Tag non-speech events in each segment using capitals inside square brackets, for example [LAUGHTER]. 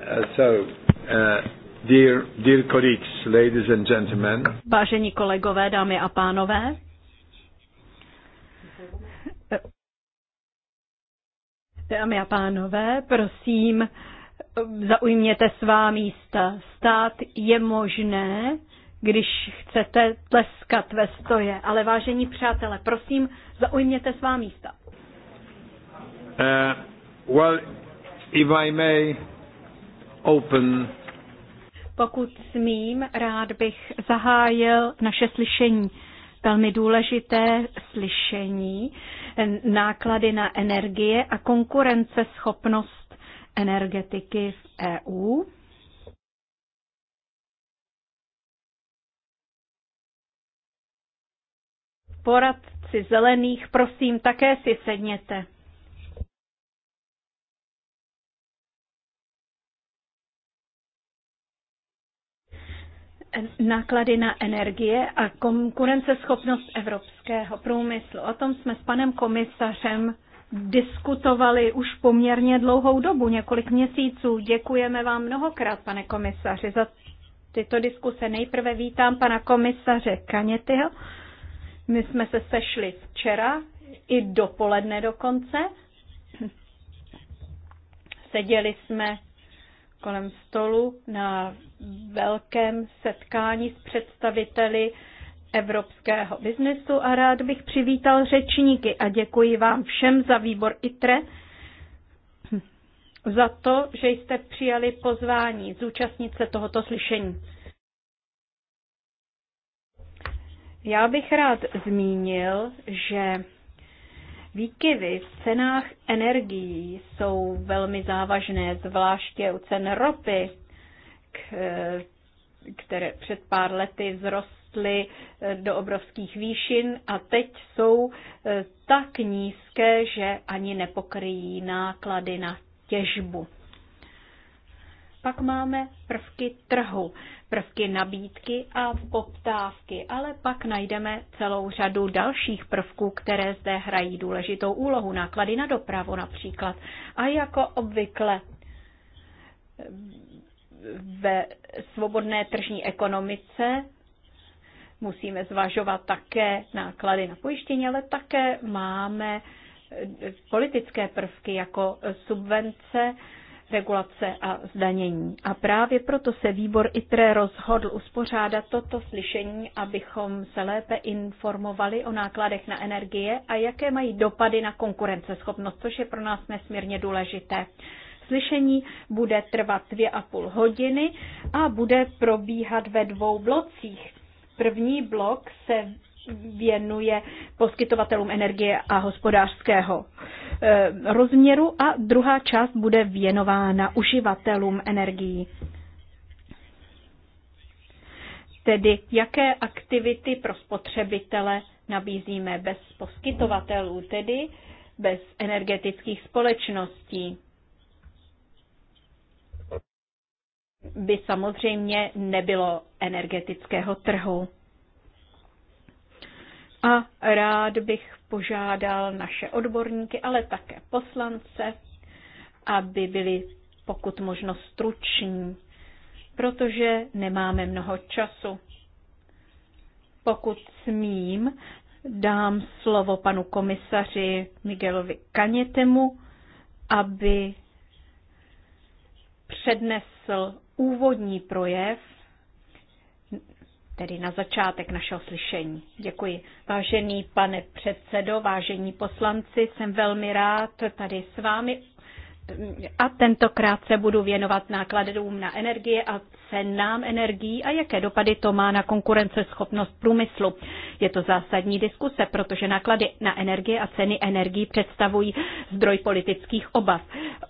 Uh, uh, dear, dear colleagues, ladies and gentlemen. Vážení kolegové, dámy a pánové. Dámy a pánové, prosím, zaujměte svá místa. Stát je možné, když chcete tleskat ve stoje. Ale vážení přátelé, prosím, zaujměte svá místa. Uh, well, if I may, open. Pokud smím, rád bych zahájil naše slyšení. Velmi důležité slyšení náklady na energie a konkurenceschopnost energetiky v EU. Poradci zelených, prosím, také si sedněte. náklady na energie a konkurenceschopnost evropského průmyslu. O tom jsme s panem komisařem diskutovali už poměrně dlouhou dobu, několik měsíců. Děkujeme vám mnohokrát, pane komisaři, za tyto diskuse. Nejprve vítám pana komisaře Kanětyho. My jsme se sešli včera, i dopoledne dokonce. Seděli jsme kolem stolu na velkém setkání s představiteli evropského biznesu a rád bych přivítal řečníky a děkuji vám všem za výbor ITRE, za to, že jste přijali pozvání zúčastnit se tohoto slyšení. Já bych rád zmínil, že Výkyvy v cenách energií jsou velmi závažné, zvláště u cen ropy, které před pár lety vzrostly eh, do obrovských výšin a teď jsou eh, tak nízké, že ani nepokryjí náklady na těžbu. Pak máme prvky trhu prvky nabídky a poptávky, ale pak najdeme celou řadu dalších prvků, které zde hrají důležitou úlohu, náklady na dopravu například. A jako obvykle ve svobodné tržní ekonomice musíme zvažovat také náklady na pojištění, ale také máme politické prvky jako subvence, regulace a zdanění. A právě proto se výbor ITRE rozhodl uspořádat toto slyšení, abychom se lépe informovali o nákladech na energie a jaké mají dopady na konkurenceschopnost, což je pro nás nesmírně důležité. Slyšení bude trvat dvě a půl hodiny a bude probíhat ve dvou blocích. První blok se věnuje poskytovatelům energie a hospodářského eh, rozměru a druhá část bude věnována uživatelům energií. Tedy jaké aktivity pro spotřebitele nabízíme bez poskytovatelů, tedy bez energetických společností. By samozřejmě nebylo energetického trhu. A rád bych požádal naše odborníky, ale také poslance, aby byli pokud možno struční, protože nemáme mnoho času. Pokud smím, dám slovo panu komisaři Miguelovi Kanětemu, aby přednesl úvodní projev tedy na začátek našeho slyšení. Děkuji. Vážený pane předsedo, vážení poslanci, jsem velmi rád tady s vámi a tentokrát se budu věnovat nákladům na energie a cenám energií a jaké dopady to má na konkurenceschopnost průmyslu. Je to zásadní diskuse, protože náklady na energie a ceny energií představují zdroj politických obav.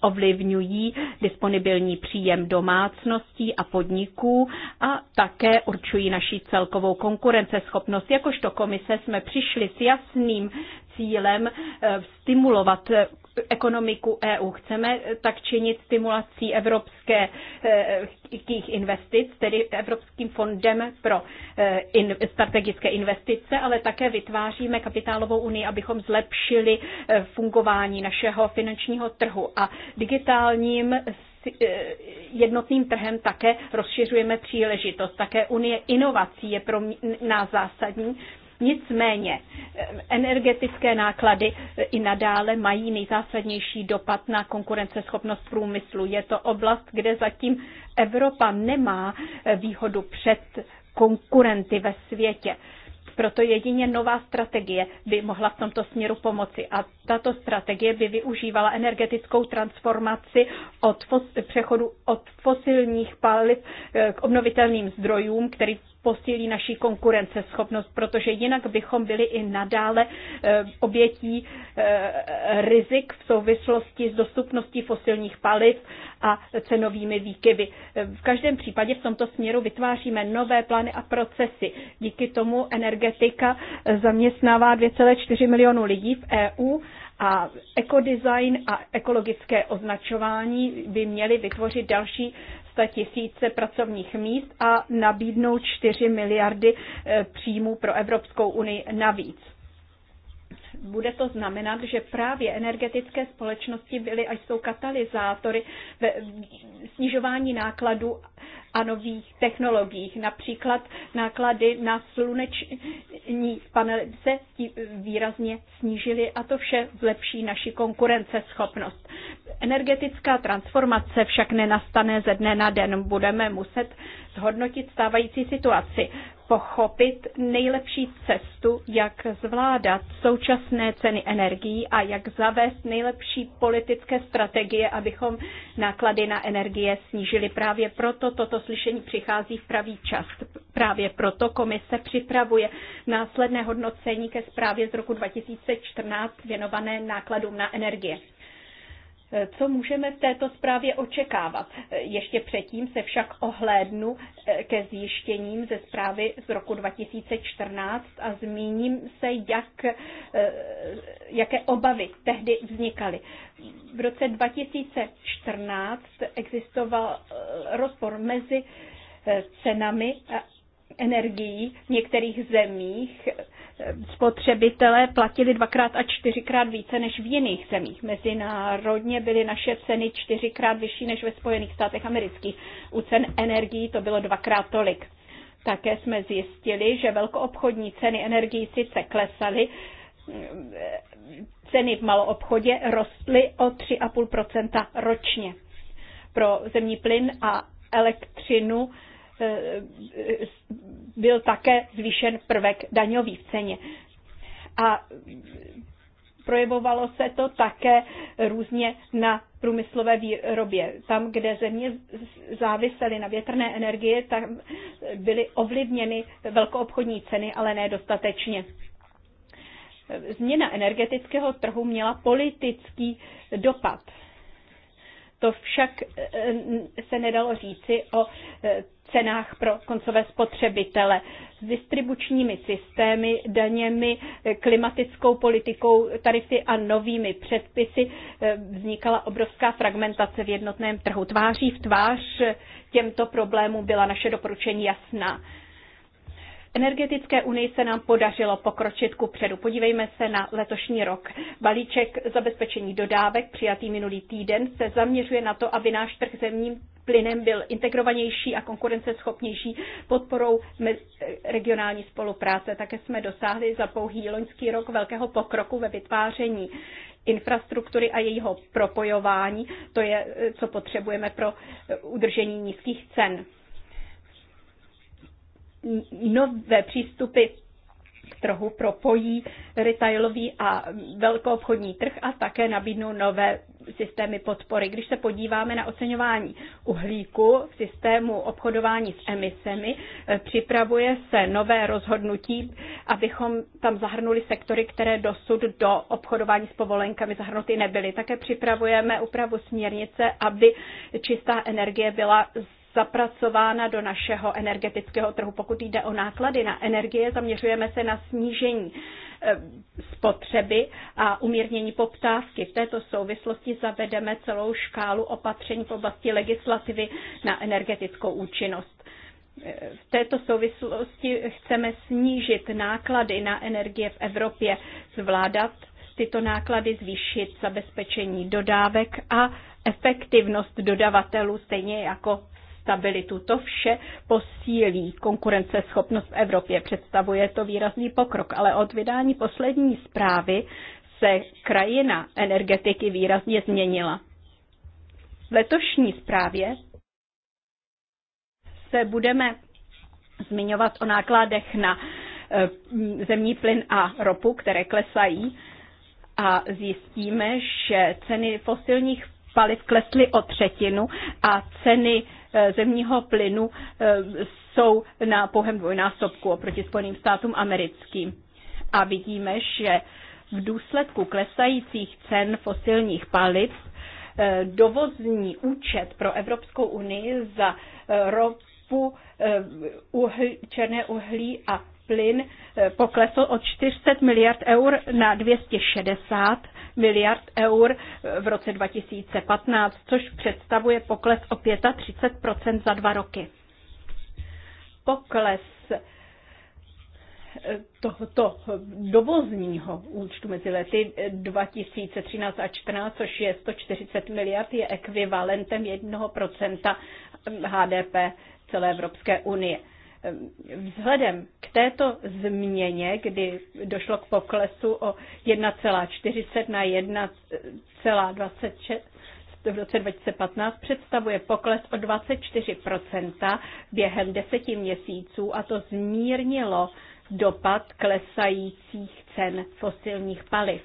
Ovlivňují disponibilní příjem domácností a podniků a také určují naši celkovou konkurenceschopnost. Jakožto komise jsme přišli s jasným cílem eh, stimulovat ekonomiku EU. Chceme tak činit stimulací evropských eh, investic, tedy Evropským fondem pro eh, strategické investice, ale také vytváříme kapitálovou unii, abychom zlepšili eh, fungování našeho finančního trhu a digitálním jednotným trhem také rozšiřujeme příležitost. Také Unie inovací je pro nás zásadní, Nicméně energetické náklady i nadále mají nejzásadnější dopad na konkurenceschopnost průmyslu. Je to oblast, kde zatím Evropa nemá výhodu před konkurenty ve světě. Proto jedině nová strategie by mohla v tomto směru pomoci. A tato strategie by využívala energetickou transformaci od fos- přechodu od fosilních paliv eh, k obnovitelným zdrojům, který posílí naší konkurenceschopnost, protože jinak bychom byli i nadále eh, obětí eh, rizik v souvislosti s dostupností fosilních paliv a cenovými výkyvy. Eh, v každém případě v tomto směru vytváříme nové plány a procesy. Díky tomu energetika zaměstnává 2,4 milionu lidí v EU a ekodesign a ekologické označování by měly vytvořit další 100 tisíce pracovních míst a nabídnou 4 miliardy eh, příjmů pro Evropskou unii navíc bude to znamenat, že právě energetické společnosti byly a jsou katalyzátory ve snižování nákladů a nových technologiích. Například náklady na sluneční panely se výrazně snížily a to vše zlepší naši konkurenceschopnost. Energetická transformace však nenastane ze dne na den. Budeme muset zhodnotit stávající situaci pochopit nejlepší cestu, jak zvládat současné ceny energií a jak zavést nejlepší politické strategie, abychom náklady na energie snížili. Právě proto toto slyšení přichází v pravý čas. Právě proto komise připravuje následné hodnocení ke zprávě z roku 2014 věnované nákladům na energie. Co můžeme v této zprávě očekávat? Ještě předtím se však ohlédnu eh, ke zjištěním ze zprávy z roku 2014 a zmíním se, jak, eh, jaké obavy tehdy vznikaly. V roce 2014 existoval eh, rozpor mezi cenami energií v některých zemích spotřebitelé platili dvakrát a čtyřikrát více než v jiných zemích. Mezinárodně byly naše ceny čtyřikrát vyšší než ve Spojených státech amerických. U cen energií to bylo dvakrát tolik. Také jsme zjistili, že velkoobchodní ceny energií sice klesaly, ceny v maloobchodě rostly o 3,5 ročně. Pro zemní plyn a elektřinu Eh, byl také zvýšen prvek daňový v ceně. A projevovalo se to také různě na průmyslové výrobě. Tam, kde země závisely na větrné energie, tam byly ovlivněny velkoobchodní ceny, ale ne dostatečně. Změna energetického trhu měla politický dopad to však eh, eh, se nedalo říci o eh, cenách pro koncové spotřebitele s distribučními systémy, daněmi, klimatickou politikou, tarify a novými předpisy vznikala obrovská fragmentace v jednotném trhu. Tváří v tvář těmto problémům byla naše doporučení jasná energetické unii se nám podařilo pokročit ku předu. Podívejme se na letošní rok. Balíček zabezpečení dodávek přijatý minulý týden se zaměřuje na to, aby náš trh zemním plynem byl integrovanější a konkurenceschopnější podporou regionální spolupráce. Také jsme dosáhli za pouhý loňský rok velkého pokroku ve vytváření infrastruktury a jejího propojování. To je, co potřebujeme pro udržení nízkých cen nové přístupy k trhu propojí retailový a velkoobchodní trh a také nabídnou nové systémy podpory. Když se podíváme na oceňování uhlíku v systému obchodování s emisemi, připravuje se nové rozhodnutí, abychom tam zahrnuli sektory, které dosud do obchodování s povolenkami zahrnuty nebyly. Také připravujeme úpravu směrnice, aby čistá energie byla zapracována do našeho energetického trhu. Pokud jde o náklady na energie, zaměřujeme se na snížení eh, spotřeby a umírnění poptávky. V této souvislosti zavedeme celou škálu opatření v oblasti legislativy na energetickou účinnost. Eh, v této souvislosti chceme snížit náklady na energie v Evropě, zvládat tyto náklady, zvýšit zabezpečení dodávek a efektivnost dodavatelů, stejně jako stabilitu. To vše posílí konkurenceschopnost v Evropě. Představuje to výrazný pokrok, ale od vydání poslední zprávy se krajina energetiky výrazně změnila. V letošní zprávě se budeme zmiňovat o nákladech na eh, zemní plyn a ropu, které klesají a zjistíme, že ceny fosilních paliv klesly o třetinu a ceny Eh, zemního plynu eh, jsou na pohem dvojnásobku oproti Spojeným státům americkým. A vidíme, že v důsledku klesajících cen fosilních paliv eh, dovozní účet pro Evropskou unii za ropu, černé uhlí a plyn eh, poklesl od 400 miliard eur na 260 miliard eur eh, v roce 2015, což představuje pokles o 35 za dva roky. Pokles eh, tohoto dovozního účtu mezi lety 2013 a 2014, což je 140 miliard, je ekvivalentem 1% HDP hm, celé Evropské unie. Ehm, vzhledem k této změně, kdy došlo k poklesu o 1,40 na 1,26 v roce 2015, představuje pokles o 24% během deseti měsíců a to zmírnilo dopad klesajících cen fosilních paliv.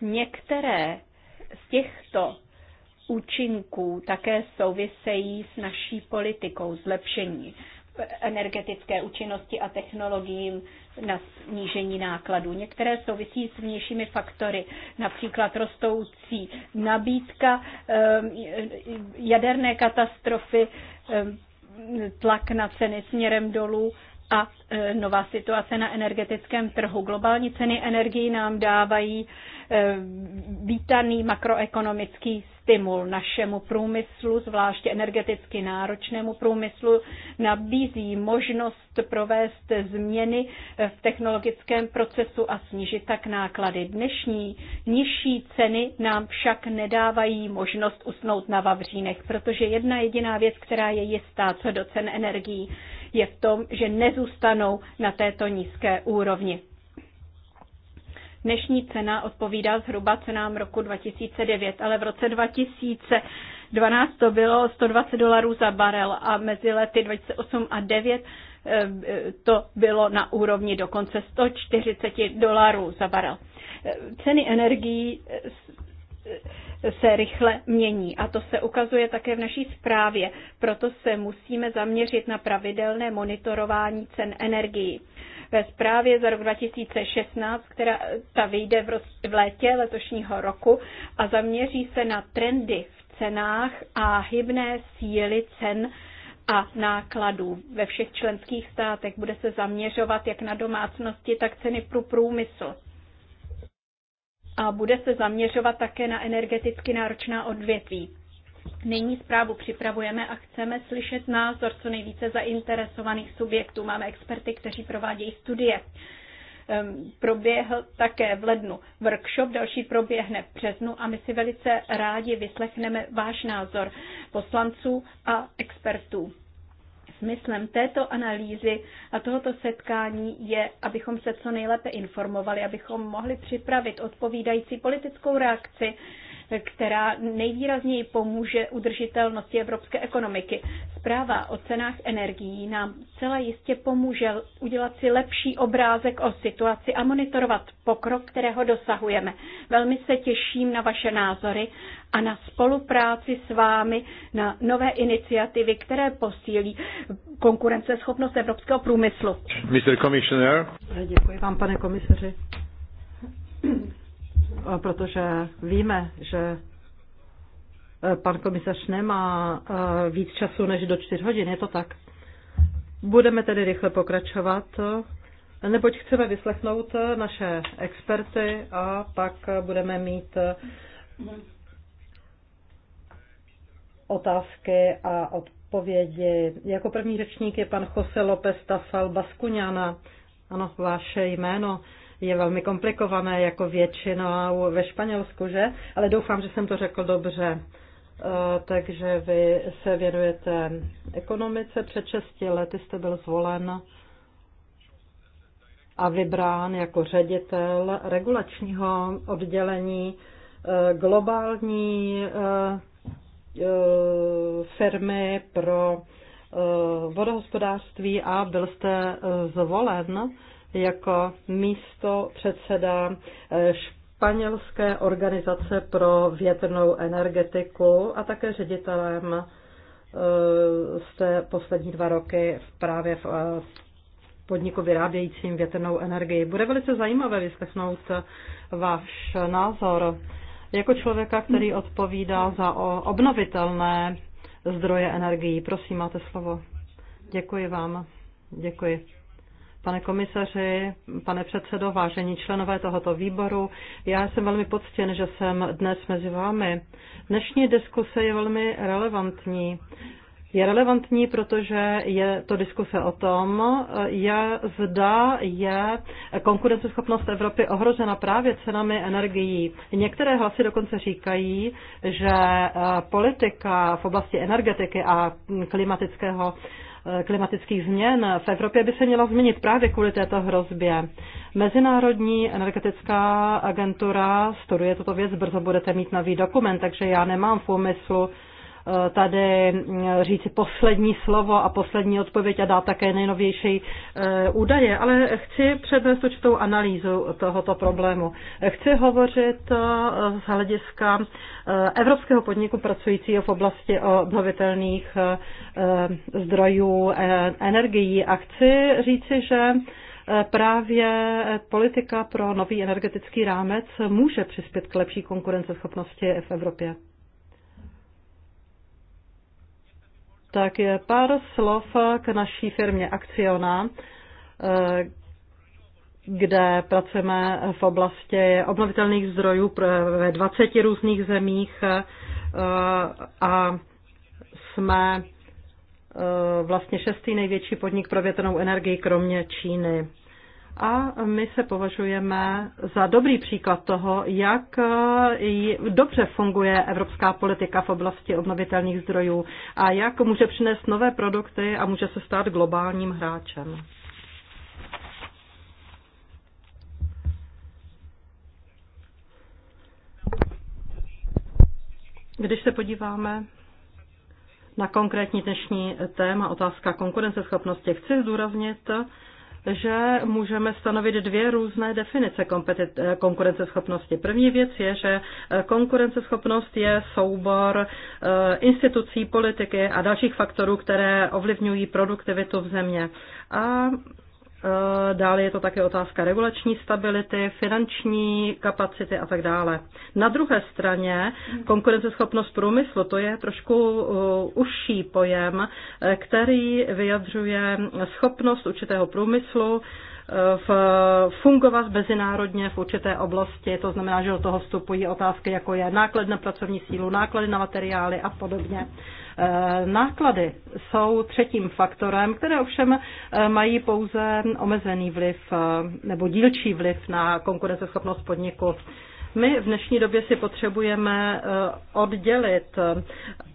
Některé z těchto účinků také souvisejí s naší politikou zlepšení energetické účinnosti a technologiím na snížení nákladů. Některé souvisí s vnějšími faktory, například rostoucí nabídka, ehm, jaderné katastrofy, ehm, tlak na ceny směrem dolů a e, nová situace na energetickém trhu. Globální ceny energií nám dávají e, vítaný makroekonomický stimul našemu průmyslu, zvláště energeticky náročnému průmyslu, nabízí možnost provést změny e, v technologickém procesu a snížit tak náklady. Dnešní nižší ceny nám však nedávají možnost usnout na vavřínech, protože jedna jediná věc, která je jistá co do cen energií, je v tom, že nezůstanou na této nízké úrovni. Dnešní cena odpovídá zhruba cenám roku 2009, ale v roce 2000 12 to bylo 120 dolarů za barel a mezi lety 2008 a 2009 eh, to bylo na úrovni dokonce 140 dolarů za barel. Eh, ceny energií eh, se rychle mění. A to se ukazuje také v naší zprávě. Proto se musíme zaměřit na pravidelné monitorování cen energií. Ve zprávě za rok 2016, která ta vyjde v, roz, v létě letošního roku a zaměří se na trendy v cenách a hybné síly cen a nákladů. Ve všech členských státech bude se zaměřovat jak na domácnosti, tak ceny pro průmysl a bude se zaměřovat také na energeticky náročná odvětví. Nyní zprávu připravujeme a chceme slyšet názor co nejvíce zainteresovaných subjektů. Máme experty, kteří provádějí studie. Ehm, proběhl také v lednu workshop, další proběhne v březnu a my si velice rádi vyslechneme váš názor poslanců a expertů. Smyslem této analýzy a tohoto setkání je, abychom se co nejlépe informovali, abychom mohli připravit odpovídající politickou reakci která nejvýrazněji pomůže udržitelnosti evropské ekonomiky. Zpráva o cenách energií nám celé jistě pomůže udělat si lepší obrázek o situaci a monitorovat pokrok, kterého dosahujeme. Velmi se těším na vaše názory a na spolupráci s vámi na nové iniciativy, které posílí konkurenceschopnost evropského průmyslu. Mr. Commissioner. Děkuji vám, pane komisaři protože víme, že e, pan komisař nemá e, víc času než do čtyř hodin, je to tak. Budeme tedy rychle pokračovat, neboť chceme vyslechnout e, naše experty a pak budeme mít otázky a odpovědi. Jako první řečník je pan Jose López Tafal Baskuňana. Ano, vaše jméno je velmi komplikované, jako většinou ve Španělsku, že? Ale doufám, že jsem to řekl dobře. Eh, takže vy se věnujete ekonomice. Před 6 lety jste byl zvolen a vybrán jako ředitel regulačního oddělení eh, globální eh, firmy pro vodohospodářství a byl jste zvolen jako místo předseda eh, španělské organizace pro větrnou energetiku a také ředitelem eh, té poslední dva roky právě eh, v podniku vyrábějícím větrnou energii. Bude velice zajímavé vyslechnout váš názor jako člověka, který odpovídá za obnovitelné zdroje energií. Prosím, máte slovo. Děkuji vám. Děkuji. Pane komisaři, pane předsedo, vážení členové tohoto výboru, já jsem velmi poctěn, že jsem dnes mezi vámi. Dnešní diskuse je velmi relevantní. Je relevantní, protože je to diskuse o tom, je, zda je konkurenceschopnost Evropy ohrožena právě cenami energií. Některé hlasy dokonce říkají, že politika v oblasti energetiky a klimatického Eh, klimatických změn v Evropě by se měla změnit právě kvůli této hrozbě. Mezinárodní energetická agentura studuje tuto věc, brzo budete mít nový dokument, takže já nemám v úmyslu Eh, tady mm, říci poslední slovo a poslední odpověď a dát také nejnovější eh, údaje, ale chci přednést určitou analýzu tohoto problému. Chci hovořit eh, z hlediska evropského podniku pracujícího v oblasti obnovitelných zdrojů energií a chci říci, že právě politika pro nový energetický rámec může přispět k lepší konkurenceschopnosti v Evropě. tak je pár slov k naší firmě Akciona, eh, kde pracujeme v oblasti obnovitelných zdrojů ve 20 různých zemích eh, a jsme eh, vlastně šestý největší podnik pro větrnou energii, kromě Číny. A my se považujeme za dobrý příklad toho, jak eh, dobře funguje evropská politika v oblasti obnovitelných zdrojů a jak může přinést nové produkty a může se stát globálním hráčem. Když se podíváme na konkrétní dnešní téma otázka konkurenceschopnosti, chci zdůraznit, že můžeme stanovit dvě různé definice eh, konkurenceschopnosti. První věc je, že eh, konkurenceschopnost je soubor eh, institucí, politiky a dalších faktorů, které ovlivňují produktivitu v země. A Eh, dále je to také otázka regulační stability, finanční kapacity a tak dále. Na druhé straně konkurenceschopnost průmyslu, to je trošku eh, užší pojem, eh, který vyjadřuje schopnost určitého průmyslu v, fungovat mezinárodně v určité oblasti. To znamená, že do toho vstupují otázky, jako je náklad na pracovní sílu, náklady na materiály a podobně. E, náklady jsou třetím faktorem, které ovšem e, mají pouze omezený vliv e, nebo dílčí vliv na konkurenceschopnost podniku. My v dnešní době si potřebujeme oddělit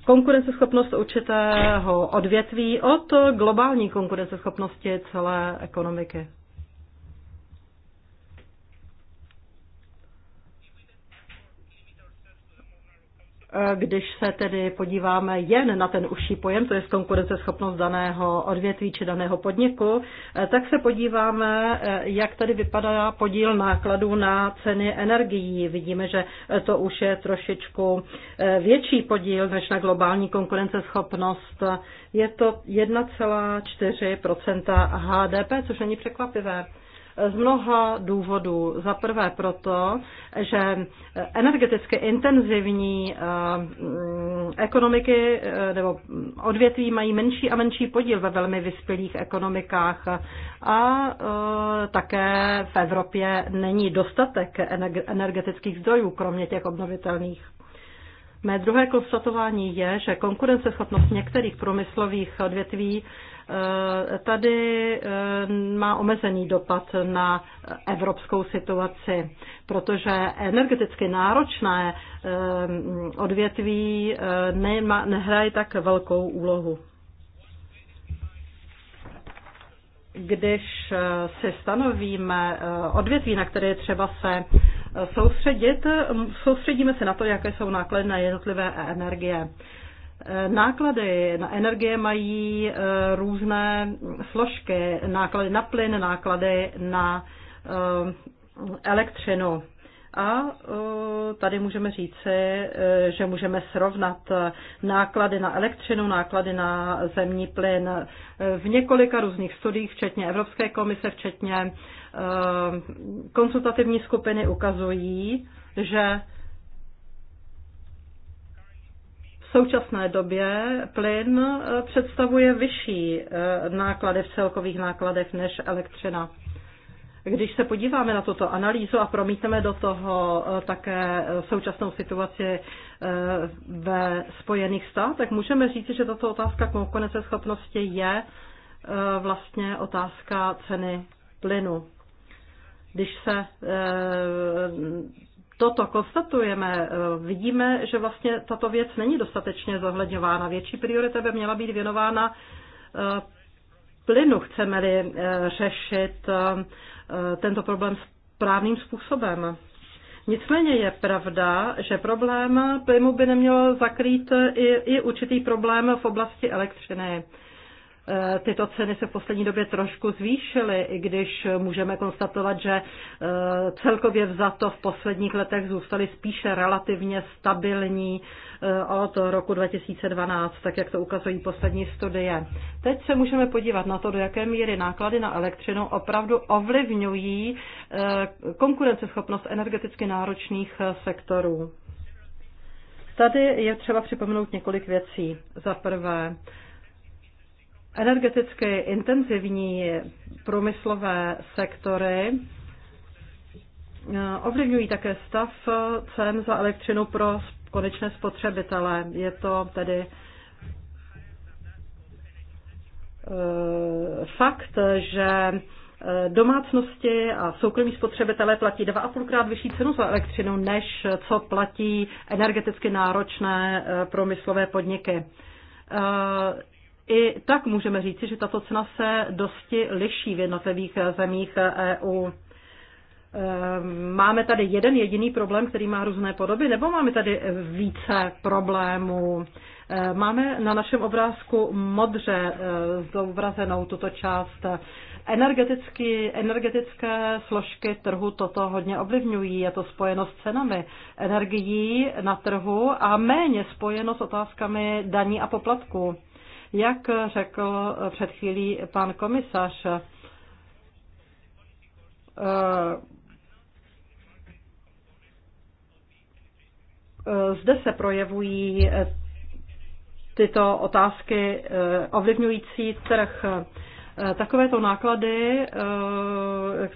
konkurenceschopnost určitého odvětví od globální konkurenceschopnosti celé ekonomiky. Když se tedy podíváme jen na ten užší pojem, to je konkurenceschopnost daného odvětví či daného podniku, tak se podíváme, jak tady vypadá podíl nákladů na ceny energií. Vidíme, že to už je trošičku eh, větší podíl než na globální konkurenceschopnost. Je to 1,4 HDP, což není překvapivé z mnoha důvodů. Za prvé proto, že energeticky intenzivní eh, ekonomiky eh, nebo odvětví mají menší a menší podíl ve velmi vyspělých ekonomikách a eh, také v Evropě není dostatek energetických zdrojů, kromě těch obnovitelných. Mé druhé konstatování je, že konkurenceschopnost některých průmyslových odvětví eh, tady eh, má omezený dopad na evropskou situaci, protože energeticky náročné eh, odvětví nehrají tak velkou úlohu. Když si stanovíme odvětví, na které třeba se soustředit. Soustředíme se na to, jaké jsou náklady na jednotlivé energie. E, náklady na energie mají e, různé složky. Náklady na plyn, náklady na e, elektřinu. A tady můžeme říci, že můžeme srovnat náklady na elektřinu, náklady na zemní plyn v několika různých studiích, včetně Evropské komise, včetně Eh, konsultativní skupiny ukazují, že v současné době plyn eh, představuje vyšší eh, náklady v celkových nákladech než elektřina. Když se podíváme na tuto analýzu a promítneme do toho také současnou situaci ve Spojených státech, tak můžeme říct, že tato otázka konkurenceschopnosti je vlastně otázka ceny plynu. Když se eh, toto konstatujeme, eh, vidíme, že vlastně tato věc není dostatečně zohledňována. Větší priorita by měla být věnována eh, plynu. Chceme-li řešit tento problém správným způsobem. Nicméně je pravda, že problém plynu by neměl zakrýt i, i určitý problém v oblasti elektřiny. Eh, tyto ceny se v poslední době trošku zvýšily, i když můžeme konstatovat, že eh, celkově vzato v posledních letech zůstaly spíše relativně stabilní eh, od roku 2012, tak jak to ukazují poslední studie. Teď se můžeme podívat na to, do jaké míry náklady na elektřinu opravdu ovlivňují konkurenceschopnost energeticky náročných sektorů. Tady je třeba připomenout několik věcí. Za prvé, energeticky intenzivní průmyslové sektory eh, ovlivňují také stav cen za elektřinu pro konečné spotřebitele. Je to tedy eh, fakt, že eh, domácnosti a soukromí spotřebitelé platí 2,5 krát vyšší cenu za elektřinu, než co platí energeticky náročné průmyslové podniky. I tak můžeme říci, že tato cena se dosti liší v jednotlivých eh, zemích EU. Eh, e eh, máme tady jeden jediný problém, který má různé podoby, nebo máme tady více problémů? Máme na našem obrázku modře zobrazenou tuto část. Energeticky, energetické složky trhu toto hodně ovlivňují. Je to spojeno s cenami energií na trhu a méně spojeno s otázkami daní a poplatků. Jak řekl před chvílí pan komisař, eh, zde se projevují eh, tyto otázky eh, ovlivňující trh. Takovéto náklady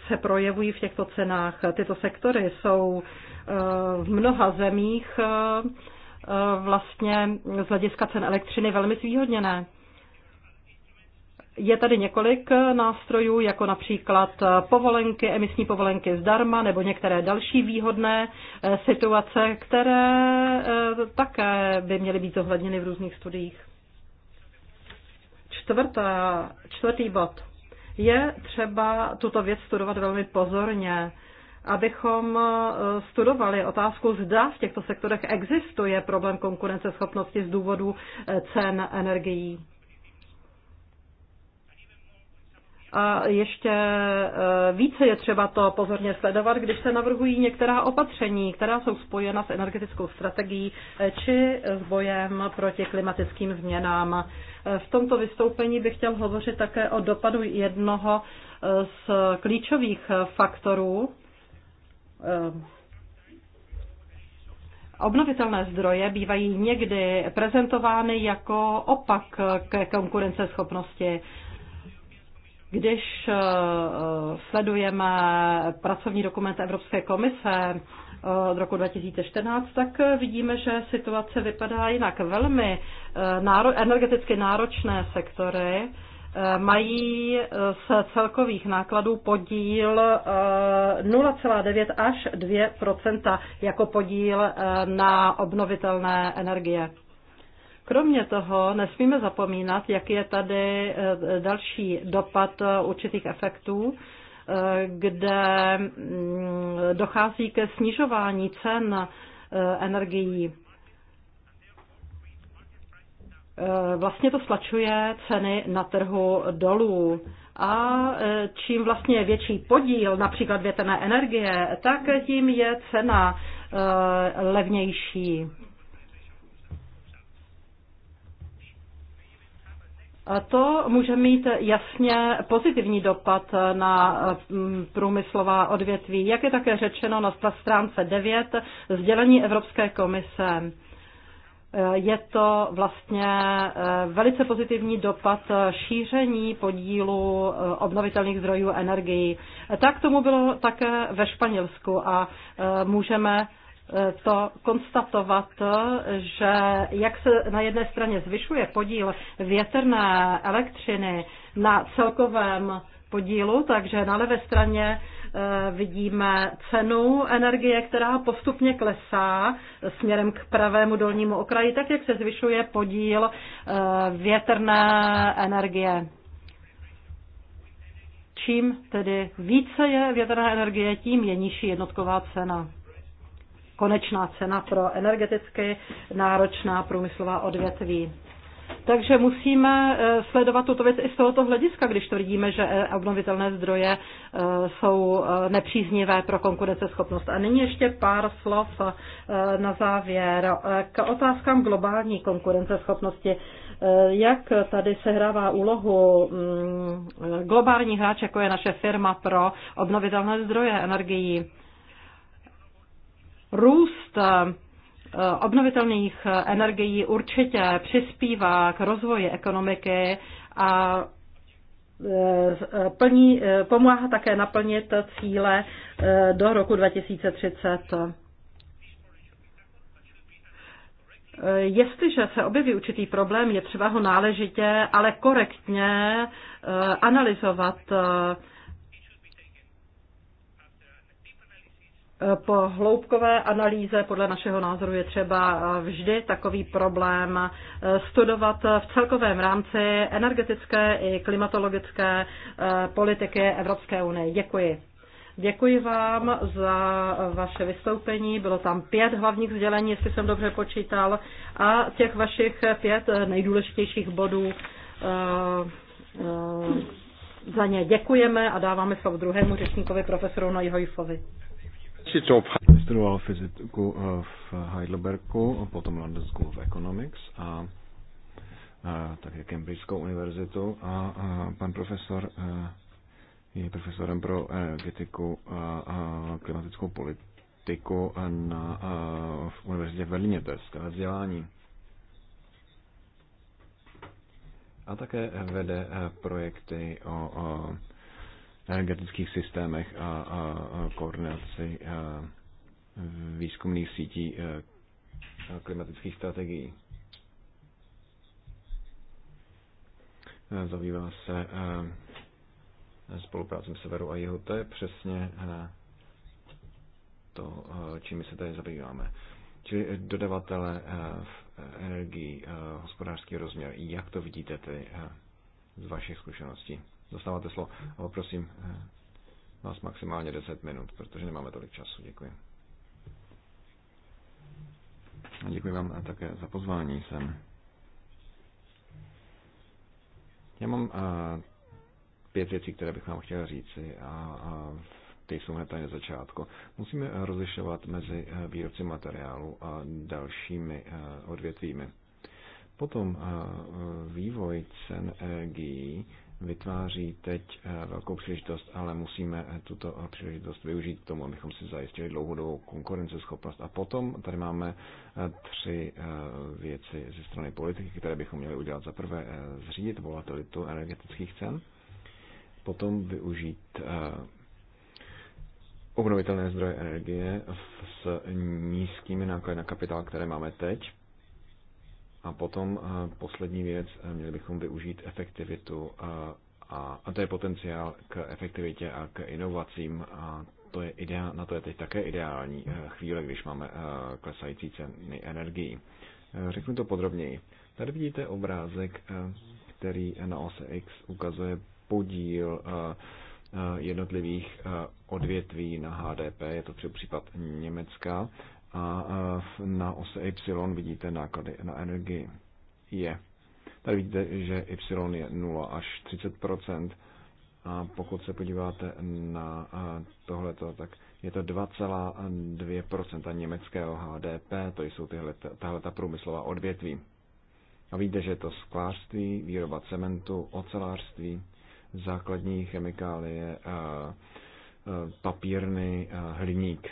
se projevují v těchto cenách. Tyto sektory jsou v mnoha zemích Eh, vlastně z hlediska cen elektřiny velmi zvýhodněné. Je tady několik eh, nástrojů, jako například eh, povolenky, emisní povolenky zdarma nebo některé další výhodné situace, které také by měly být zohledněny v různých studiích. Čtvrtá, čtvrtý bod. Je třeba tuto věc studovat velmi pozorně abychom e, studovali otázku, zda v těchto sektorech existuje problém konkurenceschopnosti z důvodu e, cen energií. A ještě e, více je třeba to pozorně sledovat, když se navrhují některá opatření, která jsou spojena s energetickou strategií či s bojem proti klimatickým změnám. V tomto vystoupení bych chtěl hovořit také o dopadu jednoho z klíčových faktorů Eh, obnovitelné zdroje bývají někdy prezentovány jako opak ke konkurenceschopnosti. Když eh, sledujeme pracovní dokument Evropské komise eh, od roku 2014, tak vidíme, že situace vypadá jinak. Velmi energeticky náročné sektory Eh, mají eh, z celkových nákladů podíl 0,9 eh, až 2 jako podíl na obnovitelné energie. Kromě toho nesmíme zapomínat, jak je tady další dopad určitých efektů, kde mm, dochází ke snižování cen energií. Eh, vlastně to slačuje ceny na trhu dolů. A eh, čím vlastně je větší podíl například větrné energie, tak tím je cena eh, levnější. To může mít jasně pozitivní dopad na mm, průmyslová odvětví, jak je také řečeno na stránce 9 sdělení Evropské komise. Eh, je to vlastně eh, velice pozitivní dopad eh, šíření podílu obnovitelných zdrojů energií. Tak tomu bylo také ve Španělsku a můžeme to konstatovat, že jak se na jedné straně zvyšuje podíl větrné elektřiny na celkovém podílu, takže na levé straně Eh, vidíme cenu energie, která postupně klesá směrem k pravému dolnímu okraji, tak jak se zvyšuje podíl eh, větrné energie. Čím tedy více je větrné energie, tím je nižší jednotková cena. Konečná cena pro energeticky náročná průmyslová odvětví. Takže musíme eh, sledovat tuto věc i z tohoto hlediska, když tvrdíme, že eh, obnovitelné zdroje eh, jsou nepříznivé pro konkurenceschopnost. A nyní ještě pár slov na závěr k otázkám globální konkurenceschopnosti. Jak tady sehrává úlohu mm, globální hráč, jako je naše firma pro obnovitelné zdroje energií? Růst Eh, obnovitelných eh, energií určitě přispívá k rozvoji ekonomiky a eh, plní, pomáhá také naplnit cíle do roku 2030. Jestliže se objeví určitý problém, je třeba ho náležitě, ale korektně analyzovat Po hloubkové analýze podle našeho názoru je třeba eh, vždy takový problém eh, studovat v celkovém rámci energetické i klimatologické eh, politiky Evropské unie. Děkuji. Děkuji vám za vaše vystoupení. Bylo tam pět hlavních sdělení, jestli jsem dobře počítal, a těch vašich pět nejdůležitějších bodů. Za ně děkujeme a dáváme slovo druhému řečníkovi, profesoru Nojhojfovi. Studoval fyziku eh, v Heidelbergu, potom London School of Economics a, a eh, také Cambridgeskou univerzitu a, a eh, pan profesor a, je profesorem pro energetiku a, a klimatickou politiku na a, v univerzitě v Berlíně, to je skvělé vzdělání. A také vede projekty o, o energetických systémech a, a, a koordinaci a výzkumných sítí a klimatických strategií. Zabývá se spoluprácem severu a jihu. To je přesně to, čím my se tady zabýváme. Čili dodavatele v energii, hospodářský rozměr. Jak to vidíte ty z vašich zkušeností? Dostáváte slovo. A poprosím eh, vás maximálně 10 minut, protože nemáme tolik času. Děkuji. A děkuji vám také za pozvání sem. Já mám a, eh, pět věcí, které bych vám chtěl říci a, a ty jsou hned na začátku. Musíme rozlišovat mezi eh, výrobci materiálu a dalšími odvětvími. Potom vývoj cen energií vytváří teď eh, velkou příležitost, ale musíme eh, tuto eh, příležitost využít k tomu, abychom si zajistili dlouhodobou konkurenceschopnost. A potom tady máme tři věci ze strany politiky, které bychom měli udělat. Za prvé zřídit volatilitu energetických cen, potom využít obnovitelné zdroje energie s nízkými náklady na kapitál, které máme teď, a potom eh, poslední věc, eh, měli bychom využít efektivitu eh, a, a to je potenciál k efektivitě a k inovacím a to je ideál, na to je teď také ideální chvíle, když máme klesající ceny energií. Řeknu to podrobněji. Tady vidíte obrázek, který na ose X ukazuje podíl jednotlivých odvětví na HDP, je to případ Německa, a na ose Y vidíte náklady na energii. Je. Tady vidíte, že Y je 0 až 30 a pokud se podíváte na tohleto, tak je to 2,2% německého HDP, to jsou tyhle, tahle ta průmyslová odvětví. A víte, že je to sklářství, výroba cementu, ocelářství, základní chemikálie, papírny, hliník.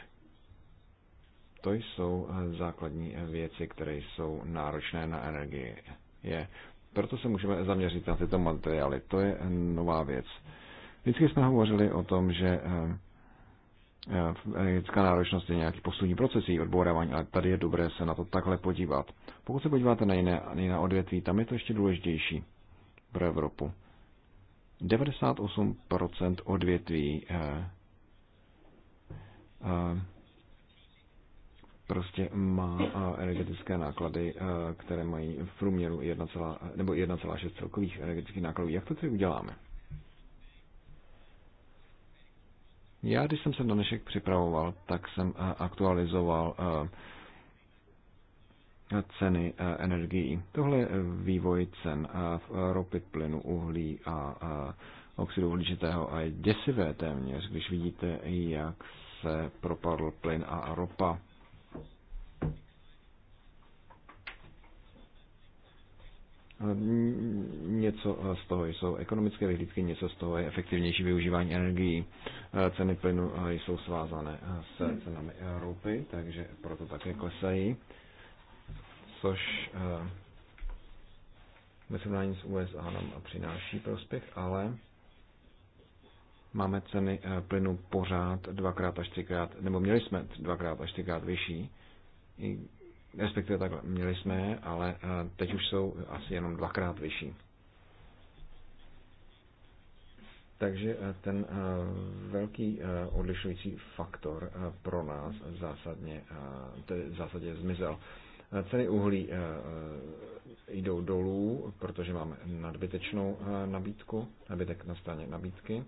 To jsou eh, základní eh, věci, které jsou náročné na energii. Je. Proto se můžeme zaměřit na tyto materiály. To je eh, nová věc. Vždycky jsme hovořili o tom, že energetická náročnost je nějaký poslední proces její odbourávání, ale tady je dobré se na to takhle podívat. Pokud se podíváte na jiné, na jiné odvětví, tam je to ještě důležitější pro Evropu. 98% odvětví eh, eh, prostě má energetické náklady, které mají v průměru 1, nebo 1,6 celkových energetických nákladů. Jak to tedy uděláme? Já, když jsem se na dnešek připravoval, tak jsem aktualizoval ceny energií. Tohle je vývoj cen v ropy, plynu, uhlí a oxidu uhličitého a je děsivé téměř, když vidíte, jak se propadl plyn a ropa. Něco z toho jsou ekonomické vyhlídky, něco z toho je efektivnější využívání energií. Ceny plynu jsou svázané s cenami ropy, takže proto také klesají, což ve srovnání s USA nám přináší prospěch, ale máme ceny plynu pořád dvakrát až třikrát, nebo měli jsme dvakrát až třikrát vyšší, i Respektive takhle, měli jsme ale eh, teď už jsou asi jenom dvakrát vyšší. Takže eh, ten eh, velký odlišující faktor pro nás zásadně, v zásadě zmizel. Ceny uhlí jdou dolů, protože máme nadbytečnou nabídku, nadbytek na straně nabídky.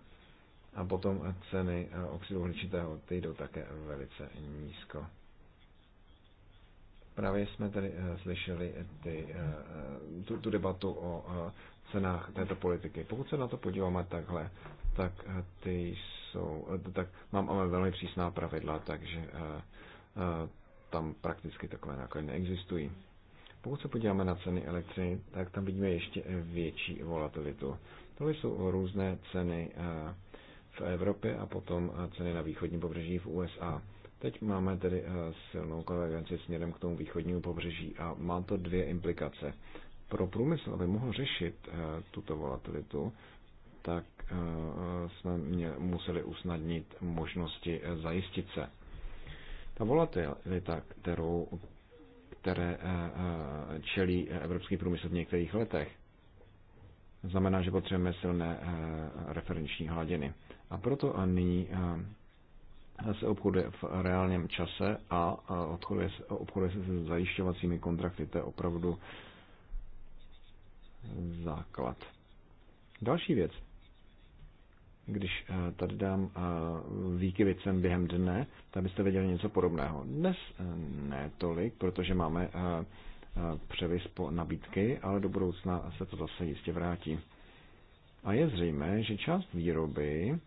A potom ceny oxidu uhličitého ty jdou také velice nízko. Právě jsme tady eh, slyšeli eh, ty, eh, tu, tu debatu o cenách této politiky. Pokud se na to podíváme takhle, tak ty jsou, tak mám ale velmi přísná pravidla, takže tam prakticky takové náklady neexistují. Pokud se podíváme na ceny elektřiny, tak tam vidíme ještě větší volatilitu. To jsou různé ceny v Evropě a potom ceny na východním pobřeží v USA. Teď máme tedy eh, silnou konvergenci směrem k tomu východnímu pobřeží a má to dvě implikace. Pro průmysl, aby mohl řešit eh, tuto volatilitu, tak eh, jsme museli usnadnit možnosti zajistit se. Ta volatilita, kterou, které čelí evropský průmysl v některých letech, znamená, že potřebujeme silné referenční hladiny. A proto nyní se obchoduje v reálném čase a obchoduje se, obchoduje se s zajišťovacími kontrakty. To je opravdu základ. Další věc. Když eh, tady dám eh, výkyvicem během dne, tak byste věděli něco podobného. Dnes eh, ne tolik, protože máme převis po nabídky, ale do budoucna se to zase jistě vrátí. A je zřejmé, že část výroby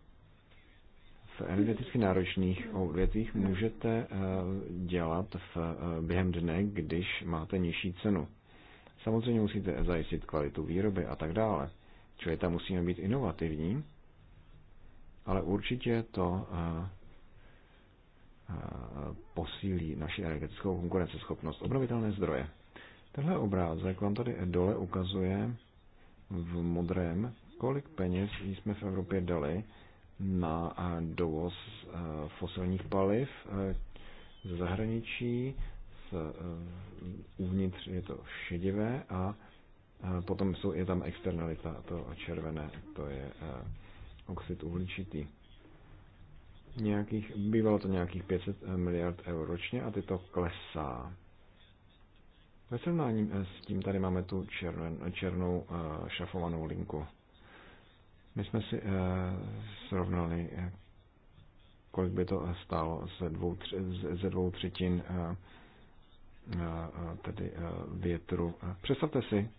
v energeticky náročných věcích můžete eh, dělat v, eh, během dne, když máte nižší cenu. Samozřejmě musíte zajistit kvalitu výroby a tak dále. Čili tam musíme být inovativní, ale určitě to eh, posílí naši energetickou konkurenceschopnost. Obnovitelné zdroje. Tenhle obrázek vám tady dole ukazuje v modrém, kolik peněz jsme v Evropě dali na dovoz fosilních paliv ze zahraničí. Z, uvnitř je to šedivé a potom jsou, je tam externalita, to červené, to je oxid uhličitý. Nějakých, bývalo to nějakých 500 miliard eur ročně a ty to klesá. Ve srovnání e, s tím tady máme tu červen, černou šafovanou linku. My jsme si eh, srovnali, eh, kolik by to eh, stálo ze dvou, tři, ze dvou třetin tedy větru. Představte si,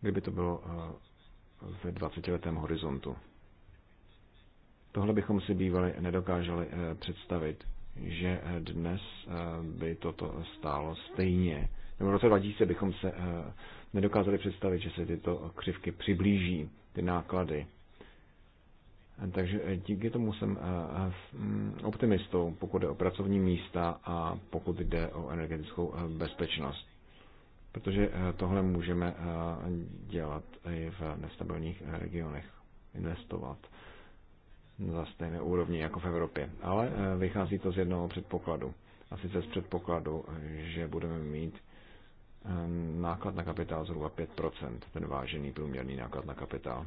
kdyby to bylo ve 20-letém horizontu. Tohle bychom si bývali nedokáželi představit, že dnes by toto stálo stejně. Nebo v roce 2000 bychom se nedokázali představit, že se tyto křivky přiblíží ty náklady. Takže eh, díky tomu jsem eh, eh, mm, optimistou, pokud jde o pracovní místa a pokud jde o energetickou bezpečnost. Protože tohle můžeme dělat i v nestabilních regionech, investovat za stejné úrovni jako v Evropě. Ale vychází to z jednoho předpokladu. A sice z předpokladu, že budeme mít Ehm, náklad na kapitál zhruba 5%, ten vážený průměrný náklad na kapitál.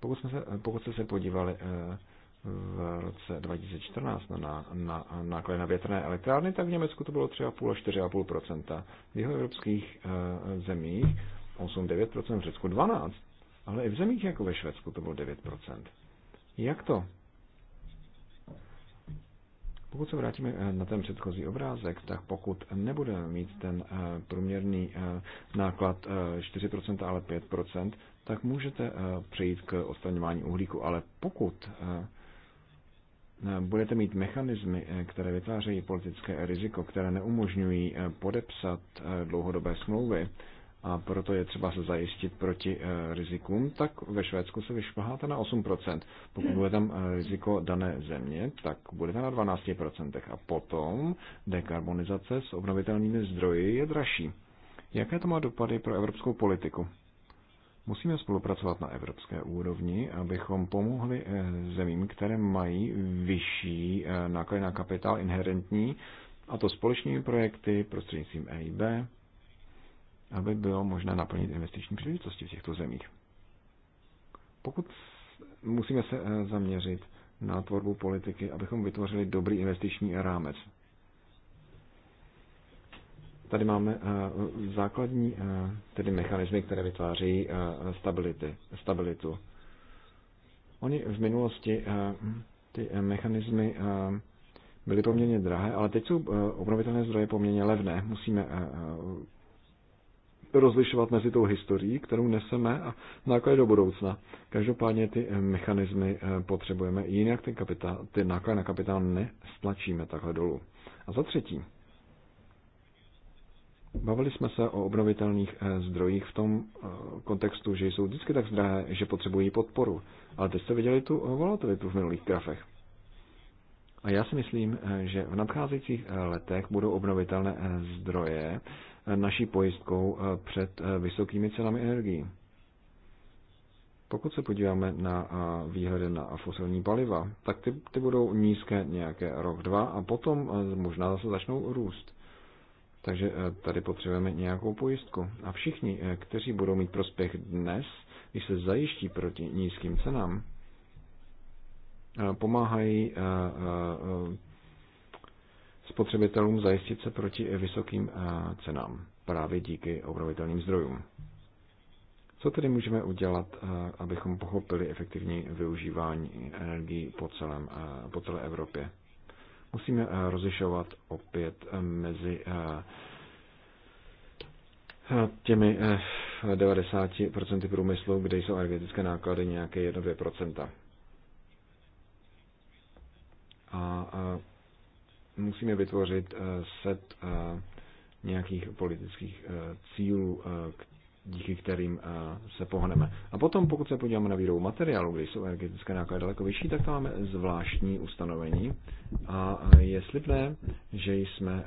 Pokud, jsme se, pokud jste se podívali eh, v roce 2014 na, na, na náklady na větrné elektrárny, tak v Německu to bylo 3,5 až 4,5 V jeho evropských eh, zemích 8-9 v Řecku 12 ale i v zemích jako ve Švédsku to bylo 9 Jak to? Pokud se vrátíme eh, na ten předchozí obrázek, tak pokud nebude mít ten eh, průměrný eh, náklad 4%, ale 5%, tak můžete přejít k odstraňování uhlíku. Ale pokud budete mít mechanismy, které vytvářejí politické riziko, které neumožňují podepsat dlouhodobé smlouvy, a proto je třeba se zajistit proti eh, rizikům, tak ve Švédsku se vyšplháte na 8%. Pokud bude tam eh, riziko dané země, tak budete na 12%. A potom dekarbonizace s obnovitelnými zdroji je dražší. Jaké to má dopady pro evropskou politiku? Musíme spolupracovat na evropské úrovni, abychom pomohli eh, zemím, které mají vyšší náklady na kapitál inherentní, a to společnými projekty prostřednictvím EIB, aby bylo možné naplnit investiční příležitosti v těchto zemích. Pokud musíme se eh, zaměřit na tvorbu politiky, abychom vytvořili dobrý investiční rámec. Tady máme eh, základní eh, tedy mechanismy, které vytváří stability, stabilitu. Oni v minulosti ty mechanismy byly poměrně drahé, ale teď jsou obnovitelné zdroje poměrně levné. Musíme rozlišovat mezi tou historií, kterou neseme a náklady do budoucna. Každopádně ty eh, mechanismy eh, potřebujeme, jinak ty, kapitál, ty náklady na kapitál nestlačíme takhle dolů. A za třetí, Bavili jsme se o obnovitelných eh, zdrojích v tom kontextu, že jsou vždycky tak zdrahé, že potřebují podporu. Ale teď jste viděli tu volatilitu v minulých grafech. A já si myslím, že v nadcházejících letech budou obnovitelné zdroje naší pojistkou eh, před eh, vysokými cenami energií. Pokud se podíváme na eh, výhledy na fosilní paliva, tak ty, ty budou nízké nějaké rok, dva a potom možná zase začnou růst. Takže tady potřebujeme nějakou pojistku. A všichni, kteří budou mít prospěch dnes, když se zajiští proti nízkým cenám, pomáhají spotřebitelům zajistit se proti vysokým eh, cenám právě díky obnovitelným zdrojům. Co tedy můžeme udělat, eh, abychom pochopili efektivní využívání energií po, celém, eh, po celé Evropě? Musíme rozlišovat opět mezi těmi 90% průmyslu, kde jsou energetické náklady nějaké 1-2%. A musíme vytvořit eh, set eh, nějakých politických eh, cílů, díky kterým se pohneme. A potom, pokud se podíváme na výrobu materiálu, kde jsou energetické náklady daleko vyšší, tak tam máme zvláštní ustanovení. A je slibné, že jsme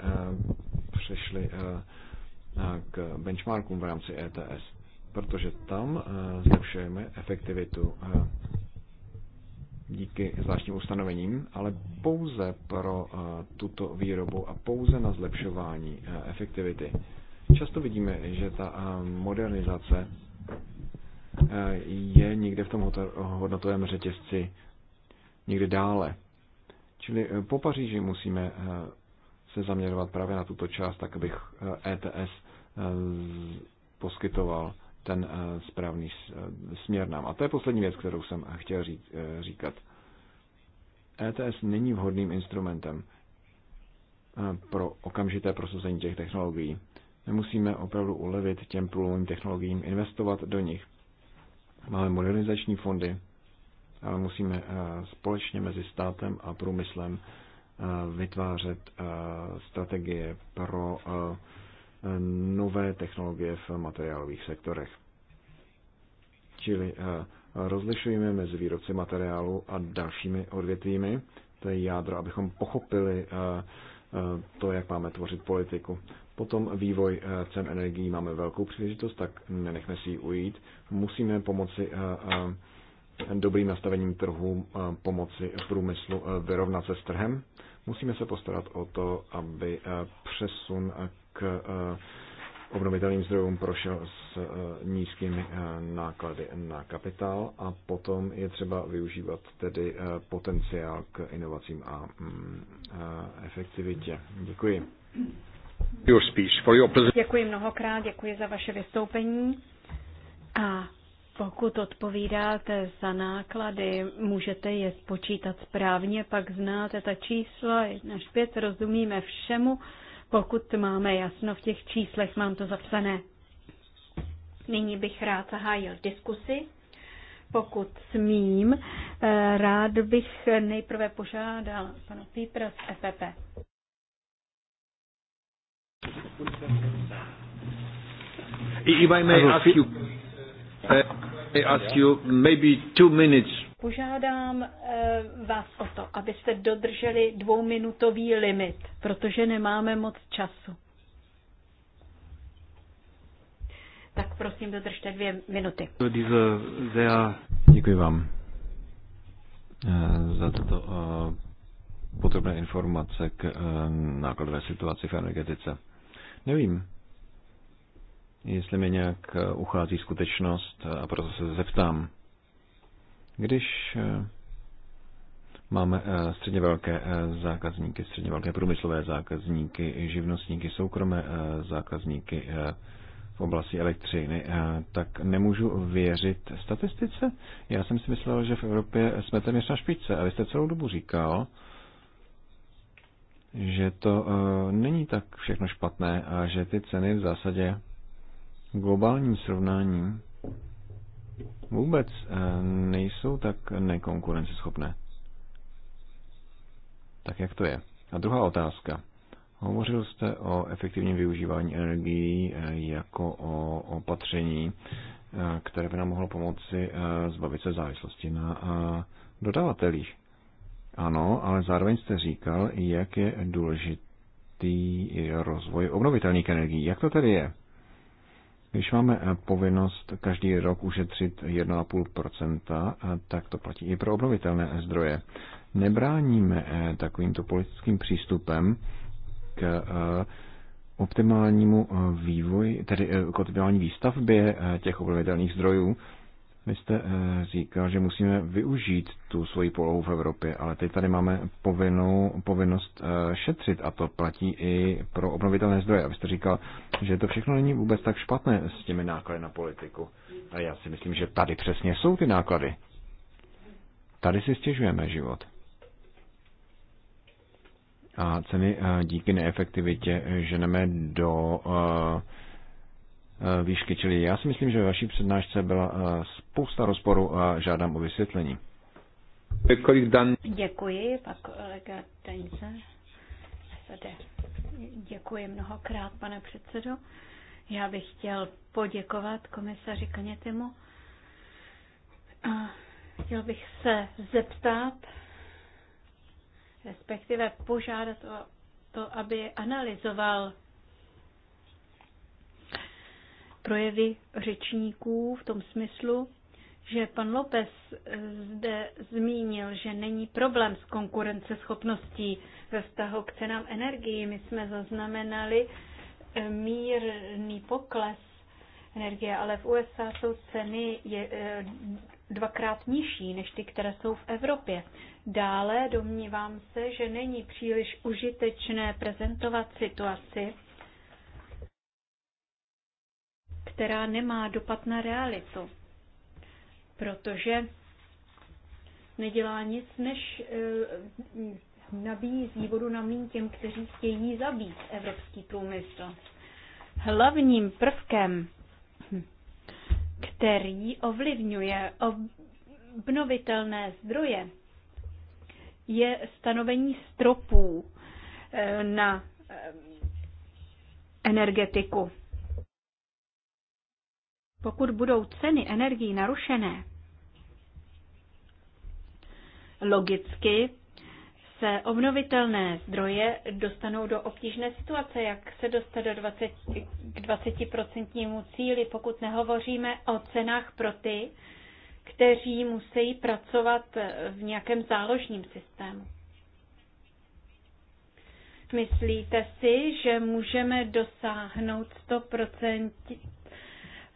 přešli k benchmarkům v rámci ETS, protože tam zlepšujeme efektivitu díky zvláštním ustanovením, ale pouze pro eh, tuto výrobu a pouze na zlepšování eh, efektivity. Často vidíme, že ta eh, modernizace je někde v tom hodnotovém řetězci někde dále. Čili po Paříži musíme se zaměřovat právě na tuto část, tak abych ETS e poskytoval ten eh, správný eh, směr nám. A to je poslední věc, kterou jsem chtěl říct, eh, říkat. ETS není vhodným instrumentem pro okamžité prosazení těch technologií. My musíme opravdu ulevit těm průlomovým technologiím, investovat do nich. Máme modernizační fondy, ale musíme společně mezi státem a průmyslem vytvářet strategie pro nové technologie v materiálových sektorech. Čili eh, rozlišujeme mezi výrobci materiálu a dalšími odvětvími, to je jádro, abychom pochopili eh, eh, to, jak máme tvořit politiku. Potom vývoj cen energií máme velkou příležitost, tak nenechme si ji ujít. Musíme pomoci dobrým nastavením trhu, pomoci průmyslu vyrovnat se s trhem. Musíme se postarat o to, aby přesun Eh, obnovitelným zdrojům prošel s eh, nízkými eh, náklady na kapitál a potom je třeba využívat tedy potenciál k inovacím a mm, efektivitě. Děkuji. Děkuji mnohokrát, děkuji za vaše vystoupení. A pokud odpovídáte za náklady, můžete je spočítat správně, pak znáte ta čísla, 1 pět, rozumíme všemu pokud máme jasno v těch číslech, mám to zapsané. Nyní bych rád zahájil diskusi. Pokud smím, eh, rád bych nejprve požádal pana Pípra z FPP. E If I may ask you, uh, eh, I ask you maybe two minutes Požádám eh, vás o to, abyste dodrželi dvouminutový limit, protože nemáme moc času. Tak prosím, dodržte dvě minuty. Děkuji vám eh, za toto eh, potřebné informace k nákladové situaci v energetice. Nevím, jestli mi nějak uchází skutečnost a proto se zeptám. Když eh, máme eh, středně velké eh, zákazníky, středně velké průmyslové zákazníky, živnostníky, soukromé zákazníky v oblasti elektřiny, tak nemůžu věřit statistice. Já jsem si myslel, že v Evropě jsme téměř na špičce a vy jste celou dobu říkal, že to není tak všechno špatné a že ty ceny v zásadě globálním srovnáním vůbec eh, nejsou tak nekonkurenceschopné. Tak jak to je? A druhá otázka. Hovořil jste o efektivním využívání energií eh, jako o opatření, eh, které by nám mohlo pomoci zbavit se závislosti na dodavatelích. Ano, ale zároveň jste říkal, jak je důležitý rozvoj obnovitelných energií. Jak to tedy je? Když máme eh, povinnost každý rok ušetřit 1,5%, eh, tak to platí i pro obnovitelné eh, zdroje. Nebráníme takovýmto politickým přístupem k optimálnímu vývoji, tedy k optimální výstavbě těch obnovitelných zdrojů, vy jste eh, říkal, že musíme využít tu svoji polohu v Evropě, ale teď tady máme povinnou povinnost eh, šetřit a to platí i pro obnovitelné zdroje. A vy jste říkal, že to všechno není vůbec tak špatné s těmi náklady na politiku. A já si myslím, že tady přesně jsou ty náklady. Tady si stěžujeme život. A ceny eh, díky neefektivitě ženeme do uh, Eh, výšky. Čili já si myslím, že ve vaší přednášce byla eh, spousta rozporů a žádám o vysvětlení. Děkuji, pak kolega Dejze. Děkuji mnohokrát, pane předsedo. Já bych chtěl poděkovat komisaři Kanětemu. A chtěl bych se zeptat, respektive požádat o to, aby analyzoval projevy řečníků v tom smyslu, že pan López eh, zde zmínil, že není problém s konkurenceschopností ve vztahu k cenám energii. My jsme zaznamenali eh, mírný pokles energie, ale v USA jsou ceny je, eh, dvakrát nižší než ty, které jsou v Evropě. Dále domnívám se, že není příliš užitečné prezentovat situaci, která nemá dopad na realitu, protože nedělá nic, než eh, nabízí vodu na mlín těm, kteří chtějí zabít evropský průmysl. Hlavním prvkem, který ovlivňuje obnovitelné zdroje, je stanovení stropů eh, na eh, energetiku pokud budou ceny energií narušené, logicky se obnovitelné zdroje dostanou do obtížné situace, jak se dostat do 20, k 20% cíli, pokud nehovoříme o cenách pro ty, kteří musí pracovat v nějakém záložním systému. Myslíte si, že můžeme dosáhnout 100%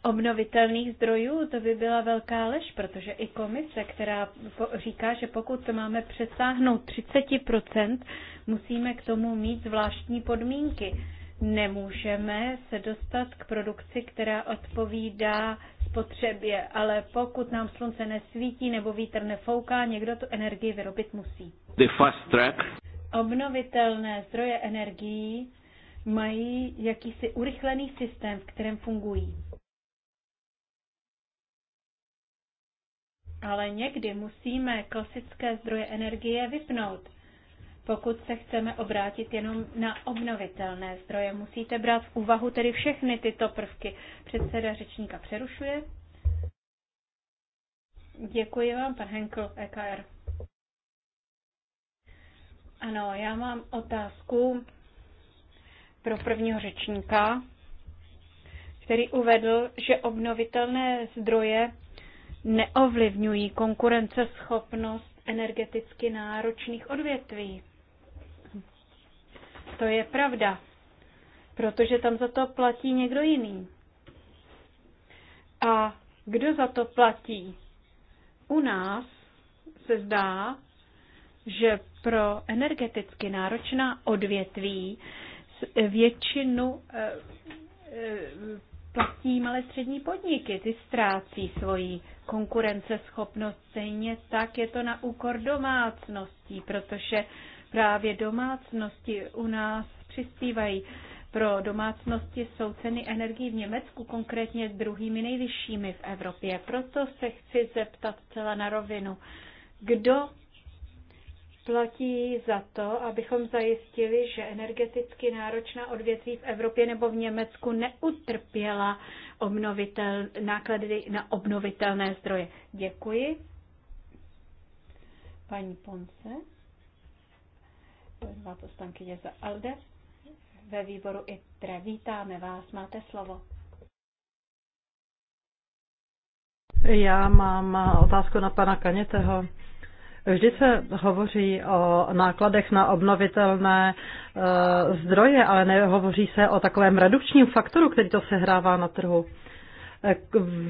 obnovitelných zdrojů, to by byla velká lež, protože i komise, která říká, že pokud máme přesáhnout 30%, musíme k tomu mít zvláštní podmínky. Nemůžeme se dostat k produkci, která odpovídá spotřebě, ale pokud nám slunce nesvítí nebo vítr nefouká, někdo tu energii vyrobit musí. The fast track. Obnovitelné zdroje energií mají jakýsi urychlený systém, v kterém fungují. ale někdy musíme klasické zdroje energie vypnout. Pokud se chceme obrátit jenom na obnovitelné zdroje, musíte brát v úvahu tedy všechny tyto prvky. Předseda řečníka přerušuje. Děkuji vám, pan Henkel, EKR. Ano, já mám otázku pro prvního řečníka, který uvedl, že obnovitelné zdroje neovlivňují konkurenceschopnost energeticky náročných odvětví. To je pravda, protože tam za to platí někdo jiný. A kdo za to platí? U nás se zdá, že pro energeticky náročná odvětví většinu eh, eh, platí malé střední podniky, ty ztrácí svoji konkurenceschopnost. Stejně tak je to na úkor domácností, protože právě domácnosti u nás přispívají. Pro domácnosti jsou ceny energii v Německu konkrétně druhými nejvyššími v Evropě. Proto se chci zeptat celá na rovinu. Kdo platí za to, abychom zajistili, že energeticky náročná odvětví v Evropě nebo v Německu neutrpěla obnovitel, náklady na obnovitelné zdroje. Děkuji. Paní Ponce, má poslankyně za ALDE. Ve výboru ITRE vítáme vás, máte slovo. Já mám otázku na pana Kaněteho. Vždy se hovoří o nákladech na obnovitelné e, zdroje, ale nehovoří se o takovém redukčním faktoru, který to sehrává na trhu. E,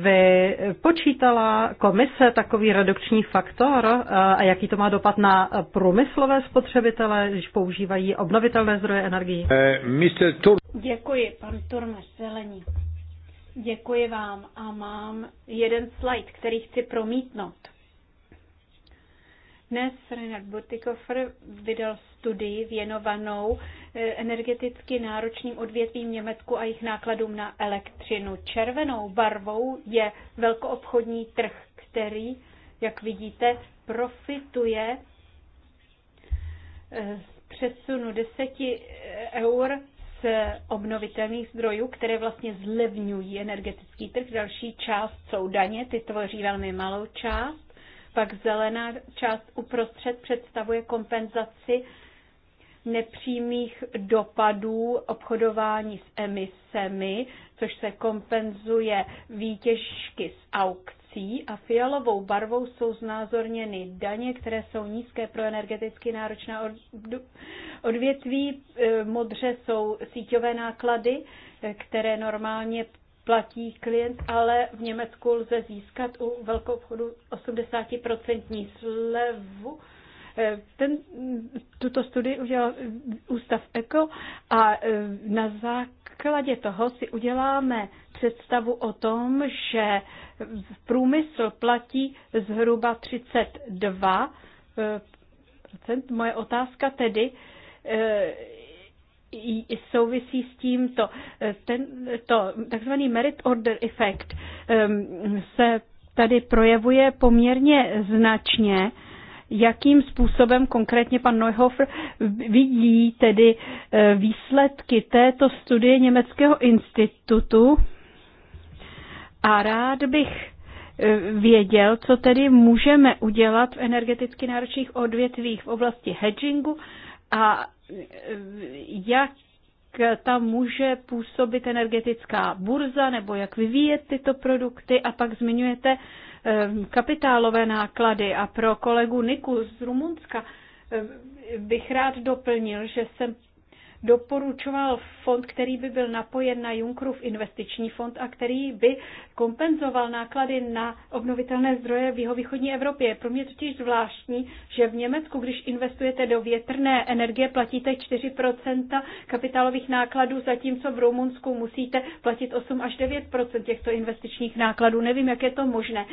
Vypočítala komise takový redukční faktor e, a jaký to má dopad na průmyslové spotřebitele, když používají obnovitelné zdroje energií? Děkuji, pan Turmes, zelení. Děkuji vám a mám jeden slide, který chci promítnout. Dnes Reinhard Burtikofer vydal studii věnovanou eh, energeticky náročným odvětvím Německu a jejich nákladům na elektřinu. Červenou barvou je velkoobchodní trh, který, jak vidíte, profituje eh, přesunu 10 eh, eur z obnovitelných zdrojů, které vlastně zlevňují energetický trh. Další část jsou daně, ty tvoří velmi malou část. Pak zelená část uprostřed představuje kompenzaci nepřímých dopadů obchodování s emisemi, což se kompenzuje výtěžky z aukcí a fialovou barvou jsou znázorněny daně, které jsou nízké pro energeticky náročná odvětví. E, modře jsou síťové náklady, e, které normálně platí klient, ale v Německu lze získat u velkou obchodu 80% slevu. Eh, ten, tuto studii udělal Ústav ECO a eh, na základě toho si uděláme představu o tom, že v průmysl platí zhruba 32%. Eh, Moje otázka tedy, souvisí s tím to eh, Ten, to takzvaný merit order effect ehm, se tady projevuje poměrně značně jakým způsobem konkrétně pan Neuhofer vidí tedy eh, výsledky této studie Německého institutu. A rád bych eh, věděl, co tedy můžeme udělat v energeticky náročných odvětvích v oblasti hedgingu a jak tam může působit energetická burza nebo jak vyvíjet tyto produkty a pak zmiňujete eh, kapitálové náklady. A pro kolegu Niku z Rumunska eh, bych rád doplnil, že jsem doporučoval fond, který by byl napojen na Junkrův investiční fond a který by kompenzoval náklady na obnovitelné zdroje v jeho východní Evropě. Pro mě je totiž zvláštní, že v Německu, když investujete do větrné energie, platíte 4% kapitálových nákladů, zatímco v Rumunsku musíte platit 8 až 9% těchto investičních nákladů. Nevím, jak je to možné.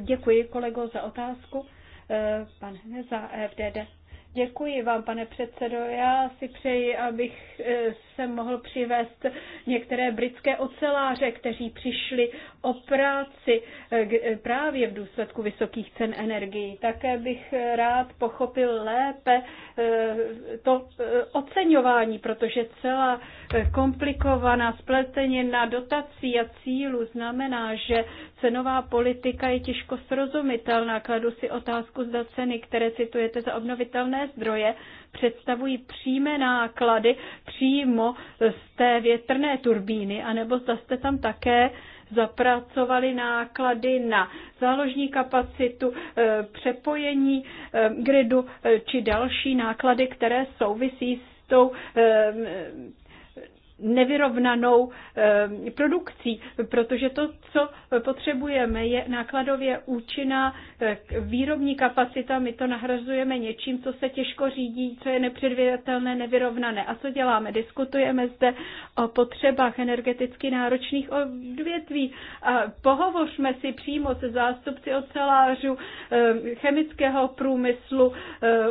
Děkuji kolego za otázku. Eh, pan Hneza, za FDD. Děkuji vám, pane předsedo. Já si přeji, abych eh, se mohl přivést některé britské oceláře, kteří přišli o práci eh, eh, právě v důsledku vysokých cen energií. Také bych rád pochopil lépe to oceňování, protože celá komplikovaná na dotací a cílů znamená, že cenová politika je těžko srozumitelná. Kladu si otázku, zda ceny, které citujete za obnovitelné zdroje, představují přímé náklady přímo z té větrné turbíny, anebo zda jste tam také zapracovali náklady na záložní kapacitu, eh, přepojení eh, gridu eh, či další náklady, které souvisí s tou nevyrovnanou eh, produkcí, protože to, co potřebujeme, je nákladově účinná eh, výrobní kapacita. My to nahrazujeme něčím, co se těžko řídí, co je nepředvídatelné, nevyrovnané. A co děláme? Diskutujeme zde o potřebách energeticky náročných odvětví. A pohovořme si přímo se zástupci ocelářů, eh, chemického průmyslu,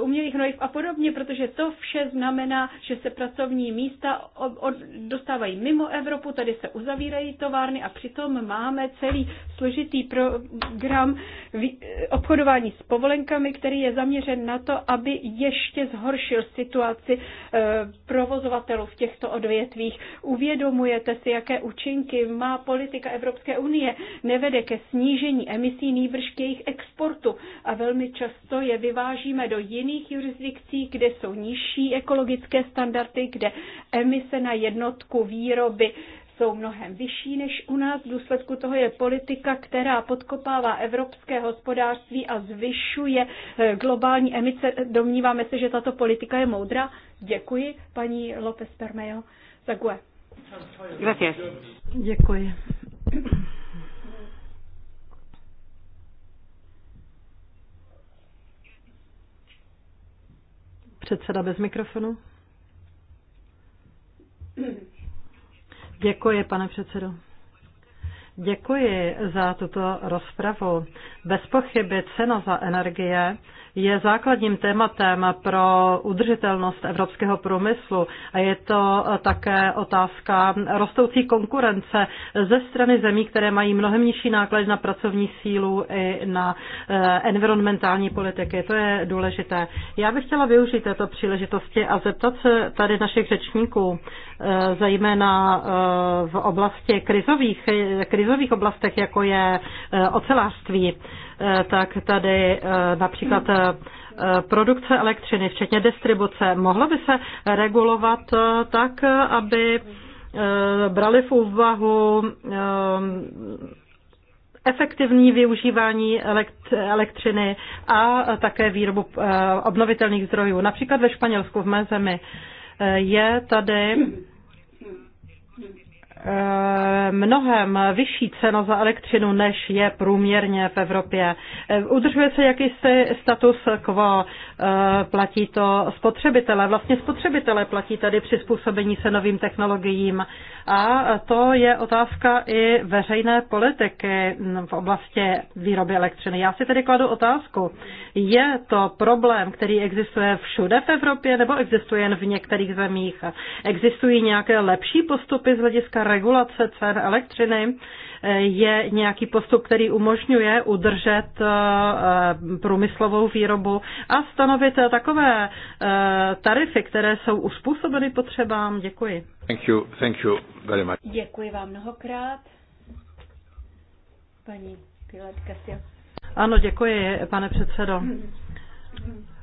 umělých hnojiv a podobně, protože to vše znamená, že se pracovní místa od dostávají mimo Evropu, tady se uzavírají továrny a přitom máme celý složitý program obchodování s povolenkami, který je zaměřen na to, aby ještě zhoršil situaci eh, provozovatelů v těchto odvětvích. Uvědomujete si, jaké účinky má politika Evropské unie, nevede ke snížení emisí nýbrž k jejich exportu a velmi často je vyvážíme do jiných jurisdikcí, kde jsou nižší ekologické standardy, kde emise na jedno jednotku výroby jsou mnohem vyšší než u nás. V důsledku toho je politika, která podkopává evropské hospodářství a zvyšuje eh, globální emice. Domníváme se, že tato politika je moudrá. Děkuji, paní López Permejo. Zague. Děkuji. Předseda bez mikrofonu. Děkuji, pane předsedo. Děkuji za tuto rozpravu. Bez pochyby cena za energie je základním tématem pro udržitelnost evropského průmyslu a je to také otázka rostoucí konkurence ze strany zemí, které mají mnohem nižší náklad na pracovní sílu i na eh, environmentální politiky. To je důležité. Já bych chtěla využít této příležitosti a zeptat se tady našich řečníků, eh, zejména eh, v oblasti krizových, krizových oblastech, jako je ocelářství. Eh, tak tady eh, například eh, produkce elektřiny, včetně distribuce, mohla by se regulovat tak, aby brali v úvahu efektivní využívání elektřiny a také výrobu obnovitelných zdrojů. Například ve Španělsku, v mé zemi, je tady Eh, mnohem vyšší cena za elektřinu, než je průměrně v Evropě. Eh, udržuje se jakýsi status quo, eh, platí to spotřebitele. Vlastně spotřebitele platí tady přizpůsobení se novým technologiím. A to je otázka i veřejné politiky v oblasti výroby elektřiny. Já si tedy kladu otázku, je to problém, který existuje všude v Evropě nebo existuje jen v některých zemích? Existují nějaké lepší postupy z hlediska regulace cen elektřiny eh, je nějaký postup, který umožňuje udržet eh, průmyslovou výrobu a stanovit takové eh, tarify, které jsou uspůsobeny potřebám. Děkuji. Thank you, thank you very much. Děkuji vám mnohokrát. Paní Pilatka Ano, děkuji, pane předsedo.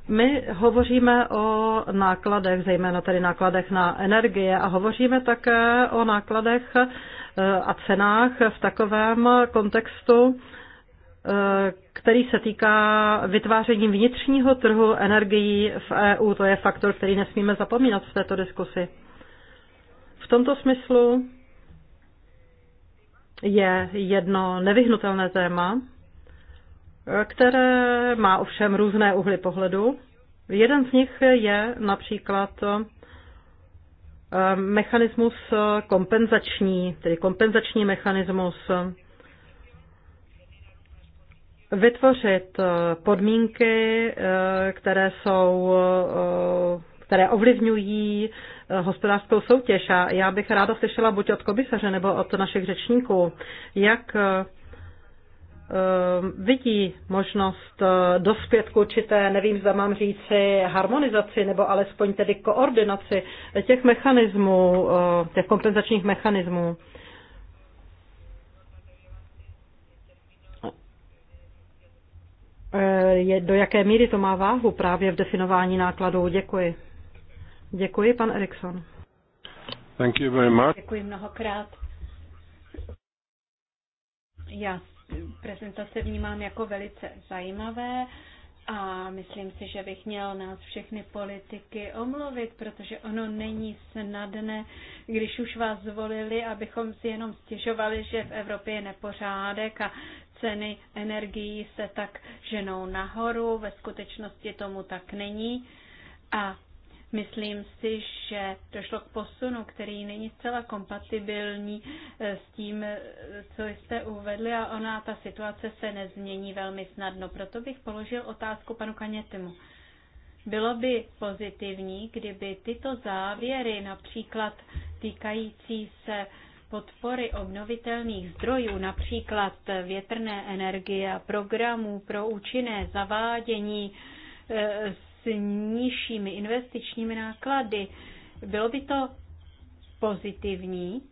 My hovoříme o nákladech, zejména tedy nákladech na energie a hovoříme také o nákladech eh, a cenách v takovém kontextu, eh, který se týká vytváření vnitřního trhu energií v EU. To je faktor, který nesmíme zapomínat v této diskusi. V tomto smyslu je jedno nevyhnutelné téma, které má ovšem různé uhly pohledu. Jeden z nich je například eh, mechanismus eh, kompenzační, tedy kompenzační mechanismus vytvořit eh, podmínky, které jsou, které ovlivňují hospodářskou soutěž. A já bych ráda slyšela buď od komisaře nebo od našich řečníků, jak Ehm, vidí možnost eh, dospět k určité, nevím, zda mám říci, harmonizaci nebo alespoň tedy koordinaci těch mechanismů, eh, těch kompenzačních mechanismů. Eh, je, do jaké míry to má váhu právě v definování nákladů? Děkuji. Děkuji, pan Erikson. Thank you very much. Děkuji mnohokrát. Já prezentace vnímám jako velice zajímavé a myslím si, že bych měl nás všechny politiky omluvit, protože ono není snadné, když už vás zvolili, abychom si jenom stěžovali, že v Evropě je nepořádek a ceny energií se tak ženou nahoru. Ve skutečnosti tomu tak není. A Myslím si, že došlo k posunu, který není zcela kompatibilní eh, s tím, eh, co jste uvedli a ona, ta situace se nezmění velmi snadno. Proto bych položil otázku panu Kanětemu. Bylo by pozitivní, kdyby tyto závěry, například týkající se podpory obnovitelných zdrojů, například větrné energie a programů pro účinné zavádění eh, nižšími investičními náklady. Bylo by to pozitivní,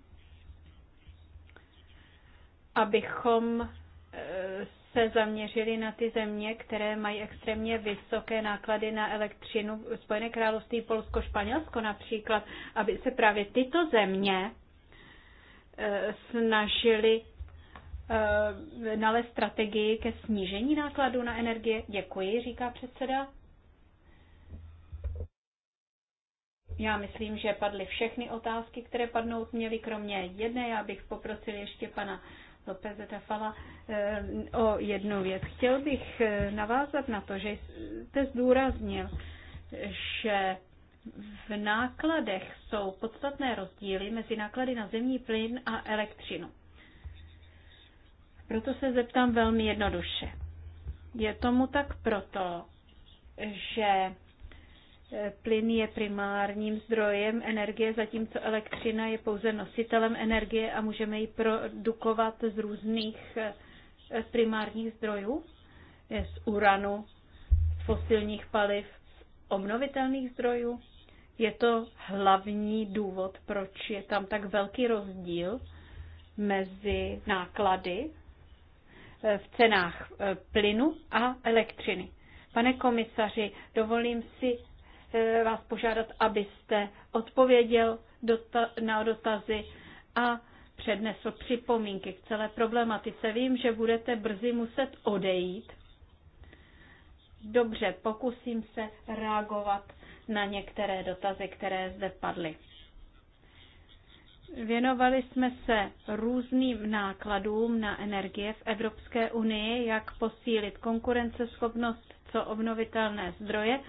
abychom e, se zaměřili na ty země, které mají extrémně vysoké náklady na elektřinu, Spojené království, Polsko, Španělsko například, aby se právě tyto země e, snažili e, nalézt strategii ke snížení nákladů na energie. Děkuji, říká předseda. Já myslím, že padly všechny otázky, které padnout měly, kromě jedné. Já bych poprosil ještě pana Lopez de Tafala eh, o jednu věc. Chtěl bych eh, navázat na to, že jste zdůraznil, že v nákladech jsou podstatné rozdíly mezi náklady na zemní plyn a elektřinu. Proto se zeptám velmi jednoduše. Je tomu tak proto, že Plyn je primárním zdrojem energie, zatímco elektřina je pouze nositelem energie a můžeme ji produkovat z různých eh, primárních zdrojů, eh, z uranu, z fosilních paliv, z obnovitelných zdrojů. Je to hlavní důvod, proč je tam tak velký rozdíl mezi náklady eh, v cenách plynu a elektřiny. Pane komisaři, dovolím si Eh, vás požádat, abyste odpověděl na dotazy a přednesl připomínky k celé problematice. Vím, že budete brzy muset odejít. Dobře, pokusím se reagovat na některé dotazy, které zde padly. Věnovali jsme se různým nákladům na energie v Evropské unii, jak posílit konkurenceschopnost, co obnovitelné zdroje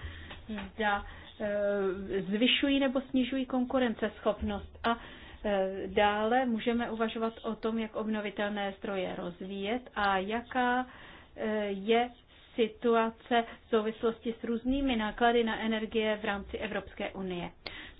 zda eh, zvyšují nebo snižují konkurenceschopnost. A eh, dále můžeme uvažovat o tom, jak obnovitelné zdroje rozvíjet a jaká eh, je situace v souvislosti s různými náklady na energie v rámci Evropské unie.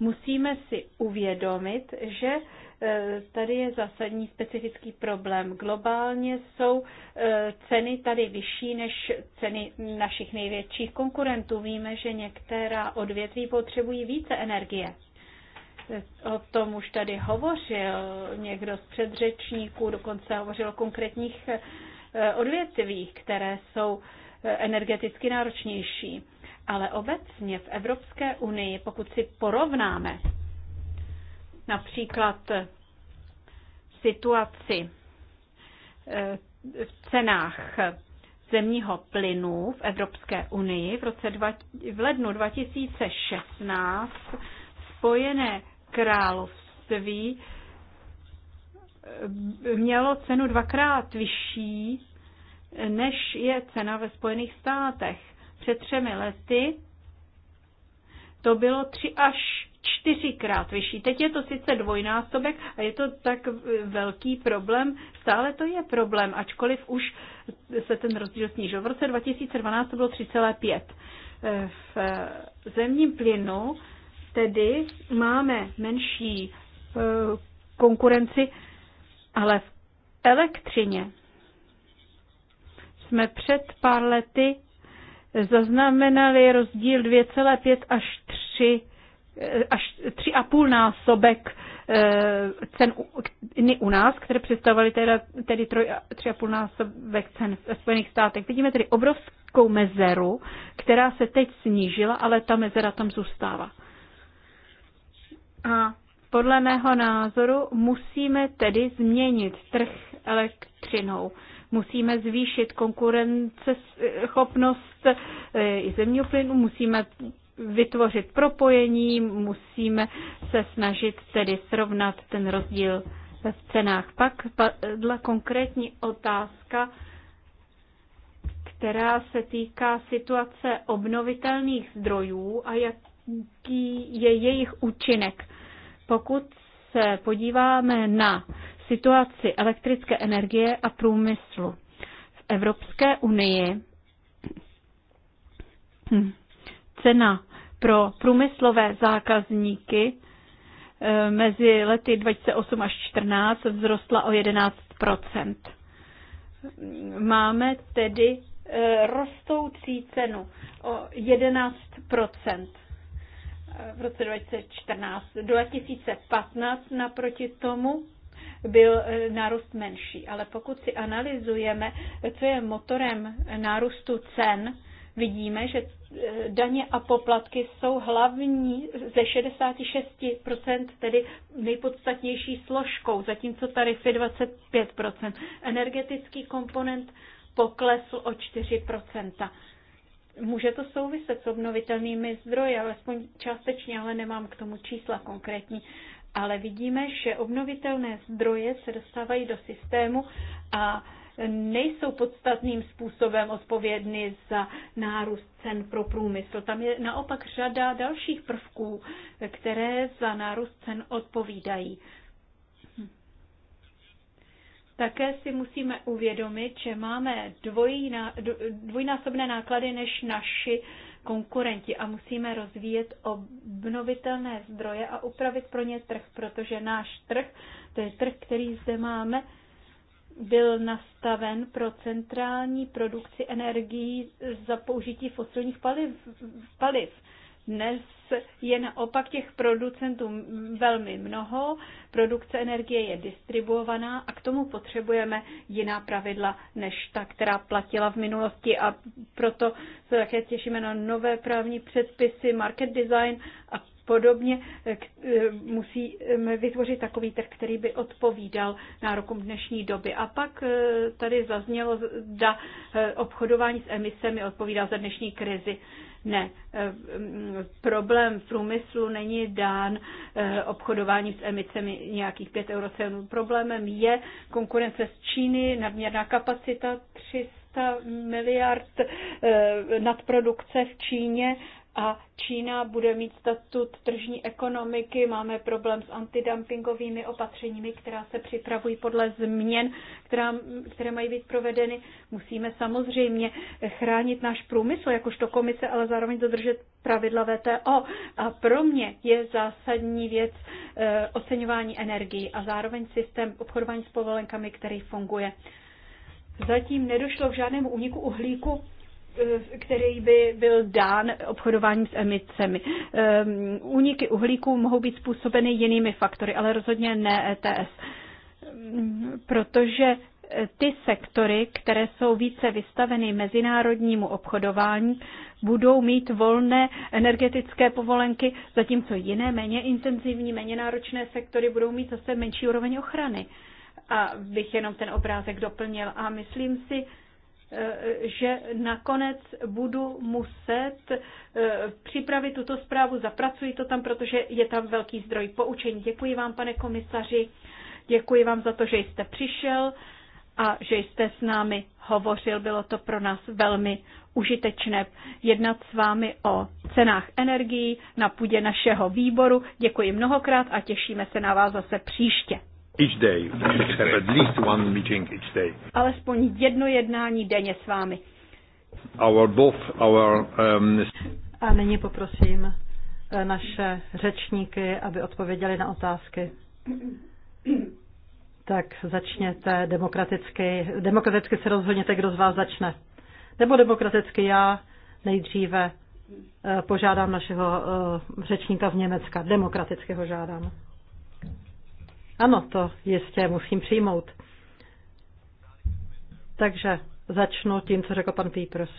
Musíme si uvědomit, že E, tady je zásadní specifický problém. Globálně jsou e, ceny tady vyšší než ceny našich největších konkurentů. Víme, že některá odvětví potřebují více energie. E, o tom už tady hovořil někdo z předřečníků, dokonce hovořil o konkrétních odvětvích, které jsou energeticky náročnější. Ale obecně v Evropské unii, pokud si porovnáme například eh, situaci eh, v cenách eh, zemního plynu v Evropské unii v, roce dva, v lednu 2016 Spojené království mělo cenu dvakrát vyšší, než je cena ve Spojených státech. Před třemi lety to bylo tři až čtyřikrát vyšší. Teď je to sice dvojnásobek a je to tak velký problém, stále to je problém, ačkoliv už se ten rozdíl snížil. V roce 2012 to bylo 3,5. V zemním plynu tedy máme menší eh, konkurenci, ale v elektřině jsme před pár lety zaznamenali rozdíl 2,5 až 3 Eh, až tři a půl násobek eh, cen u nás, které představovaly teda, tedy troj, tři a půl násobek cen ve Spojených státech. Vidíme tedy obrovskou mezeru, která se teď snížila, ale ta mezera tam zůstává. A podle mého názoru musíme tedy změnit trh elektřinou. Musíme zvýšit konkurenceschopnost eh, i zemního plynu, musíme vytvořit propojení, musíme se snažit tedy srovnat ten rozdíl v cenách. Pak padla konkrétní otázka, která se týká situace obnovitelných zdrojů a jaký je jejich účinek. Pokud se podíváme na situaci elektrické energie a průmyslu v Evropské unii, hm, cena pro průmyslové zákazníky e, mezi lety 2008 až 2014 vzrostla o 11 Máme tedy e, rostoucí cenu o 11 e, v roce 2014. Do 2015 naproti tomu byl nárůst menší. Ale pokud si analyzujeme, co je motorem nárůstu cen, vidíme, že eh, daně a poplatky jsou hlavní ze 66%, tedy nejpodstatnější složkou, zatímco tarify 25%. Energetický komponent poklesl o 4%. Může to souviset s obnovitelnými zdroji, alespoň částečně, ale nemám k tomu čísla konkrétní. Ale vidíme, že obnovitelné zdroje se dostávají do systému a nejsou podstatným způsobem odpovědny za nárůst cen pro průmysl. Tam je naopak řada dalších prvků, které za nárůst cen odpovídají. Také si musíme uvědomit, že máme dvojnásobné náklady než naši konkurenti a musíme rozvíjet obnovitelné zdroje a upravit pro ně trh, protože náš trh, to je trh, který zde máme, byl nastaven pro centrální produkci energií za použití fosilních paliv. paliv. Dnes je naopak těch producentů velmi mnoho, produkce energie je distribuovaná a k tomu potřebujeme jiná pravidla než ta, která platila v minulosti a proto se také těšíme na nové právní předpisy, market design a podobně, eh, eh, musíme vytvořit takový trh, který by odpovídal nárokům dnešní doby. A pak eh, tady zaznělo, da obchodování s emisemi odpovídá za dnešní krizi. Ne, mm, problém v průmyslu není dán obchodování s emicemi nějakých 5 eurocenů. Problémem je konkurence z Číny, nadměrná kapacita 300 miliard nadprodukce v Číně a Čína bude mít statut tržní ekonomiky, máme problém s antidumpingovými opatřeními, která se připravují podle změn, která, které mají být provedeny. Musíme samozřejmě chránit náš průmysl, jakožto komise, ale zároveň dodržet pravidla VTO. A pro mě je zásadní věc e, oceňování energii a zároveň systém obchodování s povolenkami, který funguje. Zatím nedošlo k žádnému úniku uhlíku Eh, který by byl dán obchodováním s emicemi. Ehm, úniky uhlíků mohou být způsobeny jinými faktory, ale rozhodně ne ETS. Protože ty sektory, které jsou více vystaveny mezinárodnímu obchodování, budou mít volné energetické povolenky, zatímco jiné, méně intenzivní, méně náročné sektory budou mít zase menší úroveň ochrany. A bych jenom ten obrázek doplnil. A myslím si, Eh, že nakonec budu muset eh, připravit tuto zprávu, zapracuji to tam, protože je tam velký zdroj poučení. Děkuji vám, pane komisaři, děkuji vám za to, že jste přišel a že jste s námi hovořil. Bylo to pro nás velmi užitečné jednat s vámi o cenách energií na půdě našeho výboru. Děkuji mnohokrát a těšíme se na vás zase příště. Each day. We have at least one meeting each day. Alespoň jedno jednání denně s vámi. Our both, our, um... A nyní poprosím eh, naše řečníky, aby odpověděli na otázky. Tak začněte demokraticky. Demokraticky se rozhodněte, kdo z vás začne. Nebo demokraticky já nejdříve eh, požádám našeho eh, řečníka z Německa. Demokraticky ho žádám. Ano, to jistě musím přijmout. Takže začnu tím, co řekl pan Pípers.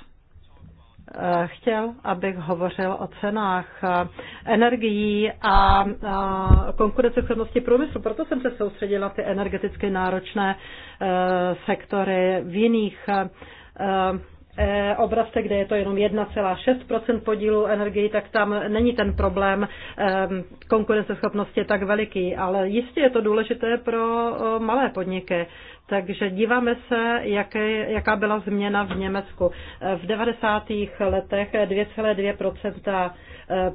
Eh, chtěl, abych hovořil o cenách eh, energií a konkurenceschopnosti průmyslu. Proto jsem se soustředil na ty energeticky náročné eh, sektory v jiných Eh, obrazce, kde je to jenom 1,6 podílu energii, tak tam není ten problém eh, konkurenceschopnosti tak veliký. Ale jistě je to důležité pro eh, malé podniky. Takže díváme se, jaké, jaká byla změna v Německu. V 90. letech 2,2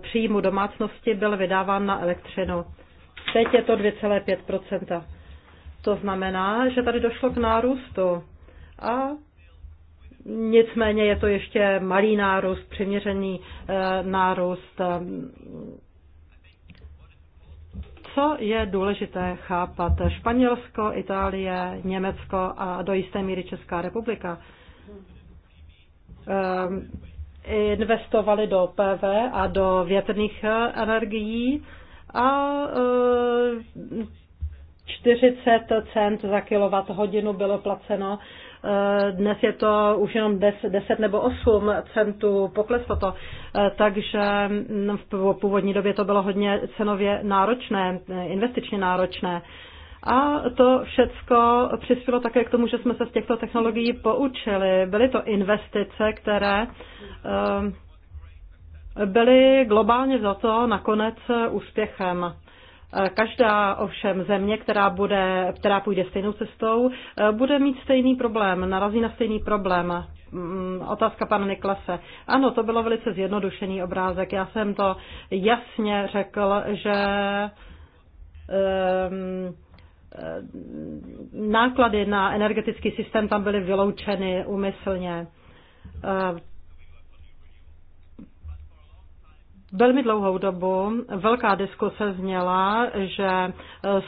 příjmu domácnosti byl vydáván na elektřinu. Teď je to 2,5 To znamená, že tady došlo k nárůstu. A Nicméně je to ještě malý nárůst, přiměřený eh, nárůst. Co je důležité chápat? Španělsko, Itálie, Německo a do jisté míry Česká republika eh, investovali do PV a do větrných eh, energií a 40 cent za kilowatt hodinu bylo placeno Eh, dnes je to už jenom 10, nebo 8 centů, pokleslo to, eh, takže mm, v původní době to bylo hodně cenově náročné, eh, investičně náročné. A to všecko přispělo také k tomu, že jsme se z těchto technologií poučili. Byly to investice, které byly globálně za to nakonec úspěchem. Eh, každá ovšem země, která, bude, která půjde stejnou cestou, eh, bude mít stejný problém, narazí na stejný problém. Mm, otázka pana Niklase. Ano, to bylo velice zjednodušený obrázek. Já jsem to jasně řekl, že um, náklady na energetický systém tam byly vyloučeny úmyslně. velmi dlouhou dobu velká diskuse zněla, že e,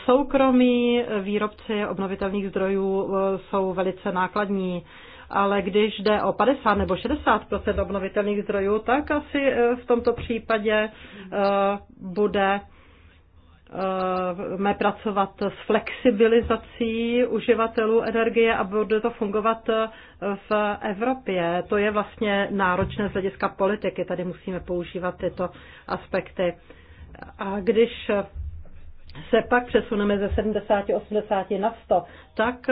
soukromí výrobci obnovitelných zdrojů e, jsou velice nákladní ale když jde o 50 nebo 60 obnovitelných zdrojů, tak asi e, v tomto případě bude budeme pracovat s flexibilizací uživatelů energie a bude to fungovat v Evropě. To je vlastně náročné z hlediska politiky, tady musíme používat tyto aspekty. A když se pak přesuneme ze 70, 80 na 100, tak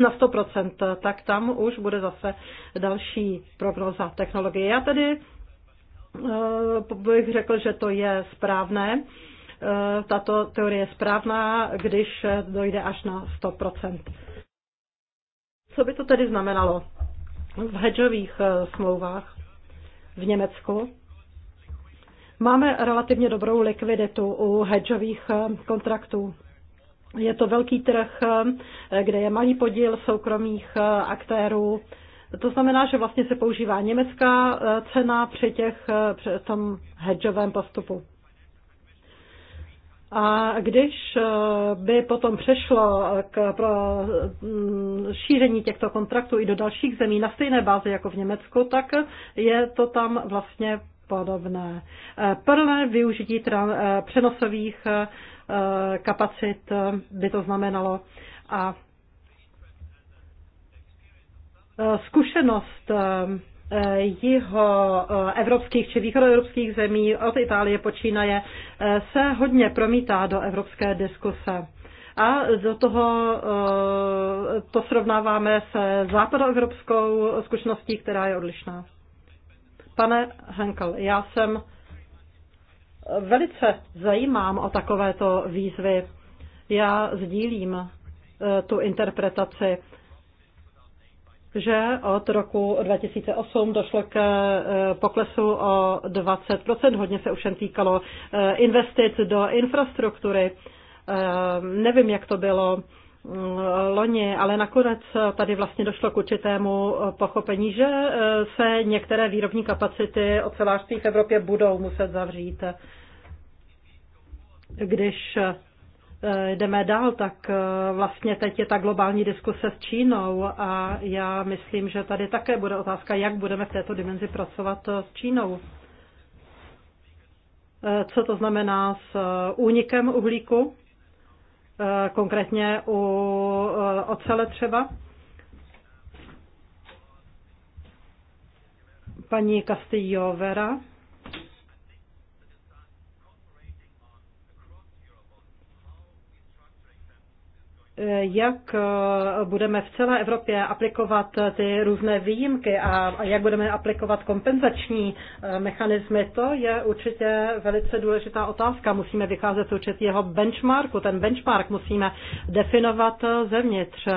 na 100%, tak tam už bude zase další prognoza technologie. Já tady eh, bych řekl, že to je správné Eh, tato teorie je správná, když eh, dojde až na 100%. Co by to tedy znamenalo? V hedžových eh, smlouvách v Německu máme relativně dobrou likviditu u hedžových kontraktů. Je to velký trh, kde je malý podíl soukromých aktérů. To znamená, že vlastně se používá německá cena při, těch, při tom hedžovém postupu. A když eh, by potom přešlo k mm, šíření těchto kontraktů i do dalších zemí na stejné bázi jako v Německu, tak je to tam vlastně podobné. Eh, Prvé využití eh, přenosových kapacit by to znamenalo. A zkušenost Eh, jiho eh, evropských či východoevropských zemí od Itálie počínaje eh, se hodně promítá do evropské diskuse. A do toho to srovnáváme se západoevropskou zkušeností, která je odlišná. Pane Henkel, já jsem velice zajímám o takovéto výzvy. Já sdílím tu interpretaci že od roku 2008 došlo k e, poklesu o 20%, hodně se jen týkalo e, investic do infrastruktury. E, nevím, jak to bylo mm, loni, ale nakonec tady vlastně došlo k určitému pochopení, že se některé výrobní kapacity ocelářství v Evropě budou muset zavřít. Když Eh, jdeme dál, tak eh, vlastně teď je ta globální diskuse s Čínou a já myslím, že tady také bude otázka, jak budeme v této dimenzi pracovat eh, s Čínou. Co to znamená s únikem uhlíku, konkrétně u ocele třeba? Paní Castillo Vera jak eh, budeme v celé Evropě aplikovat ty různé výjimky a jak budeme aplikovat kompenzační eh, mechanismy, to je určitě velice důležitá otázka. Musíme vycházet z určitého benchmarku. Ten benchmark musíme definovat eh, zevnitř.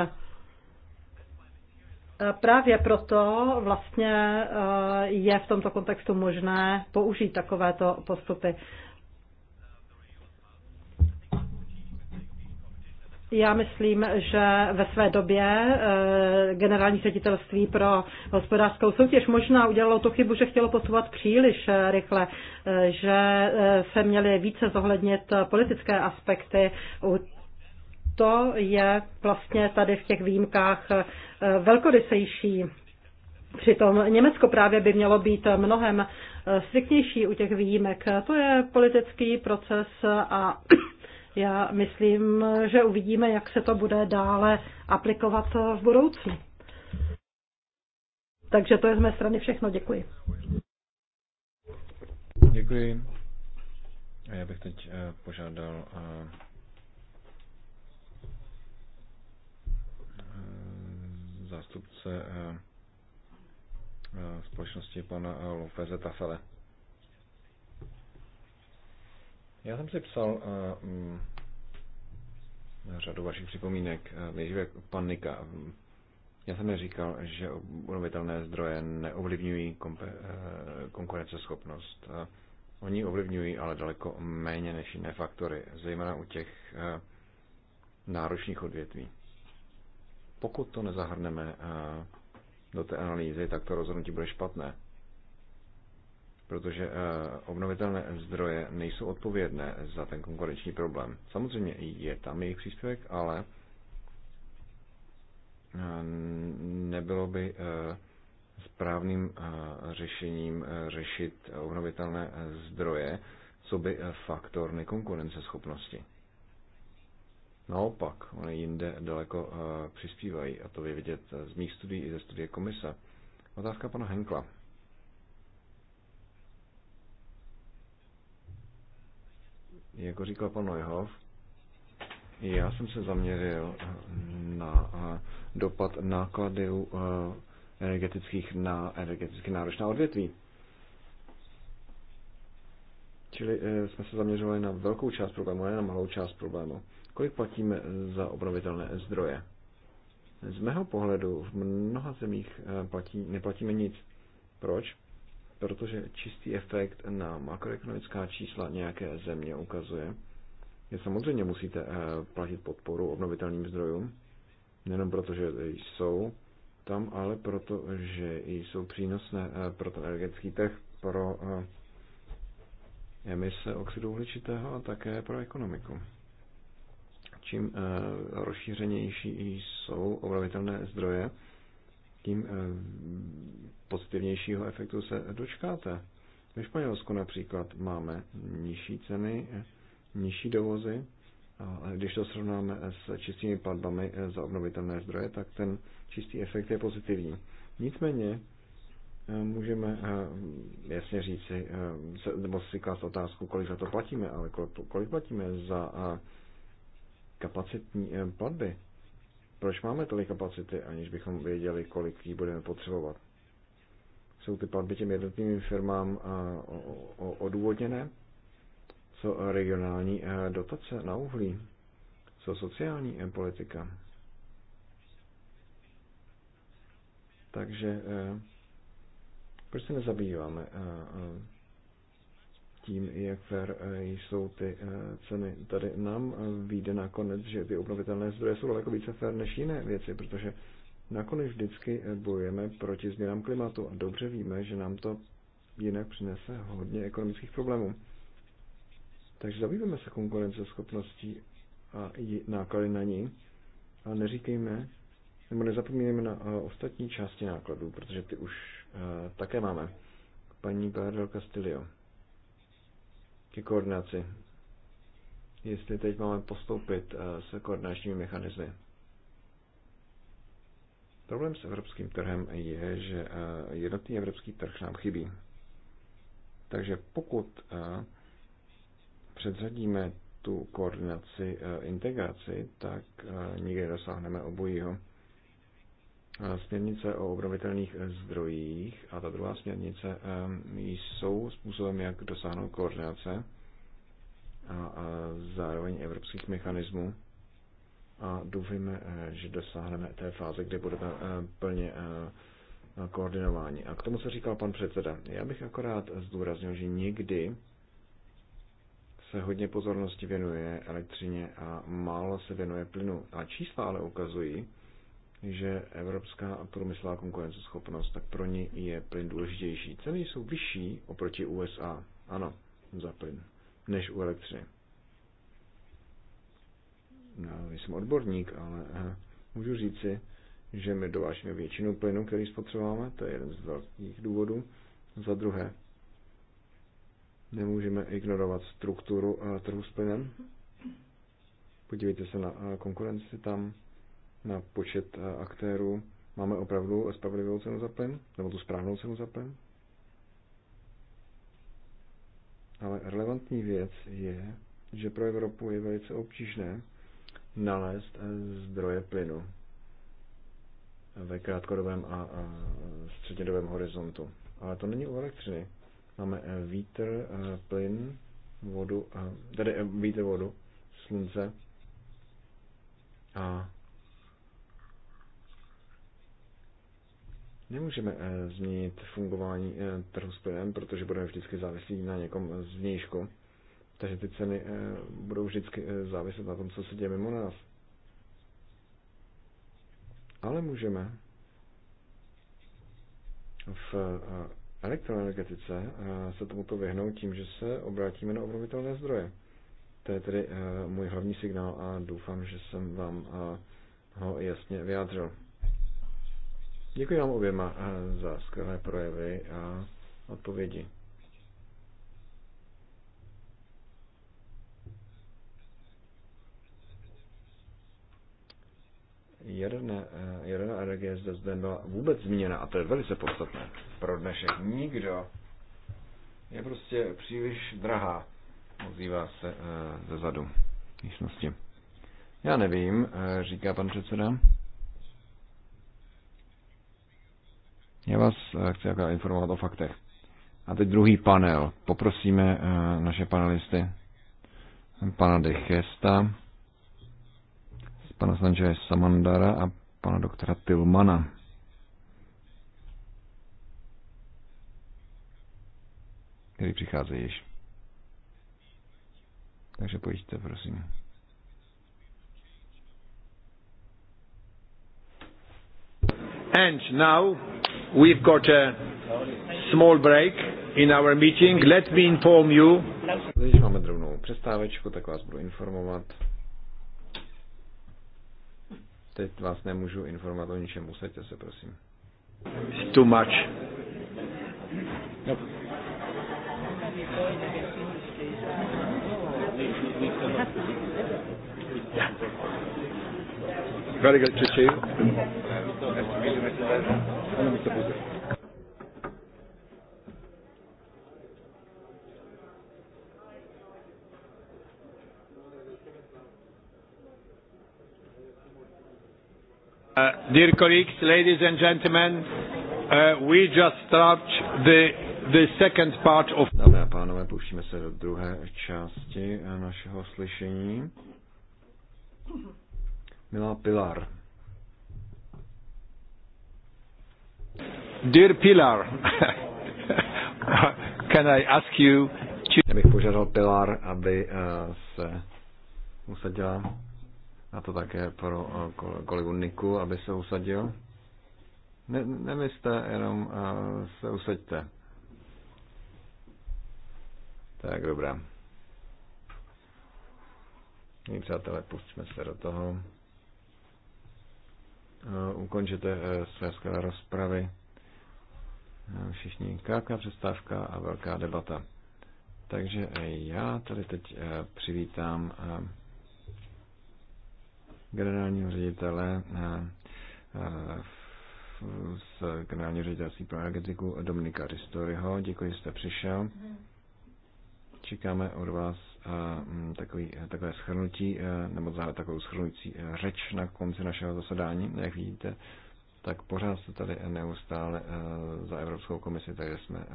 Právě proto vlastně je v tomto kontextu možné použít takovéto postupy. Já myslím, že ve své době eh, generální ředitelství pro hospodářskou soutěž možná udělalo tu chybu, že chtělo posouvat příliš eh, rychle, eh, že se měly více zohlednit politické aspekty to je vlastně tady v těch výjimkách velkorysejší. Přitom Německo právě by mělo být mnohem striktnější u těch výjimek. To je politický proces a já myslím, že uvidíme, jak se to bude dále aplikovat v budoucnu. Takže to je z mé strany všechno. Děkuji. Děkuji. A já bych teď eh, požádal eh, eh, zástupce společnosti pana Lopeze Tafele. Já jsem si psal uh, um, řadu vašich připomínek. Eh, nejdříve pan Nika. Já jsem neříkal, že obnovitelné zdroje neovlivňují kompe, eh, konkurenceschopnost. Oni ovlivňují, ale daleko méně než jiné faktory, zejména u těch náročných odvětví. Pokud to nezahrneme do té analýzy, tak to rozhodnutí bude špatné protože eh, obnovitelné zdroje nejsou odpovědné za ten konkurenční problém. Samozřejmě je tam jejich příspěvek, ale eh, nebylo by eh, správným řešením řešit obnovitelné zdroje, co by faktor nekonkurenceschopnosti. Naopak, oni jinde daleko přispívají a to je vidět z mých studií i ze studie komise. Otázka pana Henkla. Jako říkal pan Neuhoff, já jsem se zaměřil na eh, dopad nákladů eh, energetických na energeticky náročná odvětví. Čili eh, jsme se zaměřovali na velkou část problému, ne na malou část problému. Kolik platíme za obnovitelné zdroje? Z mého pohledu v mnoha zemích platí, neplatíme nic. Proč? protože čistý efekt na makroekonomická čísla nějaké země ukazuje, že samozřejmě musíte eh, platit podporu obnovitelným zdrojům, nejenom protože jsou tam, ale protože jsou přínosné eh, pro ten energetický trh, pro eh, emise oxidu uhličitého a také pro ekonomiku. Čím rozšířenější jsou obnovitelné zdroje, tím eh, pozitivnějšího efektu se dočkáte. Ve Španělsku například máme nižší ceny, eh, nižší dovozy, a když to srovnáme s čistými platbami eh, za obnovitelné zdroje, tak ten čistý efekt je pozitivní. Nicméně můžeme jasně říci, nebo si klást otázku, kolik za to platíme, ale kolik platíme za kapacitní platby. Proč máme tolik kapacity, aniž bychom věděli, kolik jí budeme potřebovat? Jsou ty platby těm jednotlivým firmám odůvodněné? Co regionální dotace na uhlí? Co sociální e, politika? Takže e, proč se nezabýváme tím, jak fér eh, jsou ty eh, ceny. Tady nám eh, vyjde nakonec, že ty obnovitelné zdroje jsou daleko více fér než jiné věci, protože nakonec vždycky bojujeme proti změnám klimatu a dobře víme, že nám to jinak přinese hodně ekonomických problémů. Takže zabýváme se konkurenceschopností a náklady na ní a neříkejme, nebo nezapomínejme na ostatní části nákladů, protože ty už také máme. Paní Bardel Castillo ke koordinaci. Jestli teď máme postoupit eh, se koordinačními mechanismy. Problém s evropským trhem je, že eh, jednotný evropský trh nám chybí. Takže pokud eh, předřadíme tu koordinaci integraci, tak nikdy dosáhneme obojího. Eh, směrnice o obnovitelných eh, zdrojích a ta druhá směrnice eh, jsou způsobem, jak dosáhnout koordinace a zároveň evropských mechanismů. A doufejme, že dosáhneme té fáze, kde budeme plně koordinování. A k tomu, se říkal pan předseda, já bych akorát zdůraznil, že někdy se hodně pozornosti věnuje elektřině a málo se věnuje plynu. A čísla ale ukazují, že evropská průmyslová konkurenceschopnost, tak pro ní je plyn důležitější. Ceny jsou vyšší oproti USA, ano, za plyn, než u elektřiny. No, já jsem odborník, ale eh, můžu říci, že my dovážíme většinu plynu, který spotřebujeme. to je jeden z velkých důvodů. Za druhé, nemůžeme ignorovat strukturu eh, trhu s plynem. Podívejte se na eh, konkurenci tam na počet eh, aktérů, máme opravdu spravedlivou cenu za plyn, nebo tu správnou cenu za plyn. Ale relevantní věc je, že pro Evropu je velice obtížné nalézt eh, zdroje plynu ve krátkodobém a střednědobém horizontu. Ale to není u elektřiny. Máme eh, vítr, plyn, vodu, tedy vítr, vodu, slunce a Nemůžeme eh, změnit fungování eh, trhu s plynem, protože budeme vždycky závislí na někom z vnějšku. Takže ty ceny eh, budou vždycky záviset na tom, co se děje mimo nás. Ale můžeme v elektroenergetice se tomuto vyhnout tím, že se obrátíme na obnovitelné zdroje. To je tedy můj hlavní signál a doufám, že jsem vám ho jasně vyjádřil. Děkuji vám oběma eh, za skvělé projevy a odpovědi. Jedna, eh, jedna energie zde, zde byla vůbec zmíněna a to je velice podstatné pro dnešek. Nikdo je prostě příliš drahá, ozývá se eh, ze zadu místnosti. Já nevím, říká pan předseda. Já vás eh, chci informovat o faktech. A teď druhý panel. Poprosíme eh, naše panelisty, pana De Chesta, pana Sanče Samandara a pana doktora Tilmana. který přichází již. Takže pojďte, prosím. And now we've got a small break in our meeting. Let me inform you. Když máme drobnou přestávečku, tak vás budu informovat. Teď vás nemůžu informovat o ničem, usaďte se, prosím. It's too much. Nope. Yeah very good to see you. Uh, dear colleagues, ladies and gentlemen, uh, we just start the, the second part of... Dámy a pánové, pouštíme se do druhé části našeho slyšení. Milá Pilar. Dear Pilar, [LAUGHS] can I ask you to... Já bych požádal Pilar, aby eh, se usadila a to také pro eh, kolegu Niku, aby se usadil. Ne, nemyslte, jenom eh, se usaďte. Tak, dobrá. Mí přátelé, pustíme se do toho. Eh, ukončíte eh, své skvělé rozpravy. Eh, všichni krátká přestávka a velká debata. Takže já tady teď přivítám generálního ředitele z generálního ředitelství pro energetiku Dominika Ristoryho. Děkuji, že jste přišel. Mhm. Čekáme od vás Mm, takový, takové schrnutí, nebo takovou schrnující e, řeč na konci našeho zasedání, jak vidíte, tak pořád se tady neustále e, za Evropskou komisi, takže jsme e,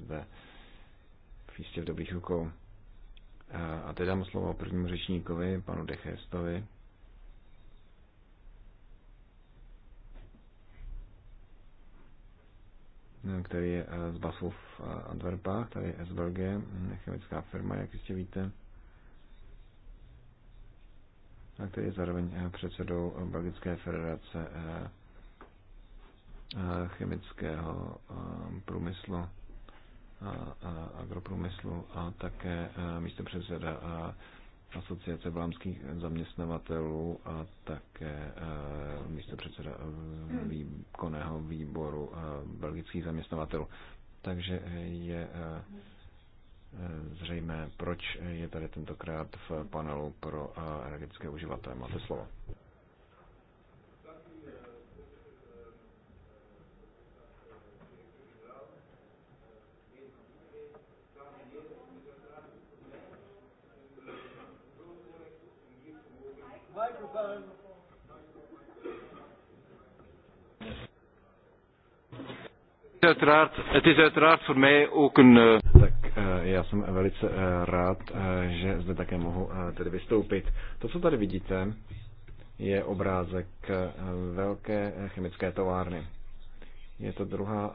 zde v jistě v dobrých rukou. A teď dám slovo prvnímu řečníkovi, panu Dechestovi. Eh, eh, který je z Basu v Antwerpách, tady je SBLG, chemická firma, jak jistě víte, a který je zároveň eh, předsedou Belgické federace chemického průmyslu a agroprůmyslu a také místo předseda asociace vlámských zaměstnavatelů a také eh, místo předseda eh, hmm. výkonného výboru eh, belgických zaměstnavatelů. Takže je zřejmé, proč je tady tentokrát v panelu pro energetické uživatele. Máte slovo. Het is uiteraard voor mij ook een... Eh, tak eh, já jsem velice eh, rád, že zde také mohu tedy vystoupit. To, co tady vidíte, je obrázek velké chemické továrny. Je to druhá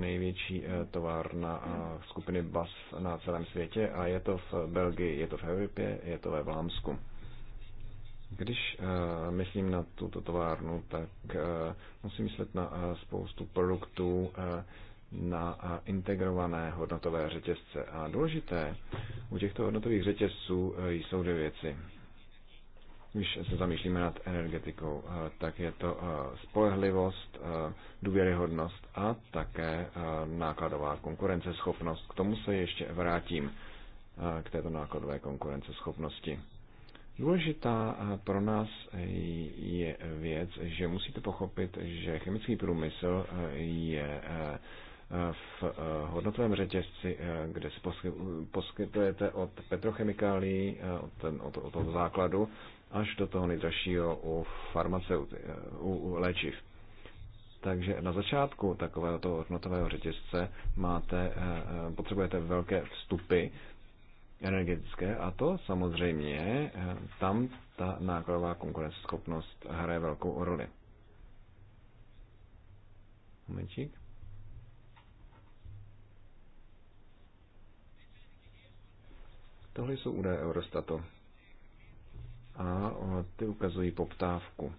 největší továrna skupiny BAS na celém světě a je to v Belgii, je to v Evropě, je to ve Vlámsku. Když uh, myslím na tuto továrnu, tak uh, musím myslet na uh, spoustu produktů, uh, na uh, integrované hodnotové řetězce. A důležité u těchto hodnotových řetězců uh, jsou dvě věci. Když se zamýšlíme nad energetikou, uh, tak je to uh, spolehlivost, uh, důvěryhodnost a také uh, nákladová konkurenceschopnost. K tomu se ještě vrátím, uh, k této nákladové konkurenceschopnosti. Důležitá eh, pro nás eh, je věc, že musíte pochopit, že chemický průmysl eh, je v hodnotovém řetězci, kde si poskytujete od petrochemikálí, od, ten, od, od toho základu, až do toho nejdražšího u, farmaceuty, u, u léčiv. Takže na začátku takového toho hodnotového řetězce máte, potřebujete velké vstupy energetické a to samozřejmě eh, tam ta nákladová konkurenceschopnost hraje velkou roli. Momentík. Tohle jsou údaje Eurostatu a ty ukazují poptávku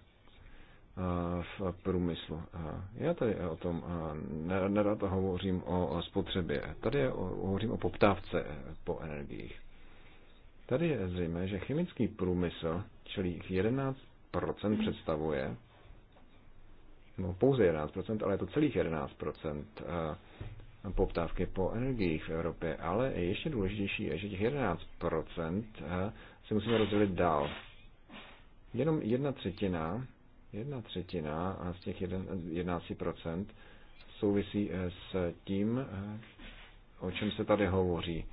v průmyslu. Eh, Já tady o tom eh, nerad hovořím o spotřebě. Tady hovořím o poptávce eh, po energiích. Tady je zřejmé, že chemický průmysl, čili 11% představuje, no pouze 11%, ale je to celých 11% poptávky po energiích v Evropě. Ale ještě důležitější je, že těch 11% si musíme rozdělit dál. Jenom jedna třetina Jedna třetina a z těch 11% souvisí eh, s tím, eh, o čem se tady hovoří,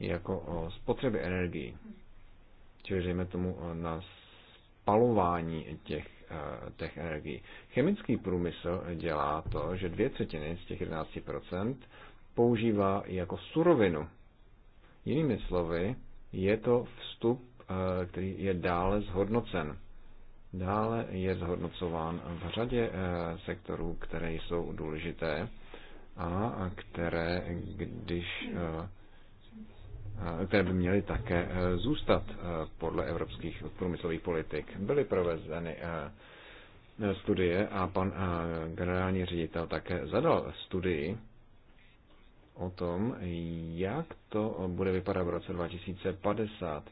jako o spotřebě energii. Čili dejme tomu eh, na spalování těch, těch energií. Chemický průmysl dělá to, že dvě třetiny z těch 11% používá jako surovinu. Jinými slovy, je to vstup, který je dále zhodnocen. Dále je zhodnocován v řadě eh, sektorů, které jsou důležité a které, když, eh, eh, které by měly také zůstat podle evropských průmyslových politik. Byly provezeny studie a pan generální ředitel také zadal studii o tom, jak to bude vypadat v roce 2050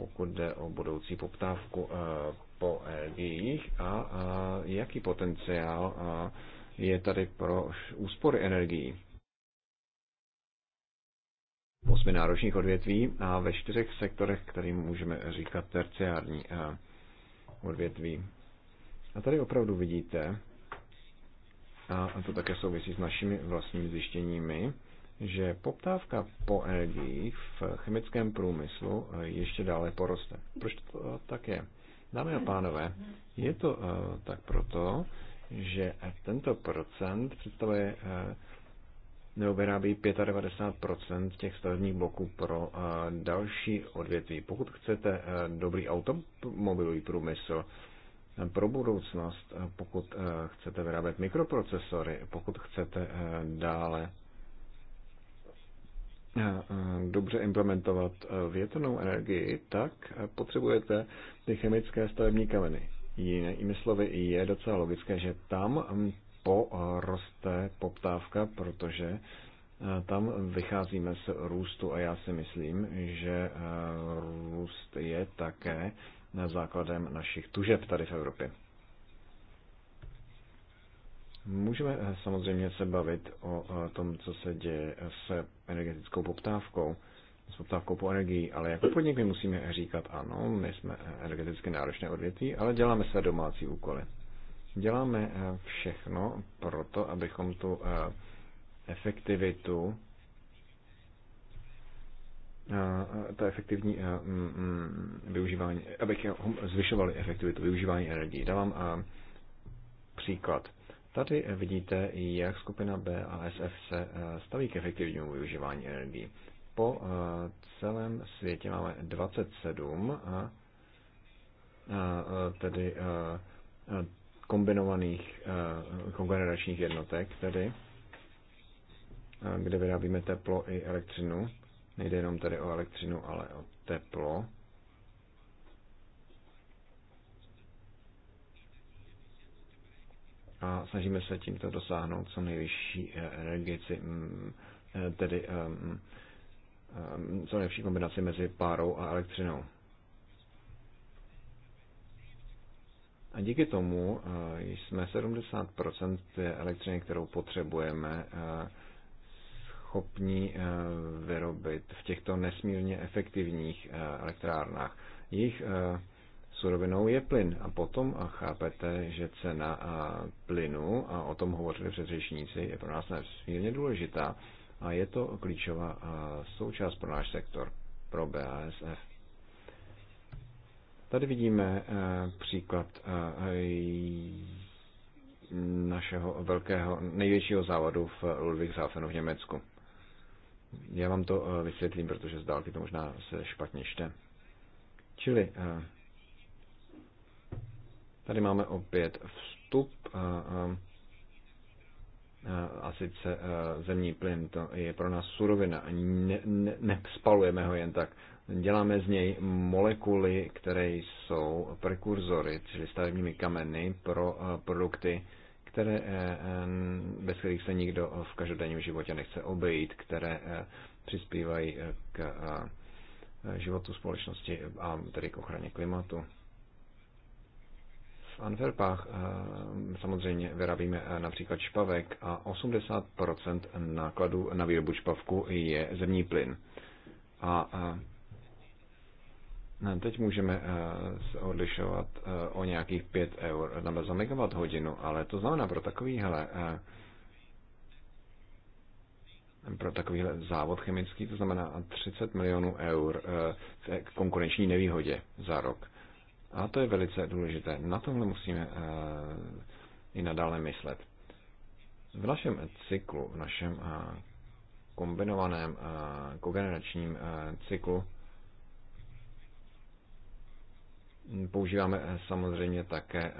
pokud jde o budoucí poptávku eh, po energiích eh, a jaký potenciál eh, je tady pro úspory energií. V osmi náročných odvětví a ve čtyřech sektorech, kterým můžeme říkat terciární odvětví. A tady opravdu vidíte, a to také souvisí s našimi vlastními zjištěními, že poptávka po energiích v chemickém průmyslu eh, ještě dále poroste. Proč to tak je? Dámy a pánové, je to eh, tak proto, že tento procent představuje eh, nebo vyrábí 95% těch stavebních bloků pro další odvětví. Pokud chcete dobrý automobilový průmysl, pro budoucnost, pokud chcete vyrábět mikroprocesory, pokud chcete dále Eh, eh, dobře implementovat eh, větrnou energii, tak potřebujete ty chemické stavební kameny. Jinými slovy, je docela logické, že tam hm, poroste poptávka, protože tam vycházíme z růstu a já si myslím, že růst je také základem našich tužeb tady v Evropě. Můžeme eh, samozřejmě se bavit o eh, tom, co se děje s energetickou poptávkou, s poptávkou po energii, ale jako podnik my musíme říkat ano, my jsme eh, energeticky náročné odvětví, ale děláme své domácí úkoly. Děláme všechno pro to, abychom tu efektivitu ta efektivní mm, mm, využívání, abychom zvyšovali efektivitu využívání energie. Dávám příklad. Tady vidíte, jak skupina B a SF se eh, staví k efektivnímu využívání energii. Po eh, celém světě máme 27 a eh, tedy kombinovaných kongeneračních jednotek, tedy kde vyrábíme teplo i elektřinu. Nejde jenom tedy o elektřinu, ale o teplo. a snažíme se tímto dosáhnout co nejvyšší energici, eh, mm, eh, tedy eh, mm, co nejvyšší kombinaci mezi párou a elektřinou. A díky tomu jsme 70% té elektřiny, kterou potřebujeme, schopni vyrobit v těchto nesmírně efektivních elektrárnách. Jejich surovinou je plyn. A potom a chápete, že cena a plynu, a o tom hovořili předřečníci, je pro nás nesmírně důležitá a je to klíčová součást pro náš sektor, pro BASF. Tady vidíme e, příklad e, našeho velkého, největšího závodu v Ludwigshafenu v Německu. Já vám to e, vysvětlím, protože z dálky to možná se špatně čte. Čili Tady máme opět vstup a, a, a sice zemní plyn to je pro nás surovina. Ne, ne, ho jen tak. Děláme z něj molekuly, které jsou prekurzory, čili stavebními kameny pro produkty, které, e, e, bez kterých se nikdo v každodenním životě nechce obejít, které e, přispívají k životu společnosti a tedy k ochraně klimatu. Anverpách Antwerpách eh, samozřejmě vyrábíme eh, například špavek a 80% nákladů na výrobu špavku je zemní plyn. A eh, Teď můžeme se odlišovat o nějakých 5 eur za megawatt hodinu, ale to znamená pro takovýhle pro takovýhle závod chemický, to znamená 30 milionů eur v konkurenční nevýhodě za rok. A to je velice důležité. Na tomhle musíme eh, i nadále myslet. V našem cyklu, v našem eh, kombinovaném eh, kogeneračním cyklu používáme samozřejmě také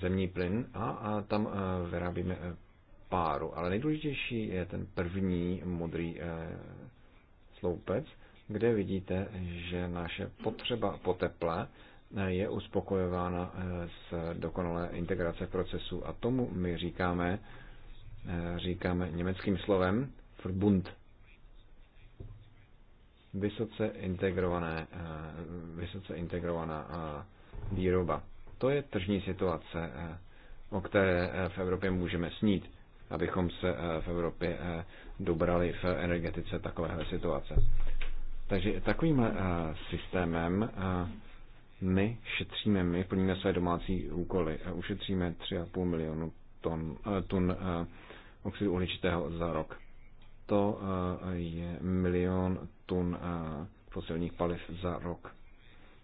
zemní plyn a tam vyrábíme páru. Ale nejdůležitější je ten první modrý sloupec, kde vidíte, že naše potřeba po teple eh, je uspokojována eh, z dokonalé integrace procesu A tomu my říkáme, eh, říkáme německým slovem Verbund. Vysoce, integrované, vysoce integrovaná výroba. To je tržní situace, o které v Evropě můžeme snít, abychom se v Evropě dobrali v energetice takovéhle situace. Takže takovým eh, systémem eh, my šetříme, my plníme své domácí úkoly, a ušetříme 3,5 milionu ton, eh, tun oxidu uhličitého za rok. To je milion tun fosilních paliv za rok.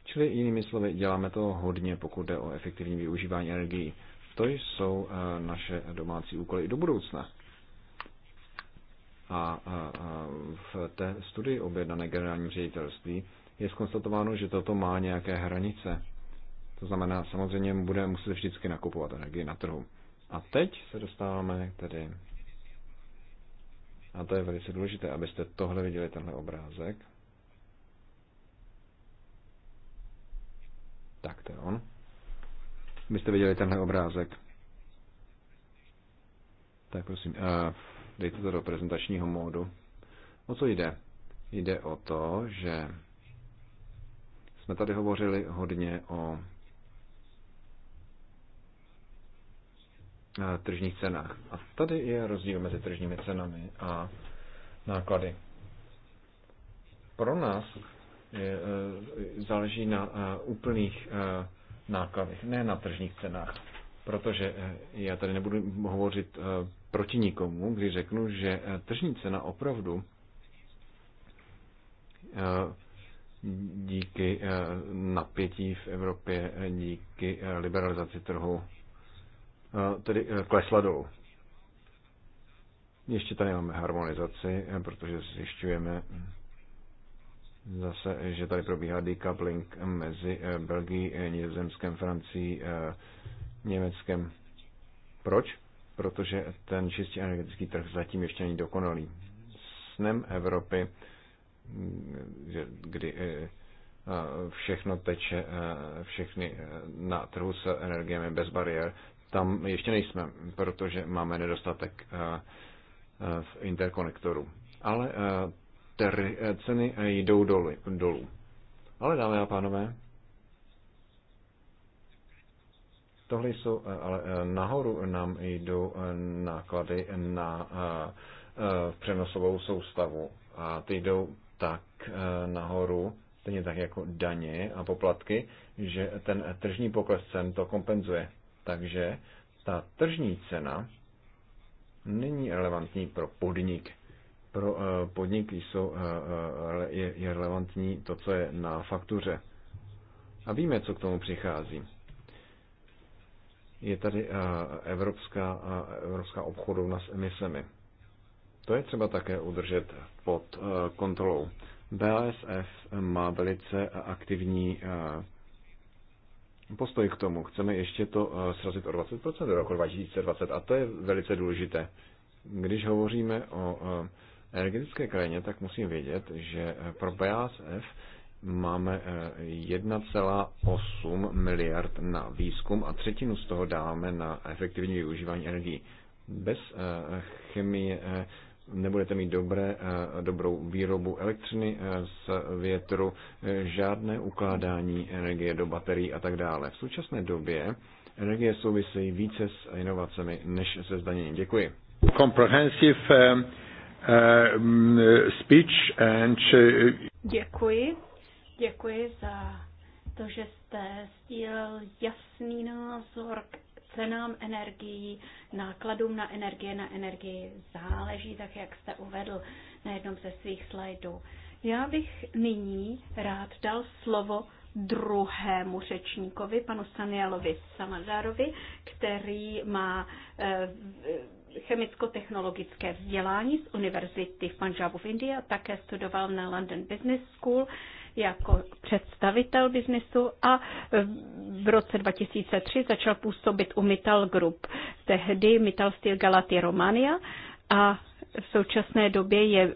Čili jinými slovy, děláme to hodně, pokud jde o efektivní využívání energií. To jsou naše domácí úkoly i do budoucna. A, a, a v té studii objednané generálním ředitelství je skonstatováno, že toto má nějaké hranice. To znamená, samozřejmě bude muset vždycky nakupovat energii na trhu. A teď se dostáváme tedy, a to je velice důležité, abyste tohle viděli, tenhle obrázek. Tak to je on. Abyste viděli tenhle obrázek. Tak prosím, uh, dejte to do prezentačního módu. O co jde? Jde o to, že jsme tady hovořili hodně o eh, tržních cenách. A tady je rozdíl mezi tržními cenami a náklady. Pro nás je, eh, záleží na eh, úplných nákladech, ne na tržních cenách, protože já tady nebudu hovořit proti nikomu, když řeknu, že eh, tržní cena opravdu eh, díky eh, napětí v Evropě, díky liberalizaci trhu, tedy klesla dolů. Ještě tady máme harmonizaci, protože zjišťujeme zase, že tady probíhá decoupling mezi Belgií, Nizozemskem, Francií, Německem. Proč? protože ten čistý energetický trh zatím ještě není dokonalý. Snem Evropy, mm, kdy eh, eh, všechno teče, eh, všechny na trhu s energiemi bez bariér, tam ještě nejsme, protože máme nedostatek v interkonektoru. Ale ceny jdou dolů. dolů. Ale dámy a pánové, Tohle jsou, eh, ale eh, nahoru nám jdou eh, náklady na přenosovou soustavu a ty jdou tak nahoru, stejně tak jako daně a poplatky, že ten tržní pokles cen to kompenzuje. Takže ta tržní cena není relevantní pro podnik. Pro podnik jsou, je, relevantní to, co je na faktuře. A víme, co k tomu přichází je tady eh, evropská, eh, evropská obchodovna s emisemi. To je třeba také udržet pod eh, kontrolou. BASF má velice aktivní postoj k tomu. Chceme ještě to srazit o 20% do roku 2020 a to je velice důležité. Když hovoříme o energetické krajině, tak musím vědět, že pro BASF máme 1,8 eh, miliard na výzkum a třetinu z toho dáme na efektivní využívání energií. Bez eh, chemie eh, nebudete mít dobré, dobrou výrobu elektřiny z větru, žádné ukládání energie do baterií a tak dále. V současné době energie souvisejí více s inovacemi než se zdaněním. Děkuji. Comprehensive um, speech and... Děkuji Děkuji za to, že jste sdílel jasný názor k cenám energií, nákladům na energie, na energii záleží, tak jak jste uvedl na jednom ze svých slajdů. Já bych nyní rád dal slovo druhému řečníkovi, panu Sanielovi Samazárovi, který má eh, chemicko-technologické vzdělání z univerzity v Punjabu v Indii a také studoval na London Business School jako představitel biznesu a v roce 2003 začal působit u Mittal Group, tehdy Mittal Steel Galatia Romania a v současné době je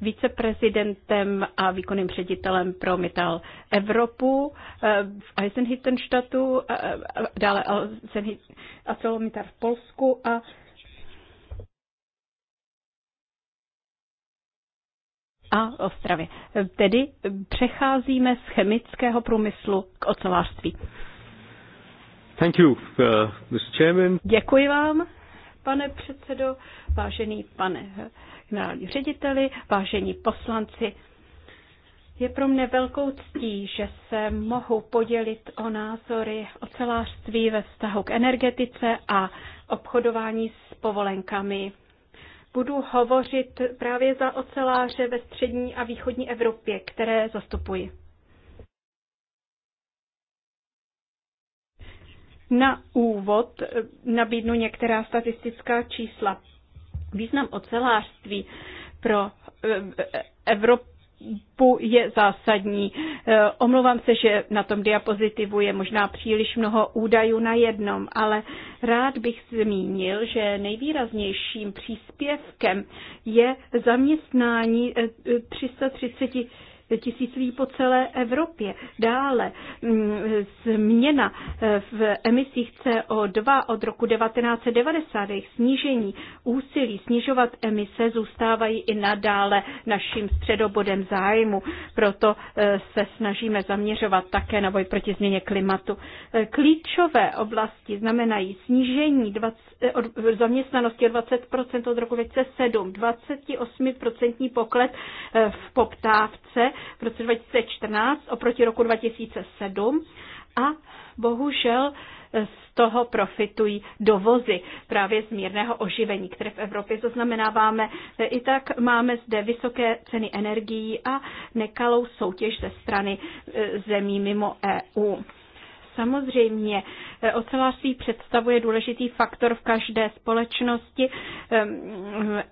viceprezidentem a výkonným ředitelem pro Mittal Evropu eh, v Eisenhüttenstadtu, eh, eh, dále ArcelorMittal v Polsku a a Ostravě. Tedy přecházíme z chemického průmyslu k ocelářství. Thank you, uh, Mr. Chairman. Děkuji vám, pane předsedo, vážený pane generální řediteli, vážení poslanci. Je pro mne velkou ctí, že se mohu podělit o názory ocelářství ve vztahu k energetice a obchodování s povolenkami budu hovořit právě za oceláře ve střední a východní Evropě, které zastupuji. Na úvod nabídnu některá statistická čísla. Význam ocelářství pro eh, Evropu je zásadní. E, omlouvám se, že na tom diapozitivu je možná příliš mnoho údajů na jednom, ale rád bych zmínil, že nejvýraznějším příspěvkem je zaměstnání 330 e, e, tisíclí po celé Evropě. Dále mm, změna eh, v emisích CO2 od roku 1990, jejich snížení, úsilí snižovat emise zůstávají i nadále naším středobodem zájmu. Proto eh, se snažíme zaměřovat také na boj proti změně klimatu. Eh, klíčové oblasti znamenají snížení 20 Eh, zaměstnanosti o 20% od roku 2007, 28% pokles eh, v poptávce v roce 2014 oproti roku 2007 a bohužel eh, z toho profitují dovozy právě z mírného oživení, které v Evropě zaznamenáváme. I tak máme zde vysoké ceny energií a nekalou soutěž ze strany zemí mimo EU. Samozřejmě eh, ocelářství představuje důležitý faktor v každé společnosti ehm,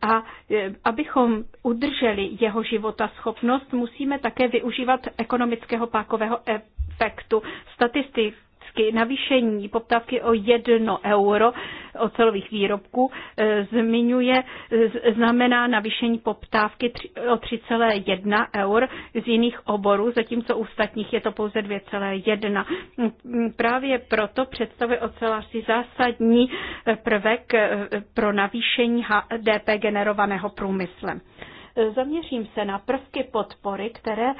a eh, abychom udrželi jeho života schopnost, musíme také využívat ekonomického pákového efektu. Statistik poptávky, navýšení poptávky o jedno euro ocelových výrobků e, zmiňuje, e, znamená navýšení poptávky o 3,1 eur z jiných oborů, zatímco u ostatních je to pouze 2,1. Právě proto představuje ocelářství zásadní e, prvek pro navýšení HDP generovaného průmyslem. Zaměřím se na prvky podpory, které e,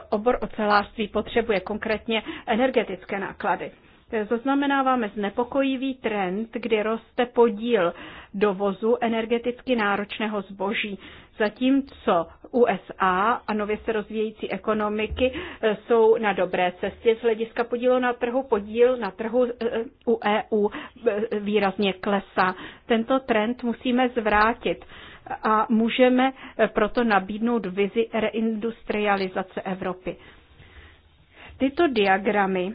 obor ocelářství potřebuje, konkrétně energetické náklady. Zaznamenáváme znepokojivý trend, kdy roste podíl dovozu energeticky náročného zboží, zatímco USA a nově se rozvíjející ekonomiky e, jsou na dobré cestě. Z hlediska podílu na trhu podíl na trhu e, u EU výrazně klesá. Tento trend musíme zvrátit a můžeme eh, proto nabídnout vizi reindustrializace Evropy. Tyto diagramy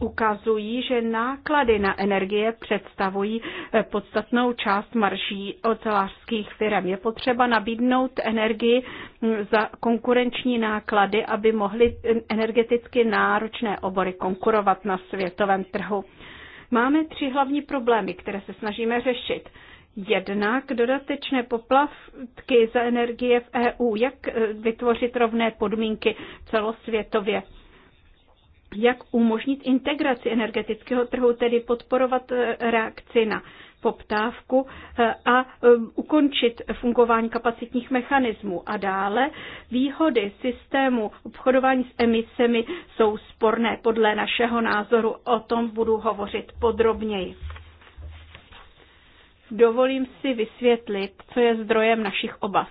ukazují, že náklady na energie představují eh, podstatnou část marží ocelářských firm. Je potřeba nabídnout energii hm, za konkurenční náklady, aby mohly hm, energeticky náročné obory konkurovat na světovém trhu. Máme tři hlavní problémy, které se snažíme řešit. Jednak dodatečné poplatky za energie v EU, jak eh, vytvořit rovné podmínky celosvětově jak umožnit integraci energetického trhu, tedy podporovat eh, reakci na poptávku eh, a ukončit fungování kapacitních mechanismů. A dále výhody systému obchodování s emisemi jsou sporné podle našeho názoru. O tom budu hovořit podrobněji dovolím si vysvětlit, co je zdrojem našich obav.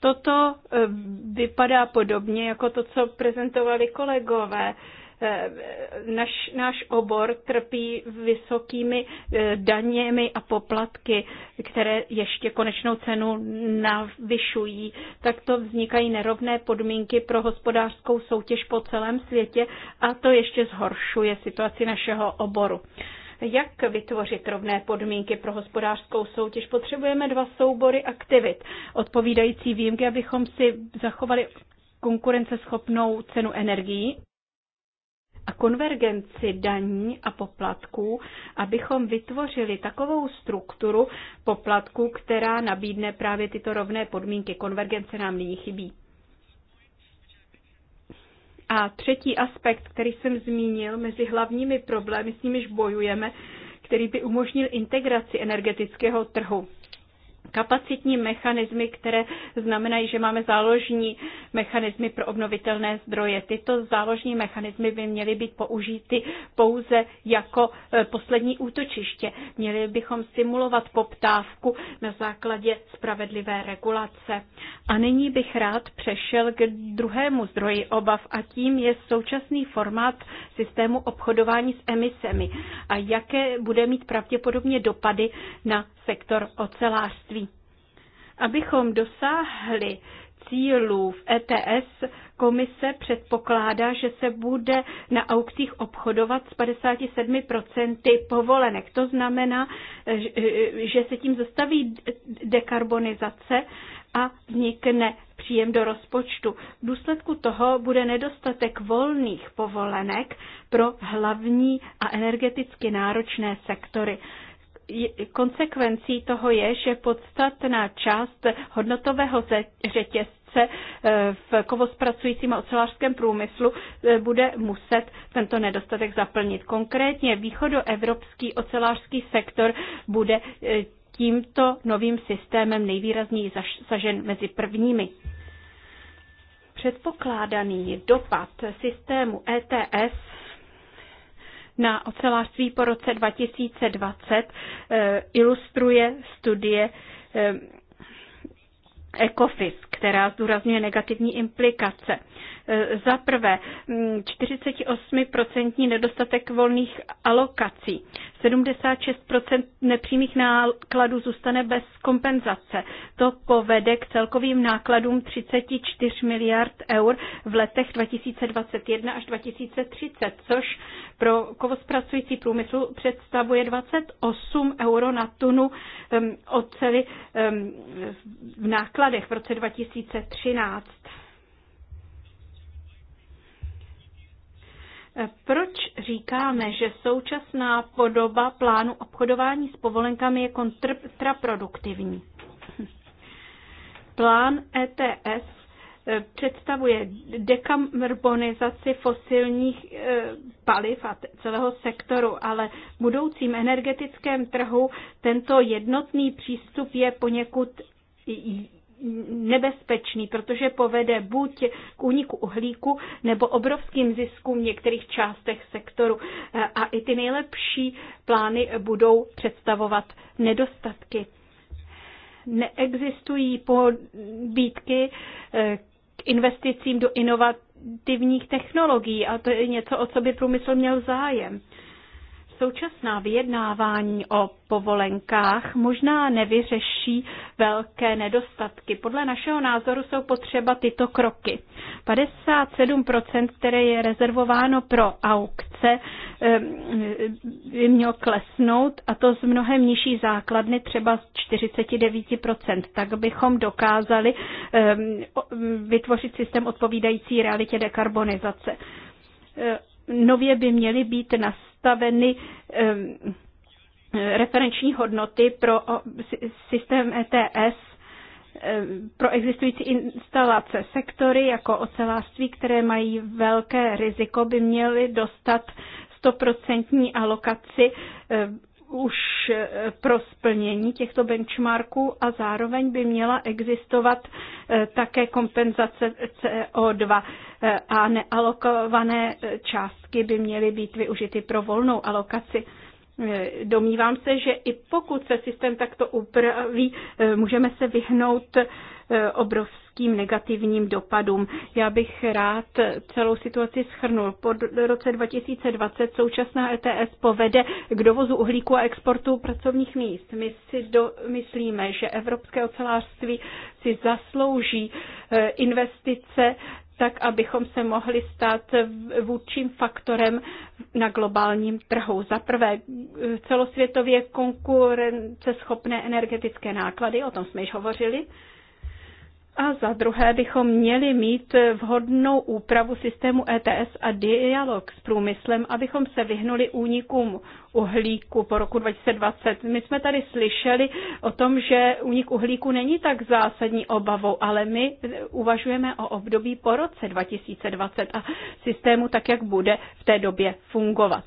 Toto eh, vypadá podobně jako to, co prezentovali kolegové. Eh, naš, náš obor trpí vysokými eh, daněmi a poplatky, které ještě konečnou cenu navyšují. Takto vznikají nerovné podmínky pro hospodářskou soutěž po celém světě a to ještě zhoršuje situaci našeho oboru jak vytvořit rovné podmínky pro hospodářskou soutěž, potřebujeme dva soubory aktivit, odpovídající výjimky, abychom si zachovali konkurenceschopnou cenu energií a konvergenci daní a poplatků, abychom vytvořili takovou strukturu poplatků, která nabídne právě tyto rovné podmínky. Konvergence nám nyní chybí. A třetí aspekt, který jsem zmínil mezi hlavními problémy, s nimiž bojujeme, který by umožnil integraci energetického trhu kapacitní mechanismy, které znamenají, že máme záložní mechanismy pro obnovitelné zdroje. Tyto záložní mechanismy by měly být použity pouze jako e, poslední útočiště. Měli bychom stimulovat poptávku na základě spravedlivé regulace. A nyní bych rád přešel k druhému zdroji obav a tím je současný formát systému obchodování s emisemi a jaké bude mít pravděpodobně dopady na sektor ocelářství. Abychom dosáhli cílů v ETS komise předpokládá, že se bude na aukcích obchodovat s 57% povolenek. To znamená, že se tím zastaví dekarbonizace a vznikne příjem do rozpočtu. V důsledku toho bude nedostatek volných povolenek pro hlavní a energeticky náročné sektory konsekvencí toho je, že podstatná část hodnotového řetězce eh, v kovospracujícím a ocelářském průmyslu eh, bude muset tento nedostatek zaplnit. Konkrétně východoevropský ocelářský sektor bude eh, tímto novým systémem nejvýrazněji zasažen mezi prvními. Předpokládaný dopad systému ETS na ocelářství po roce 2020 eh, ilustruje studie eh, Ecofisk která zdůrazňuje negativní implikace. E, za prvé, 48% mm, nedostatek volných alokací, 76% nepřímých nákladů zůstane bez kompenzace. To povede k celkovým nákladům 34 miliard eur v letech 2021 až 2030, což pro kovospracující průmysl představuje 28 euro na tunu oceli v nákladech v roce 2020 2013. Proč říkáme, že současná podoba plánu obchodování s povolenkami je kontraproduktivní? Plán ETS eh, představuje dekarbonizaci fosilních eh, paliv a celého sektoru, ale v budoucím energetickém trhu tento jednotný přístup je poněkud nebezpečný, protože povede buď k úniku uhlíku nebo obrovským ziskům v některých částech sektoru. A i ty nejlepší plány budou představovat nedostatky. Neexistují pobídky eh, k investicím do inovativních technologií a to je něco, o co by průmysl měl zájem. Současná vyjednávání o povolenkách možná nevyřeší velké nedostatky. Podle našeho názoru jsou potřeba tyto kroky. 57%, které je rezervováno pro aukce, by mělo klesnout a to z mnohem nižší základny, třeba z 49%. Tak bychom dokázali vytvořit systém odpovídající realitě dekarbonizace. E, nově by měly být na nastaveny referenční hodnoty pro systém ETS pro existující instalace sektory jako ocelářství, které mají velké riziko, by měly dostat 100% alokaci už eh, pro splnění těchto benchmarků a zároveň by měla existovat eh, také kompenzace CO2 eh, a nealokované částky by měly být využity pro volnou alokaci. Eh, domnívám se, že i pokud se systém takto upraví, eh, můžeme se vyhnout eh, obrovským negativním dopadům. Já bych rád celou situaci schrnul. Po roce 2020 současná ETS povede k dovozu uhlíku a exportu pracovních míst. My si do, myslíme, že evropské ocelářství si zaslouží investice tak abychom se mohli stát vůdčím faktorem na globálním trhu. Za prvé, celosvětově konkurenceschopné energetické náklady, o tom jsme již hovořili. A za druhé bychom měli mít vhodnou úpravu systému ETS a dialog s průmyslem, abychom se vyhnuli únikům uhlíku po roku 2020. My jsme tady slyšeli o tom, že únik uhlíku není tak zásadní obavou, ale my uvažujeme o období po roce 2020 a systému tak, jak bude v té době fungovat.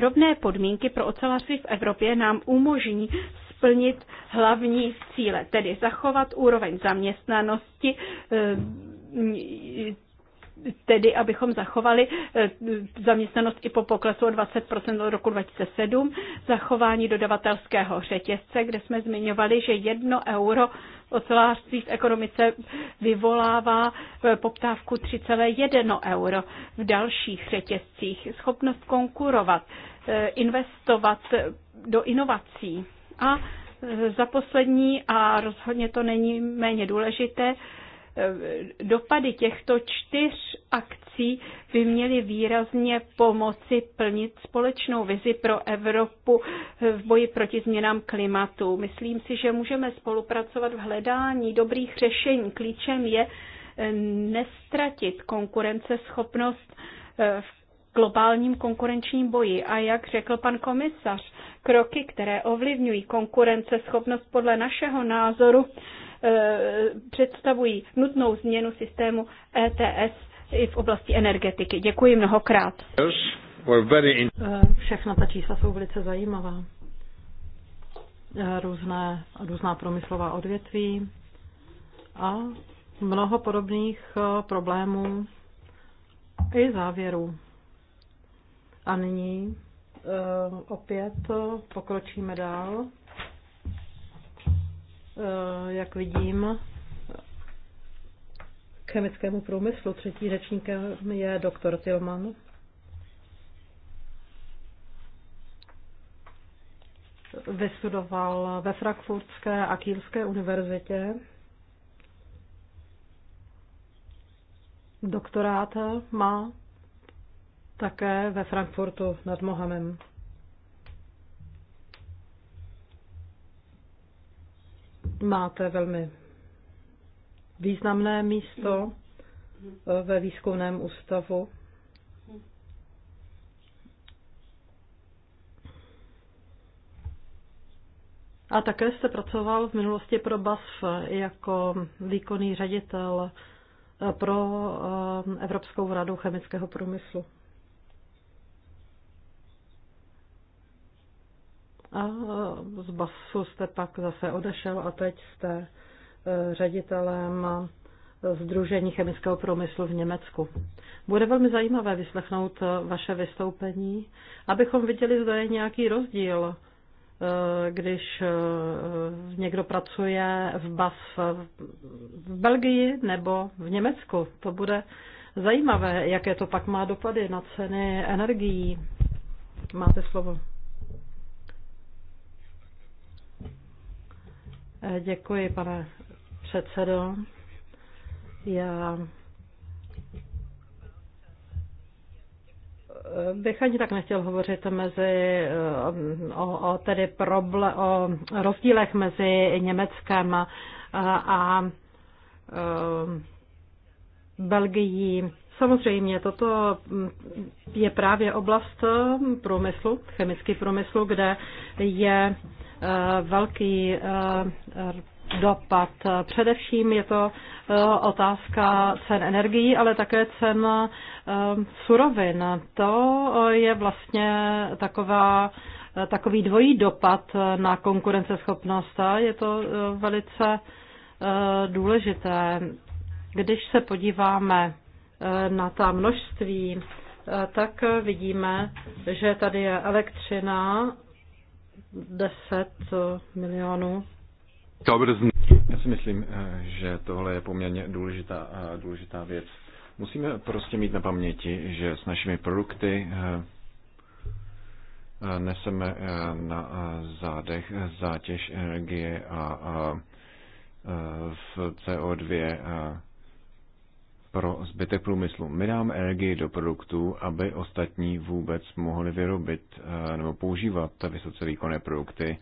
Rovné podmínky pro ocelářství v Evropě nám umožní splnit hlavní cíle, tedy zachovat úroveň zaměstnanosti, eh, tedy abychom zachovali eh, zaměstnanost i po poklesu o 20% od roku 2007, zachování dodavatelského řetězce, kde jsme zmiňovali, že jedno euro ocelářství v ekonomice vyvolává eh, poptávku 3,1 euro v dalších řetězcích, schopnost konkurovat, investovat do inovací a e, za poslední, a rozhodně to není méně důležité, e, dopady těchto čtyř akcí by měly výrazně pomoci plnit společnou vizi pro Evropu e, v boji proti změnám klimatu. Myslím si, že můžeme spolupracovat v hledání dobrých řešení. Klíčem je nestratit konkurenceschopnost v globálním konkurenčním boji. A jak řekl pan komisař, kroky, které ovlivňují konkurenceschopnost podle našeho názoru, e, představují nutnou změnu systému ETS i v oblasti energetiky. Děkuji mnohokrát. E, všechna ta čísla jsou velice zajímavá. E, různé, různá promyslová odvětví a mnoho podobných problémů i závěrů. A nyní eh, opět pokročíme dál. Eh, jak vidím, chemickému průmyslu. Třetí řečníkem je doktor Tilman. Vystudoval ve Frankfurtské a Kýlské univerzitě. Doktorát má také ve Frankfurtu nad Mohamem. Máte velmi významné místo ve výzkumném ústavu. A také jste pracoval v minulosti pro BASF jako výkonný ředitel pro eh, Evropskou radu chemického průmyslu. A z BASu jste pak zase odešel a teď jste e, ředitelem e, Združení chemického průmyslu v Německu. Bude velmi zajímavé vyslechnout e, vaše vystoupení, abychom viděli, zda je nějaký rozdíl, když někdo pracuje v BAS v Belgii nebo v Německu. To bude zajímavé, jaké to pak má dopady na ceny energií. Máte slovo. Děkuji, pane předsedo. Já bych ani tak nechtěl hovořit mezi, o, o, tedy proble, o rozdílech mezi Německem a, a, a e, Belgií. Samozřejmě, toto je právě oblast průmyslu, chemický průmyslu, kde je Eh, velký eh, dopad. Především je to eh, otázka cen energií, ale také cen surovin. To je vlastně taková, takový dvojí dopad na konkurenceschopnost a je to velice důležité. Když se podíváme na ta množství, tak vidíme, že tady je elektřina 10 eh, milionů. Já si myslím, eh, že tohle je poměrně důležitá, eh, důležitá věc. Musíme prostě mít na paměti, že s našimi produkty neseme na zádech zátěž energie a v CO2 pro zbytek průmyslu. My dáme energii do produktů, aby ostatní vůbec mohli vyrobit eh, nebo používat vysoce výkonné produkty,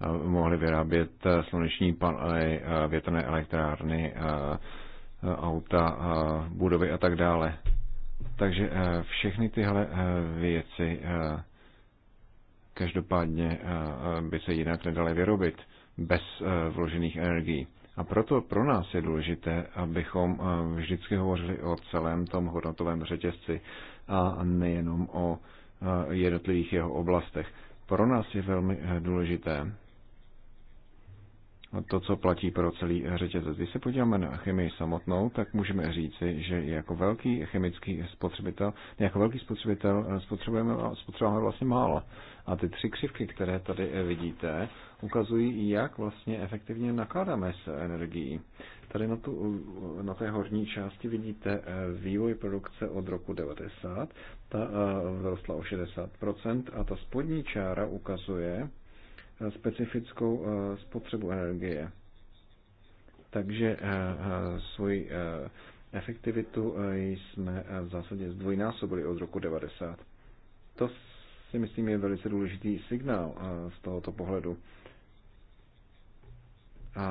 eh, mohli vyrábět eh, sluneční panely, větrné elektrárny, auta, budovy a tak dále. Takže všechny tyhle věci každopádně by se jinak nedaly vyrobit bez vložených energií. A proto pro nás je důležité, abychom eh, vždycky hovořili o celém tom hodnotovém řetězci a nejenom o eh, jednotlivých jeho oblastech. Pro nás je velmi eh, důležité to, co platí pro celý řetězec. Když se podíváme na chemii samotnou, tak můžeme říci, že jako velký chemický spotřebitel, jako velký spotřebitel spotřebujeme, spotřebujeme vlastně málo. A ty tři křivky, které tady vidíte, ukazují, jak vlastně efektivně nakládáme s energií. Tady na, tu, na té horní části vidíte eh, vývoj produkce od roku 90, ta eh, vzrostla o 60% a ta spodní čára ukazuje eh, specifickou spotřebu energie. Takže svoji efektivitu jsme v zásadě zdvojnásobili od roku 90. To si myslím je velice důležitý signál z tohoto pohledu a,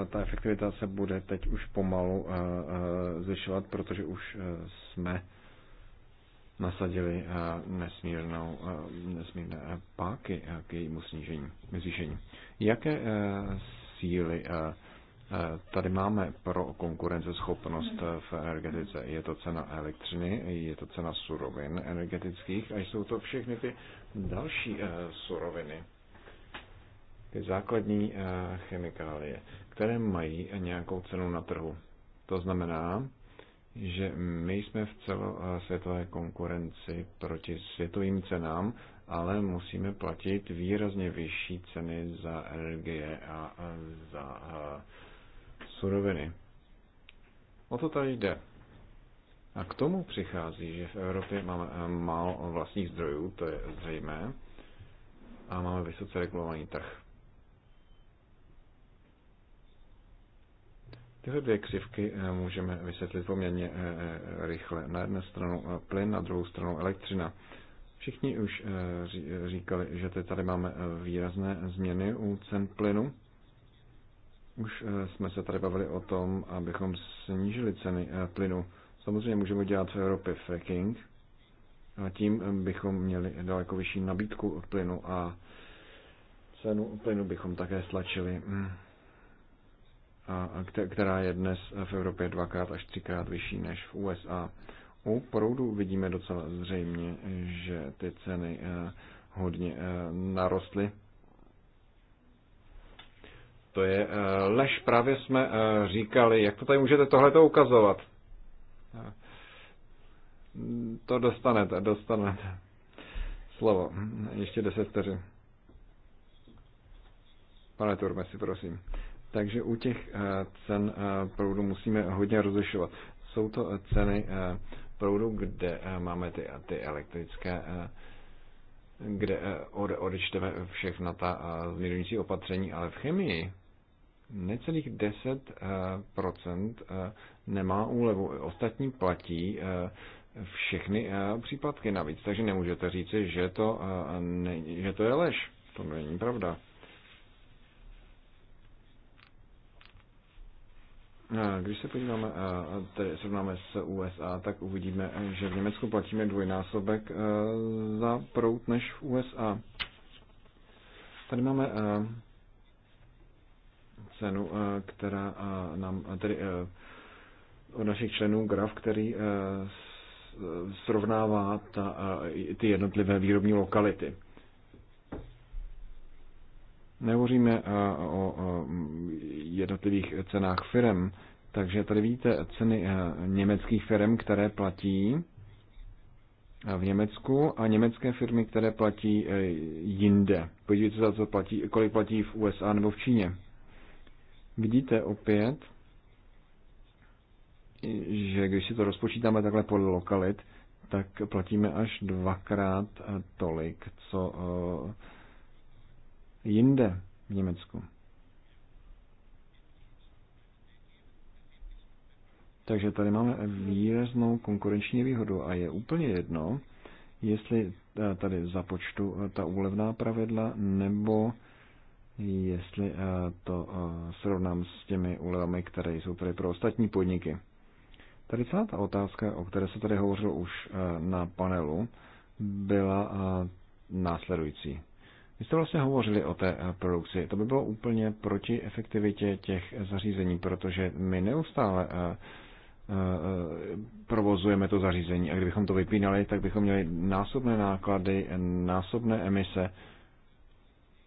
a ta efektivita se bude teď už pomalu zvyšovat, protože už e, jsme nasadili e, nesmírnou, e, nesmírné páky k jejímu snížení, zvýšení. Jaké síly tady máme pro konkurenceschopnost v energetice? Je to cena elektřiny, je to cena surovin energetických a jsou to všechny ty další suroviny, ty základní eh, chemikálie, které mají nějakou cenu na trhu. To znamená, že my jsme v celosvětové konkurenci proti světovým cenám, ale musíme platit výrazně vyšší ceny za energie a za eh, suroviny. O to tady jde. A k tomu přichází, že v Evropě máme eh, málo vlastních zdrojů, to je zřejmé, a máme vysoce regulovaný trh. Tyto dvě křivky eh, můžeme vysvětlit poměrně eh, eh, rychle. Na jednu stranu plyn, na druhou stranu elektřina. Všichni už říkali, že tady máme výrazné změny u cen plynu. Už jsme se tady bavili o tom, abychom snížili ceny plynu. Samozřejmě můžeme dělat v Evropě fracking, a tím bychom měli daleko vyšší nabídku plynu a cenu plynu bychom také stlačili hmm která je dnes v Evropě dvakrát až třikrát vyšší než v USA. U proudu vidíme docela zřejmě, že ty ceny eh, hodně eh, narostly. To je eh, lež, právě jsme říkali, jak to tady můžete tohleto ukazovat. To dostanete, dostanete. Slovo, ještě deset vteřin. Pane si prosím. Takže u těch eh, cen eh, proudu musíme hodně rozlišovat. Jsou to eh, ceny proudu, kde máme ty, ty elektrické, kde odečteme všechna ta zmírňující opatření, ale v chemii necelých 10% nemá úlevu. Ostatní platí všechny případky navíc, takže nemůžete říci, že to, ne, že to je lež. To není pravda. Když se podíváme, tedy srovnáme s USA, tak uvidíme, že v Německu platíme dvojnásobek za prout než v USA. Tady máme cenu, která nám, tedy od našich členů graf, který srovnává ta, ty jednotlivé výrobní lokality. Nehovoříme eh, o jednotlivých cenách firm, takže tady vidíte ceny eh, německých firm, které platí eh, v Německu a německé firmy, které platí jinde. Podívejte se, co platí, kolik platí v USA nebo v Číně. Vidíte opět, že když si to rozpočítáme takhle podle lokalit, tak platíme až dvakrát tolik, co jinde v Německu. Takže tady máme výraznou konkurenční výhodu a je úplně jedno, jestli eh, tady započtu eh, ta úlevná pravidla nebo jestli eh, to srovnám s těmi úlevami, které jsou tady pro ostatní podniky. Tady celá ta otázka, o které se tady hovořil už na panelu, byla následující. Vy jste vlastně hovořili o té eh, produkci. To by bylo úplně proti efektivitě těch zařízení, protože my neustále eh, eh, provozujeme to zařízení a kdybychom to vypínali, tak bychom měli násobné náklady, násobné emise.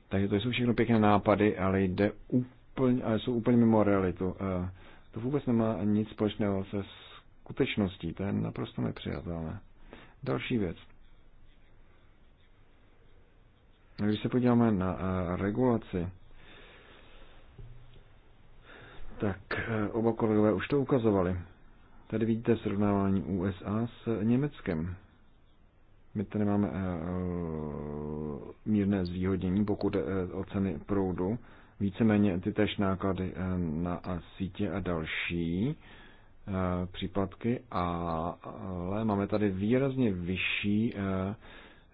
Takže to jsou všechno pěkné nápady, ale, jde úplně, ale jsou úplně mimo realitu. To vůbec nemá nic společného se skutečností, to je naprosto nepřijatelné. Další věc. Když se podíváme na eh, regulaci, tak eh, oba kolegové už to ukazovali. Tady vidíte srovnávání USA s Německem. My tady máme eh, mírné zvýhodnění, pokud o ceny proudu. Víceméně ty tež náklady na sítě a další a ale máme tady výrazně vyšší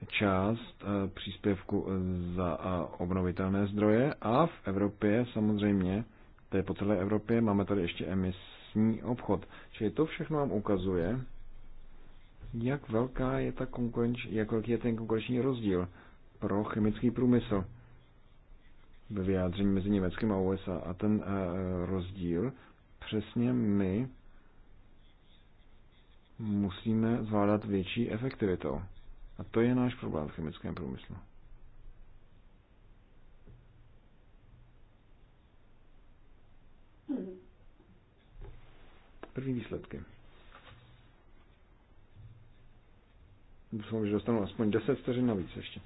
část eh, příspěvku eh, za eh, obnovitelné zdroje a v Evropě samozřejmě, to je po celé Evropě, máme tady ještě emisní obchod. Čili to všechno vám ukazuje, jak velká je ta konkurenč, jak velký je ten konkurenční rozdíl pro chemický průmysl ve vyjádření mezi německým a USA. A ten rozdíl přesně my musíme zvládat větší efektivitou. A to je náš problém v chemickém průmyslu. První výsledky. Doufám, že dostanu aspoň 10 vteřin navíc ještě.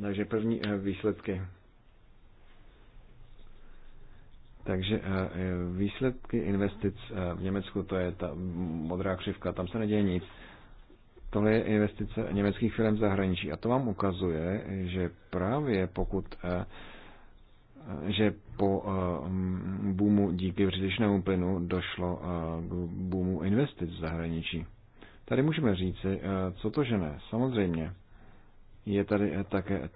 Takže první eh, výsledky. Takže eh, eh, výsledky investic v Německu, to je ta modrá křivka, tam se neděje nic tohle je investice německých firm v zahraničí. A to vám ukazuje, že právě pokud eh, eh, že po eh, boomu díky břidličnému plynu došlo k boomu investic v zahraničí. Tady můžeme říci, co to žene. Samozřejmě je tady také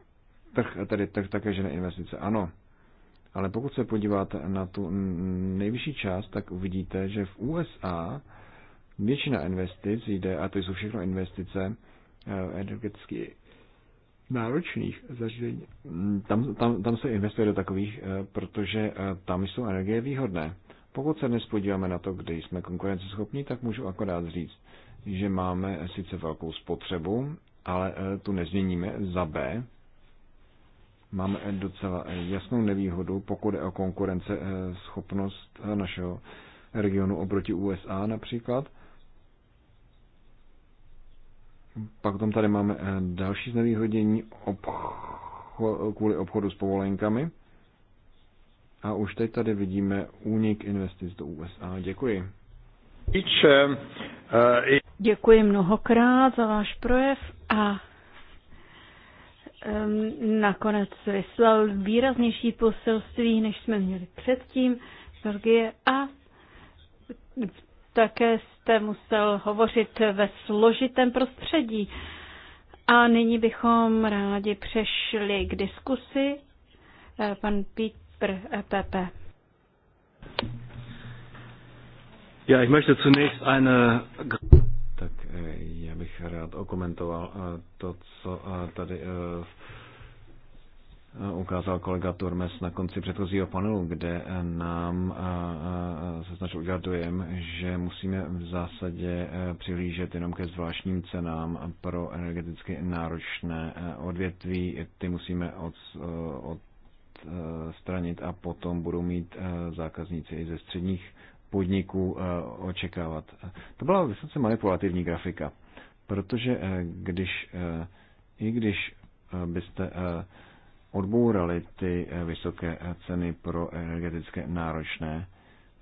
trh, tady trh také žene investice. Ano, ale pokud se podíváte na tu nejvyšší část, tak uvidíte, že v USA Většina investic jde, a to jsou všechno investice eh, energeticky náročných zařízení, tam, tam, tam se investuje do takových, eh, protože eh, tam jsou energie výhodné. Pokud se dnes podíváme na to, kde jsme konkurenceschopní, tak můžu akorát říct, že máme sice velkou spotřebu, ale tu nezměníme za B. Máme docela jasnou nevýhodu, pokud je o konkurenceschopnost našeho regionu oproti USA například. Pak tam tady máme eh, další znevýhodnění obcho- kvůli obchodu s povolenkami. A už teď tady vidíme únik investic do USA. Děkuji. Děkuji mnohokrát za váš projev a nakonec vyslal výraznější poselství, než jsme měli předtím Belgie a také jste musel hovořit ve složitém prostředí. A nyní bychom rádi přešli k diskusi. Eh, pan Pítr, EPP. Já ich möchte zunächst eine... Tak eh, já bych rád okomentoval eh, to, co tady Eh, ukázal kolega Turmes na konci předchozího panelu, kde eh, nám eh, se snažil udělat dojem, že musíme v zásadě přihlížet jenom ke zvláštním cenám pro energeticky náročné odvětví. Ty musíme od, od stranit a potom budou mít zákazníci i ze středních podniků očekávat. To byla vysoce manipulativní grafika, protože když, i když byste odbourali ty eh, vysoké eh, ceny pro energetické náročné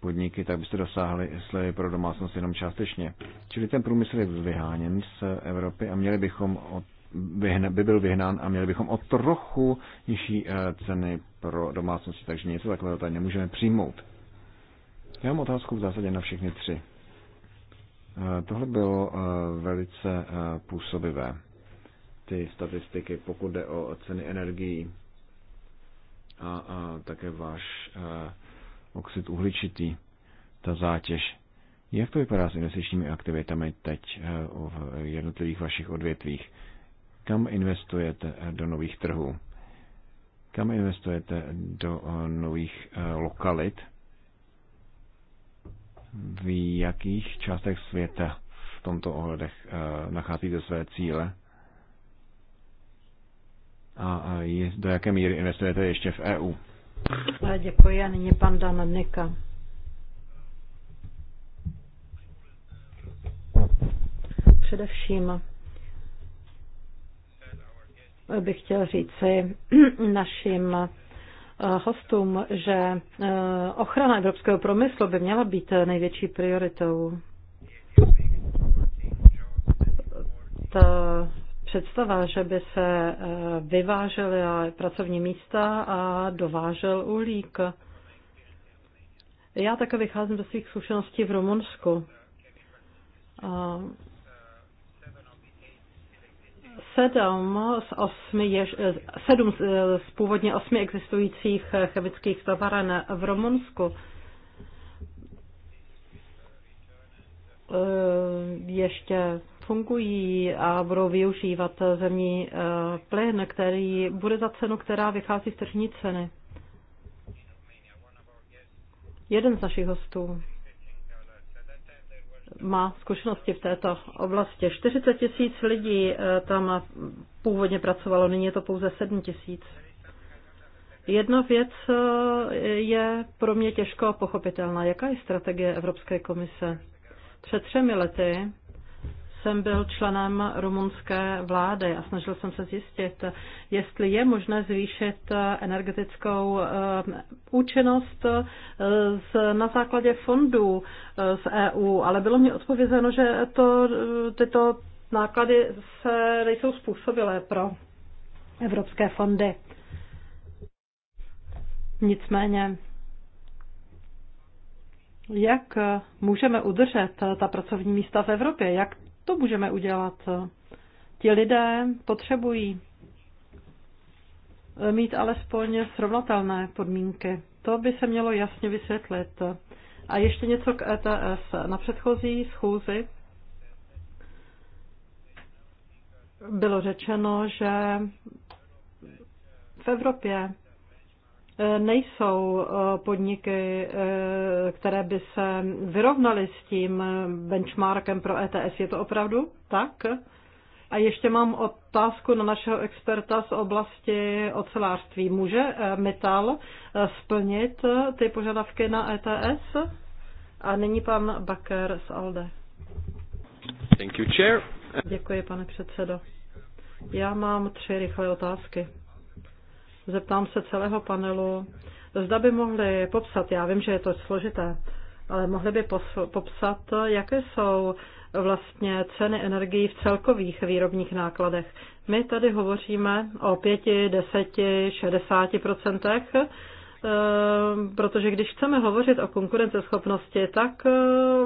podniky, tak byste dosáhli slevy pro domácnost jenom částečně. Čili ten průmysl je vyháněn z Evropy a měli bychom od, by byl vyhnán a měli bychom o trochu nižší eh, ceny pro domácnosti, takže něco takového tady nemůžeme přijmout. Já mám otázku v zásadě na všechny tři. Tohle bylo velice působivé ty statistiky, pokud jde o ceny energií a, a také váš a, eh, oxid uhličitý, ta zátěž. Jak to vypadá s investičními aktivitami teď eh, v jednotlivých vašich odvětvích? Kam investujete eh, do nových trhů? Kam investujete do nových lokalit? V jakých částech světa v tomto ohledech nacházíte své cíle? a do jaké míry investujete ještě v EU. Děkuji a nyní pan Dan Nika. Především bych chtěl říci našim eh, hostům, že eh, ochrana evropského průmyslu by měla být největší prioritou. Ta Představa, že by se eh, vyvážely pracovní místa a dovážel uhlík. Já také vycházím do svých zkušeností v Rumunsku. A sedm z, osmi jež, eh, sedm z, eh, z původně osmi existujících chemických továren v Rumunsku ještě fungují a budou využívat zemní eh, plyn, který bude za cenu, která vychází z tržní ceny. Jeden z našich hostů má zkušenosti v této oblasti. 40 tisíc lidí eh, tam původně pracovalo, nyní je to pouze 7 tisíc. Jedna věc eh, je pro mě těžko pochopitelná. Jaká je strategie Evropské komise? Před třemi lety jsem byl členem rumunské vlády a snažil jsem se zjistit, jestli je možné zvýšit energetickou eh, účinnost eh, na základě fondů eh, z EU, ale bylo mi odpovězeno, že to, tyto náklady se nejsou způsobilé pro evropské fondy. Nicméně jak můžeme udržet ta pracovní místa v Evropě? Jak to můžeme udělat. Ti lidé potřebují eh, mít alespoň srovnatelné podmínky. To by se mělo jasně vysvětlit. A ještě něco k ETS. Na předchozí schůzi bylo řečeno, že v Evropě Eh, nejsou eh, podniky, eh, které by se vyrovnaly s tím benchmarkem pro ETS. Je to opravdu tak? A ještě mám otázku na našeho experta z oblasti ocelářství. Může metal splnit ty požadavky na ETS? A nyní pan Baker z ALDE. Thank you, chair. Děkuji, pane předsedo. Já mám tři rychlé otázky. Zeptám se celého panelu, zda by mohli popsat, já vím, že je to složité, ale mohli by popsat, jaké jsou vlastně ceny energií v celkových výrobních nákladech. My tady hovoříme o 5, 10, 60 procentech, eh, protože když chceme hovořit o konkurenceschopnosti, tak eh,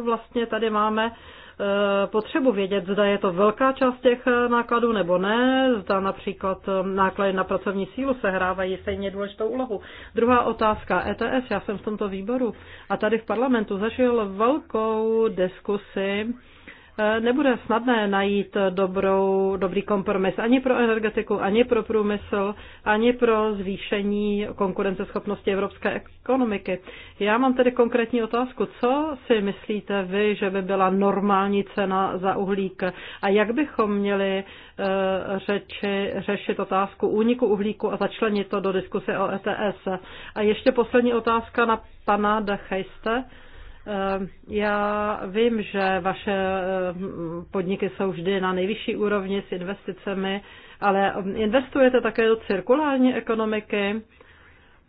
vlastně tady máme Eh, potřebu vědět, zda je to velká část těch eh, nákladů nebo ne, zda například eh, náklady na pracovní sílu sehrávají stejně důležitou úlohu. Druhá otázka, ETS, já jsem v tomto výboru a tady v parlamentu zažil velkou diskusi nebude snadné najít dobrou, dobrý kompromis ani pro energetiku, ani pro průmysl, ani pro zvýšení konkurenceschopnosti evropské ekonomiky. Já mám tedy konkrétní otázku. Co si myslíte vy, že by byla normální cena za uhlík a jak bychom měli eh, řeči, řešit otázku úniku uhlíku a začlenit to do diskuse o ETS? A ještě poslední otázka na pana Dachejste. Eh, já vím, že vaše eh, podniky jsou vždy na nejvyšší úrovni s investicemi, ale eh, investujete také do cirkulární ekonomiky.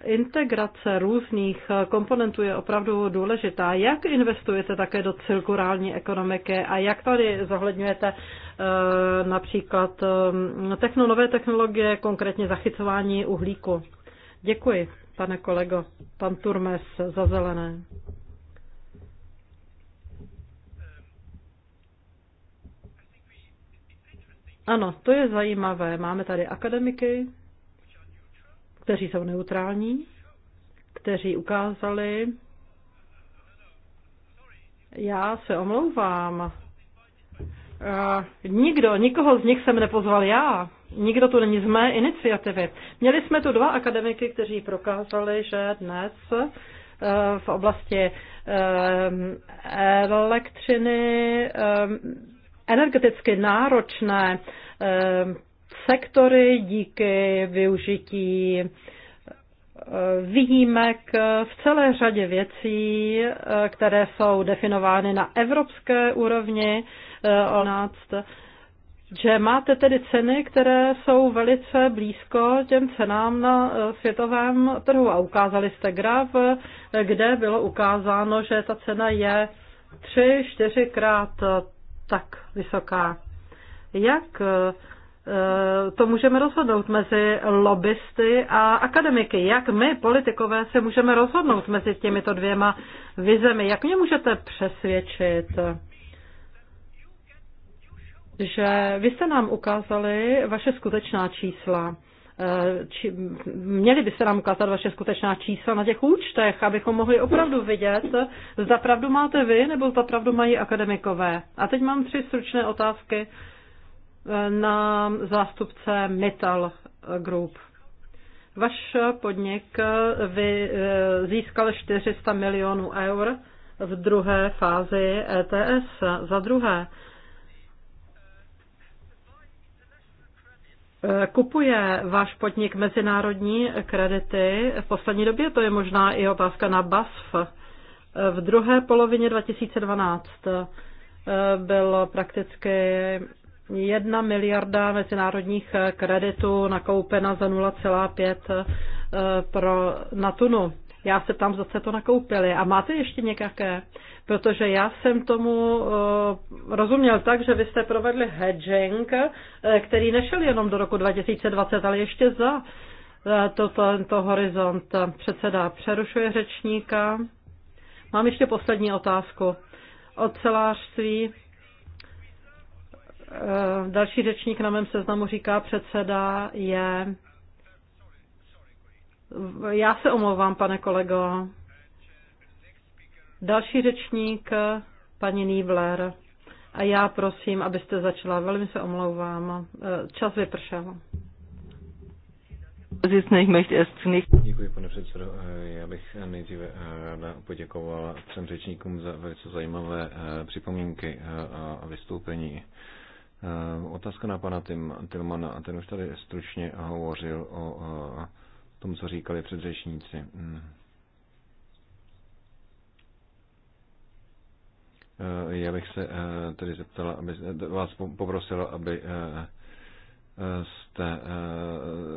Integrace různých komponentů je opravdu důležitá. Jak investujete také do cirkulární ekonomiky a jak tady zohledňujete například nové technologie, konkrétně zachycování uhlíku? Děkuji, pane kolego, pan Turmes za zelené. Ano, to je zajímavé. Máme tady akademiky, kteří jsou neutrální, kteří ukázali. Já se omlouvám. Uh, nikdo, nikoho z nich jsem nepozval já. Nikdo tu není z mé iniciativy. Měli jsme tu dva akademiky, kteří prokázali, že dnes eh, v oblasti eh, elektřiny energeticky náročné eh, sektory díky využití eh, výjimek v celé řadě věcí, eh, které jsou definovány na evropské úrovni o že máte tedy ceny, které jsou velice blízko těm cenám na světovém trhu a ukázali jste graf, kde bylo ukázáno, že ta cena je tři, čtyřikrát tak vysoká. Jak eh, eh, to můžeme rozhodnout mezi lobbysty a akademiky. Jak my, politikové, se můžeme rozhodnout mezi těmito dvěma vizemi? Jak mě můžete přesvědčit, že vy jste nám ukázali vaše skutečná čísla? Eh, či, měli by se nám ukázat vaše skutečná čísla na těch účtech, abychom mohli opravdu vidět, zda pravdu máte vy, nebo zda pravdu mají akademikové. A teď mám tři stručné otázky eh, na zástupce Metal eh, Group. Vaš podnik vy, získal 400 milionů eur v druhé fázi ETS. Za druhé, Eh, kupuje váš podnik mezinárodní kredity? V poslední době to je možná i otázka na BASF. Eh, v druhé polovině 2012 eh, bylo prakticky jedna miliarda mezinárodních kreditů nakoupena za 0,5 pro na tunu. Já se tam zase to nakoupili. A máte ještě nějaké? Protože já jsem tomu uh, rozuměl tak, že vy jste provedli hedging, eh, který nešel jenom do roku 2020, ale ještě za uh, eh, to, tento horizont. Předseda přerušuje řečníka. Mám ještě poslední otázku. Ocelářství. Další řečník na mém seznamu říká předseda je já se omlouvám, pane kolego. Další řečník, paní Nýbler. A já prosím, abyste začala. Velmi se omlouvám. Čas vypršel. Děkuji, pane předsedo. Já bych nejdříve ráda poděkoval třem řečníkům za velice zajímavé eh, připomínky eh, a vystoupení. Eh, otázka na pana Tilmana. Ten už tady stručně hovořil o tom co říkali předřečníci. Hmm. Eh, já bych se eh, tedy zeptala, aby, eh, vás poprosila, aby jste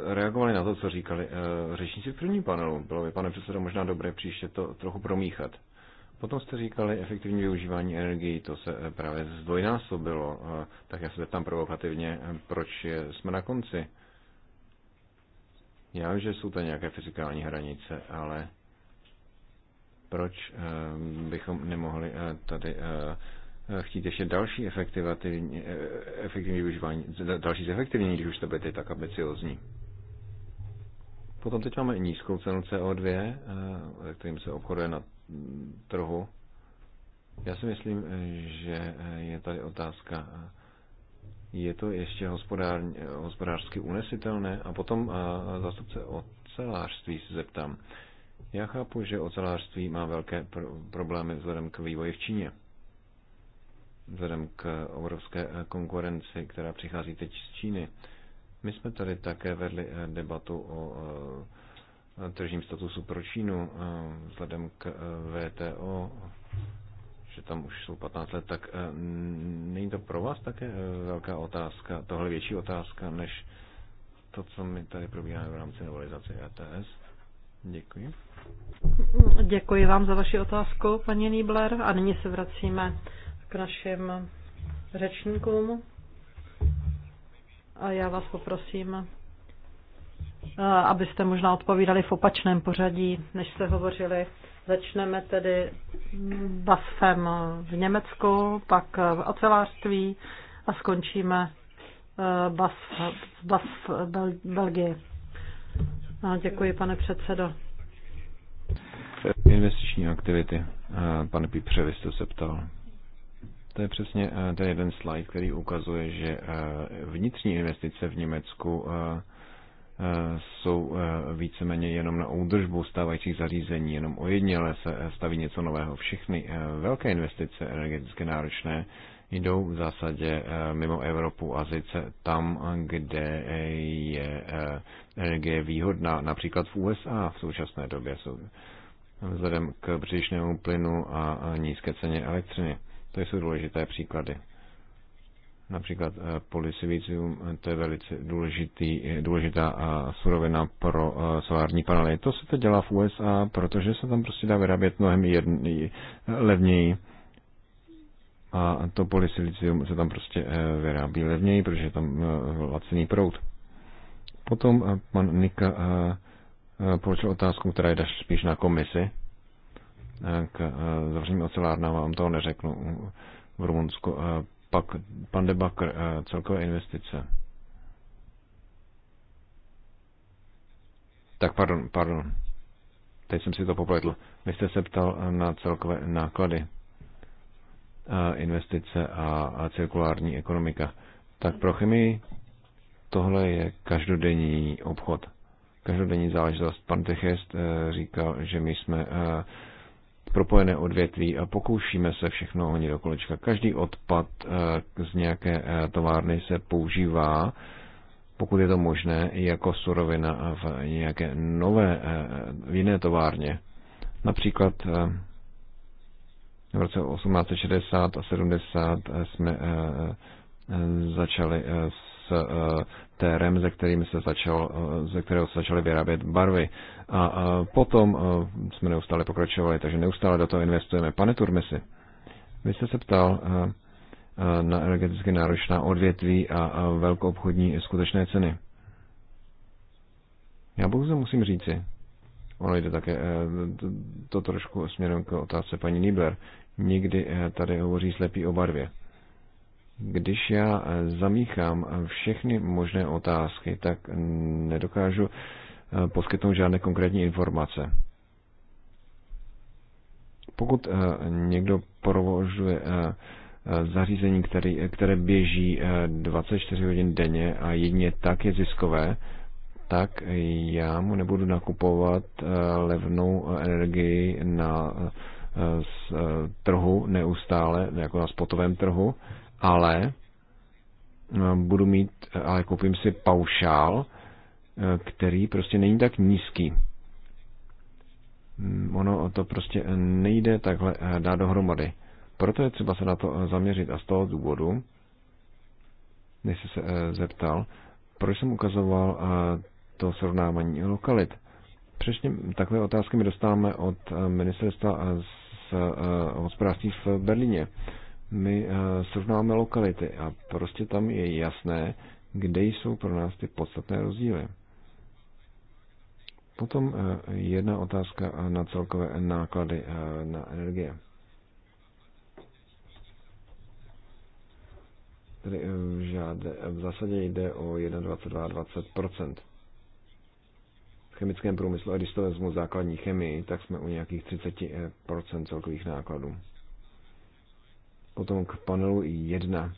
reagovali na to, co říkali řečníci v prvním panelu. Bylo by, pane předsedo, možná dobré příště to trochu promíchat. Potom jste říkali efektivní využívání energii, to se právě zdvojnásobilo. Tak já se tam provokativně, proč jsme na konci. Já vím, že jsou to nějaké fyzikální hranice, ale proč eh, bychom nemohli eh, tady eh, chtít ještě další efektivní, využívání, další zefektivnění, když už to bude tak ambiciozní. Potom teď máme nízkou cenu CO2, kterým se obchoduje na trhu. Já si myslím, že je tady otázka je to ještě hospodářsky unesitelné? A potom zastupce ocelářství se zeptám. Já chápu, že ocelářství má velké pr- problémy vzhledem k vývoji v Číně. Vzhledem k obrovské e, konkurenci, která přichází teď z Číny. My jsme tady také vedli e, debatu o e, tržním statusu pro Čínu vzhledem k VTO že tam už jsou 15 let, tak eh, není to pro vás také eh, velká otázka, tohle větší otázka, než to, co my tady probíháme v rámci novelizace ATS? E Děkuji. Děkuji vám za vaši otázku, paní Nýbler. A nyní se vracíme k našim řečníkům. A já vás poprosím, eh, abyste možná odpovídali v opačném pořadí, než jste hovořili Začneme tedy BASFem v Německu, pak v ocelářství a skončíme BASF, eh, BASF Bel, Belgii. A no, děkuji, pane předsedo. Investiční aktivity. Eh, pane Pípře, vy jste se ptal. To je přesně eh, ten jeden slide, který ukazuje, že vnitřní investice v Německu jsou eh, víceméně jenom na údržbu stávajících zařízení, jenom ale se eh, staví něco nového. Všechny eh, velké investice energeticky náročné jdou v zásadě mimo Evropu a zice tam, kde je energie výhodná, například v USA v současné době jsou vzhledem k břišnému plynu a nízké ceně elektřiny. To jsou důležité příklady. Například eh, polysilicium, eh, to je velice důležitý, eh, důležitá surovina pro solární panely. To se to dělá v USA, protože se tam prostě dá vyrábět mnohem jedný, levněji. A to polysilicium se tam prostě vyrábí levněji, protože je tam lacený proud. Potom pan Nika položil otázku, která je spíš na komisi. K zavřeným ocelárnám vám toho neřeknu v Rumunsku pak pan Debakr, eh, celkové investice. Tak pardon, pardon. Teď jsem si to popletl. Vy jste se ptal eh, na celkové náklady eh, investice a cirkulární ekonomika. Tak pro chemii tohle je každodenní obchod, každodenní záležitost. Pan Techest říkal, že my jsme propojené odvětví a pokoušíme se všechno honit do kolečka. Každý odpad eh, z nějaké eh, továrny se používá, pokud je to možné, jako surovina v nějaké nové, eh, v jiné továrně. Například v roce 1860 a 70 jsme začali s terem, ze, kterým se začal, eh, ze kterého se začaly vyrábět barvy. A, a potom a eh, jsme neustále pokračovali, takže neustále do toho investujeme. Pane Turmesi, vy jste se ptal a, eh, a na energeticky náročná odvětví a, a velkoobchodní skutečné ceny. Já bohužel musím říci, ono jde také to, to trošku směrem k otázce paní Nibler, nikdy tady hovoří slepý o barvě. Když já eh, zamíchám eh, všechny možné otázky, tak mm, nedokážu eh, poskytnout žádné konkrétní informace. Pokud někdo provožuje zařízení, které běží 24 hodin denně a jedině tak je ziskové, tak já mu nebudu nakupovat levnou energii na z trhu neustále, jako na spotovém trhu, ale eh, budu mít, eh, ale koupím si paušál, eh, který prostě není tak nízký. Hmm, ono to prostě nejde takhle dát dohromady. Proto je třeba se na to zaměřit a z toho důvodu, než se zeptal, proč jsem ukazoval to srovnávání lokalit. Přesně takové otázky my dostáváme od ministerstva z hospodářství v Berlíně my eh, srovnáme lokality a prostě tam je jasné, kde jsou pro nás ty podstatné rozdíly. Potom eh, jedna otázka na celkové náklady eh, na energie. Tedy v, žádé, v zásadě jde o 21-22%. V chemickém průmyslu, a když to vezmu základní chemii, tak jsme u nějakých 30% celkových nákladů. Potom k panelu 1.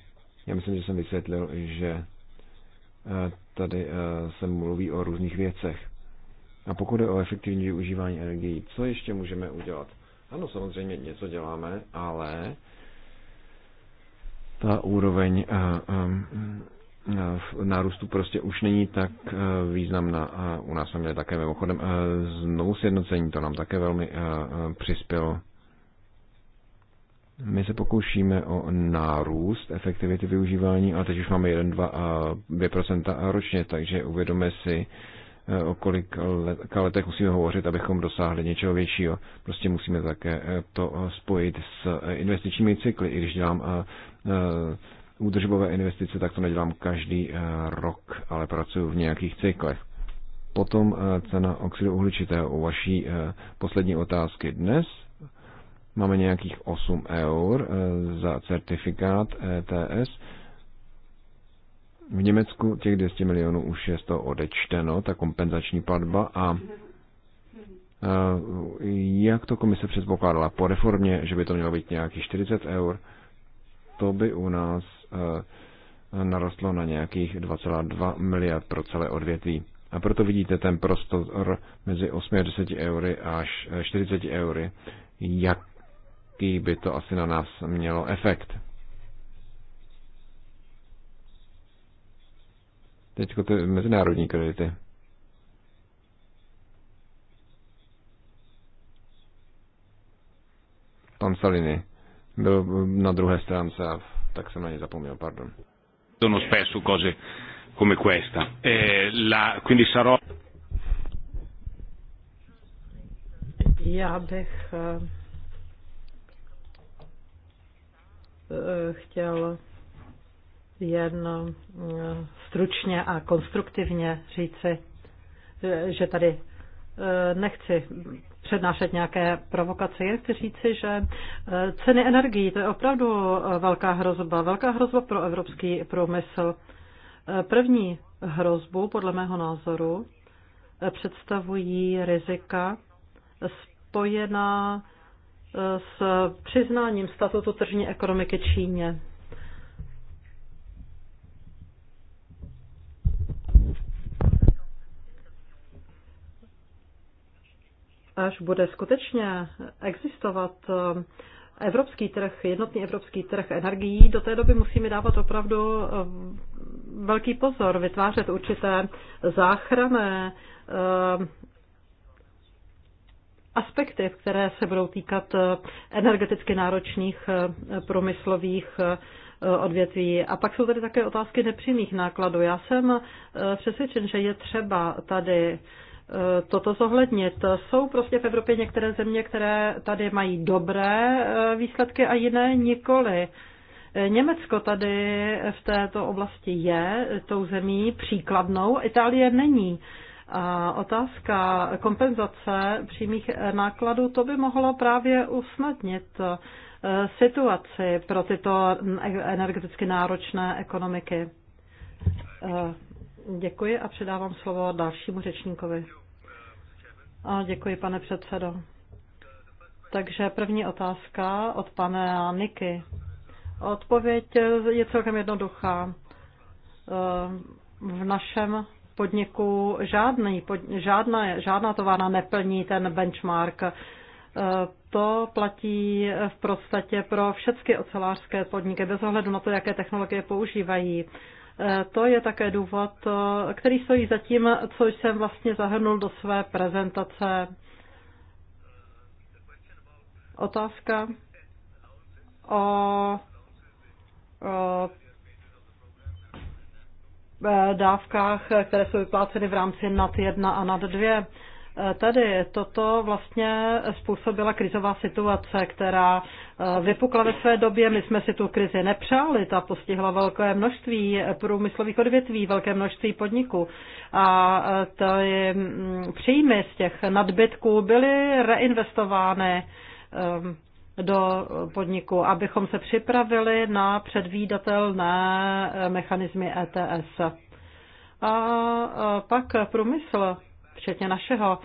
Já myslím, že jsem vysvětlil, že eh, tady eh, se mluví o různých věcech. A pokud je o efektivní využívání energií, co ještě můžeme udělat? Ano, samozřejmě něco děláme, ale ta úroveň eh, nárůstu prostě už není tak významná. u nás jsme měli také mimochodem znovu sjednocení, to nám také velmi přispělo. My se pokoušíme o nárůst efektivity využívání, ale teď už máme 1-2% ročně, takže uvědomíme si, eh, o kolik letech musíme hovořit, abychom dosáhli něčeho většího. Prostě musíme také eh, to eh, spojit s investičními cykly. I když dělám údržbové investice, tak to nedělám každý rok, ale pracuji v nějakých cyklech. Potom cena oxidu uhličitého u vaší poslední otázky dnes Máme nějakých 8 eur eh, za certifikát ETS. V Německu těch 200 milionů už je z toho odečteno, ta kompenzační platba a eh, jak to komise předpokládala po reformě, že by to mělo být nějakých 40 eur, to by u nás eh, narostlo na nějakých 2,2 miliard pro celé odvětví. A proto vidíte ten prostor mezi 8 a 10 eury až 40 eury, jak jaký by to asi na nás mělo efekt. Teď ty mezinárodní kredity. Pan Salini byl na druhé stránce a tak jsem na něj zapomněl, pardon. Sono spesso cose come questa. Eh, la, quindi sarò... Já bych eh, Eh, chtěl jen eh, stručně a konstruktivně říci, eh, že tady nechci přednášet nějaké provokace. Jen chci říci, že ceny energií, to je opravdu velká hrozba. Velká hrozba pro evropský průmysl. První hrozbu, podle mého názoru, představují rizika spojená s přiznáním statutu tržní ekonomiky Číně. Až bude skutečně existovat eh, evropský trh, jednotný evropský trh energií, do té doby musíme dávat opravdu eh, velký pozor, vytvářet určité záchrané eh, aspekty, které se budou týkat eh, energeticky náročných eh, průmyslových eh, odvětví. A pak jsou tady také otázky nepřímých nákladů. Já jsem přesvědčen, že je třeba tady toto zohlednit. Jsou prostě v Evropě některé země, které tady mají dobré výsledky a jiné nikoli. Německo tady v této oblasti je tou zemí příkladnou, Itálie není otázka kompenzace přímých nákladů, to by mohlo právě usnadnit eh, situaci pro tyto energeticky náročné ekonomiky. Eh, děkuji a předávám slovo dalšímu řečníkovi. A děkuji, pane předsedo. Takže první otázka od pana Niky. Odpověď je celkem jednoduchá. Eh, v našem Podniku žádný, pod, žádná, žádná továrna neplní ten benchmark. E, to platí v podstatě pro všechny ocelářské podniky, bez ohledu na to, jaké technologie používají. E, to je také důvod, e, který stojí za tím, co jsem vlastně zahrnul do své prezentace. Otázka o, o Eh, dávkách, které jsou vypláceny v rámci NAD 1 a NAD 2. Eh, Tady toto vlastně způsobila krizová situace, která eh, vypukla ve své době. My jsme si tu krizi nepřáli, ta postihla velké množství průmyslových odvětví, velké množství podniků. A ty mm, příjmy z těch nadbytků byly reinvestovány ehm, do podniku, abychom se připravili na předvídatelné eh, mechanismy ETS. A pak průmysl, včetně našeho,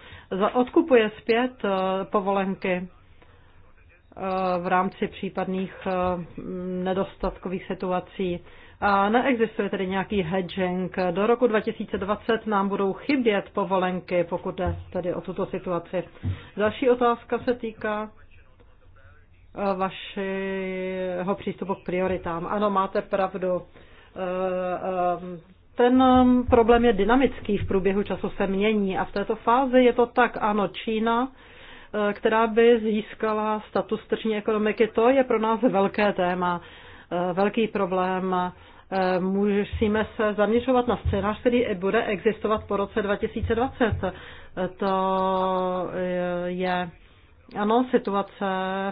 odkupuje zpět eh, povolenky eh, v rámci případných nedostatkových situací. A neexistuje tedy nějaký hedging. Do roku 2020 nám budou chybět povolenky, pokud jde tedy o tuto situaci. Další otázka se týká vašeho přístupu k prioritám. Ano, máte pravdu. Eh, eh, ten problém je dynamický, v průběhu času se mění a v této fázi je to tak, ano, Čína, eh, která by získala status tržní ekonomiky, to je pro nás velké téma, velký problém. Musíme se zaměřovat na scénář, který bude existovat po roce 2020. To je ano, situace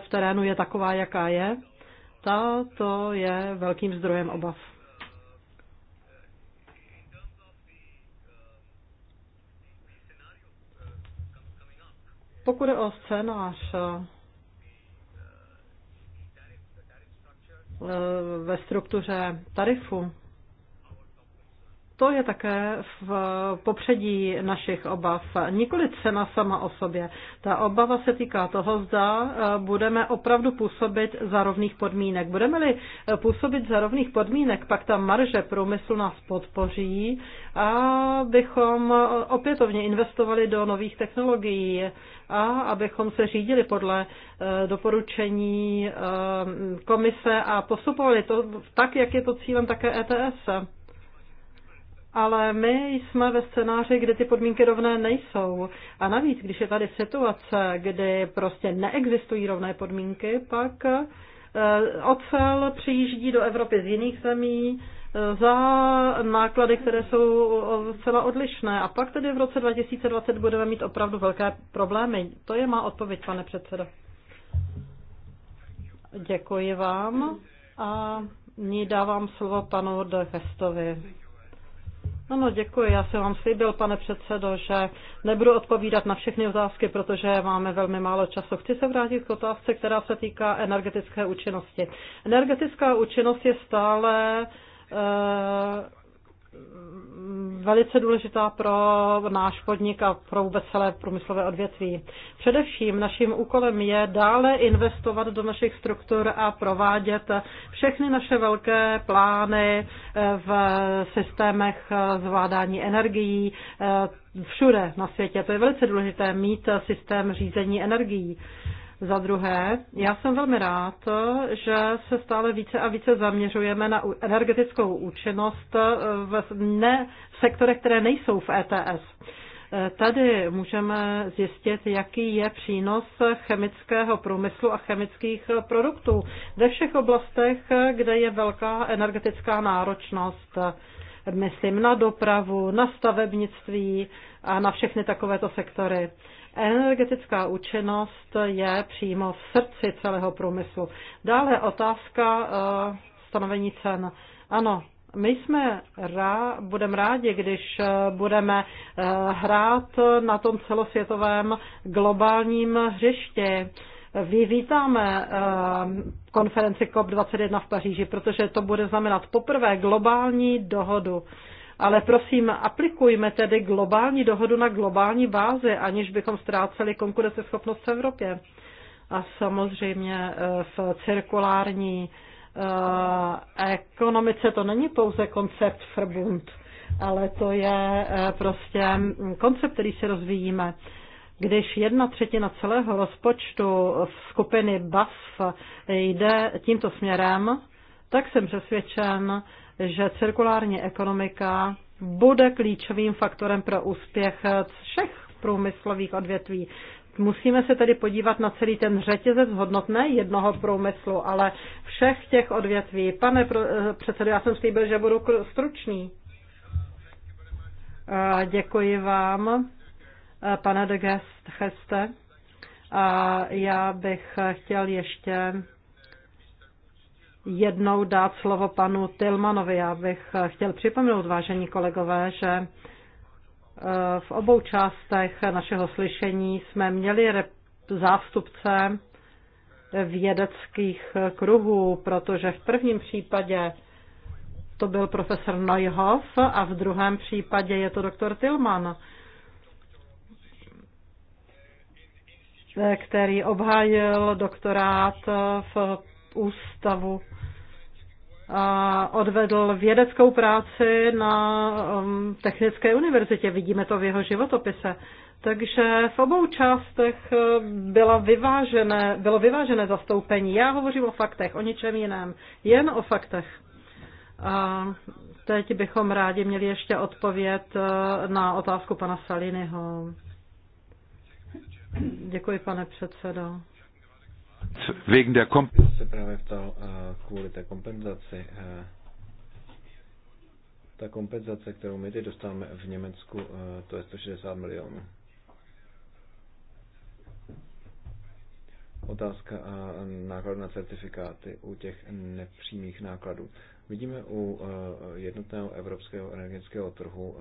v terénu je taková, jaká je. Ta to je velkým zdrojem obav. Pokud je o scénář eh, ve struktuře tarifu, to je také v popředí našich obav. Nikoli cena sama o sobě. Ta obava se týká toho, zda e, budeme opravdu působit za rovných podmínek. Budeme-li e, působit za rovných podmínek, pak ta marže průmyslu nás podpoří, bychom e, opětovně investovali do nových technologií a abychom se řídili podle doporučení komise a postupovali to tak, jak je to cílem také ETS ale my jsme ve scénáři, kde ty podmínky rovné nejsou. A navíc, když je tady situace, kdy prostě neexistují rovné podmínky, pak eh, ocel přijíždí do Evropy z jiných zemí eh, za náklady, které jsou eh, zcela odlišné. A pak tedy v roce 2020 budeme mít opravdu velké problémy. To je má odpověď, pane předsedo. Děkuji vám a ní dávám slovo panu De Festovi. Ano, no, děkuji. Já jsem vám slíbil, pane předsedo, že nebudu odpovídat na všechny otázky, protože máme velmi málo času. Chci se vrátit k otázce, která se týká energetické účinnosti. Energetická účinnost je stále eh, Mm, velice důležitá pro náš podnik a pro vůbec celé průmyslové odvětví. Především naším úkolem je dále investovat do našich struktur a provádět všechny naše velké plány eh, v systémech eh, zvládání energií eh, všude na světě. To je velice důležité mít systém řízení energií. Za druhé, já jsem velmi rád, že se stále více a více zaměřujeme na energetickou účinnost eh, v ne, v sektorech, které nejsou v ETS. Eh, tady můžeme zjistit, jaký je přínos chemického průmyslu a chemických produktů ve všech oblastech, kde je velká energetická náročnost. Myslím na dopravu, na stavebnictví a na všechny takovéto sektory. Energetická účinnost je přímo v srdci celého průmyslu. Dále otázka eh, stanovení cen. Ano, my jsme rá, budeme rádi, když eh, budeme eh, hrát na tom celosvětovém globálním hřišti. Vy vítáme konferenci COP21 v Paříži, protože to bude znamenat poprvé globální dohodu. Ale prosím, aplikujme tedy globální dohodu na globální bázi, aniž bychom ztráceli konkurenceschopnost v Evropě. A samozřejmě eh, v cirkulární eh, ekonomice to není pouze koncept Verbund, ale to je eh, prostě koncept, který si rozvíjíme. Když jedna třetina celého rozpočtu v skupiny BASF jde tímto směrem, tak jsem přesvědčen, že cirkulární ekonomika bude klíčovým faktorem pro úspěch všech průmyslových odvětví. Musíme se tedy podívat na celý ten řetězec hodnot ne jednoho průmyslu, ale všech těch odvětví. Pane předsedo, já jsem slíbil, že budu stručný. Děkuji vám, pane de Gest Cheste. A já bych chtěl ještě jednou dát slovo panu Tilmanovi. Já bych eh, chtěl připomenout, vážení kolegové, že eh, v obou částech našeho slyšení jsme měli zástupce vědeckých kruhů, protože v prvním případě to byl profesor Neuhoff a v druhém případě je to doktor Tilman, eh, který obhájil doktorát v ústavu odvedl vědeckou práci na um, Technické univerzitě. Vidíme to v jeho životopise. Takže v obou částech eh, byla vyvážené, bylo vyvážené zastoupení. Já hovořím o faktech, o ničem jiném, jen o faktech. A teď bychom rádi měli ještě odpověď eh, na otázku pana Saliniho. Děkuji, pane předsedo. Wegen der eh, Komp eh, Ta kompenzace, kterou my teď dostáváme v Německu, eh, to je 160 milionů. Otázka nákladů na certifikáty u těch nepřímých nákladů. Vidíme u jednotného evropského energetického trhu,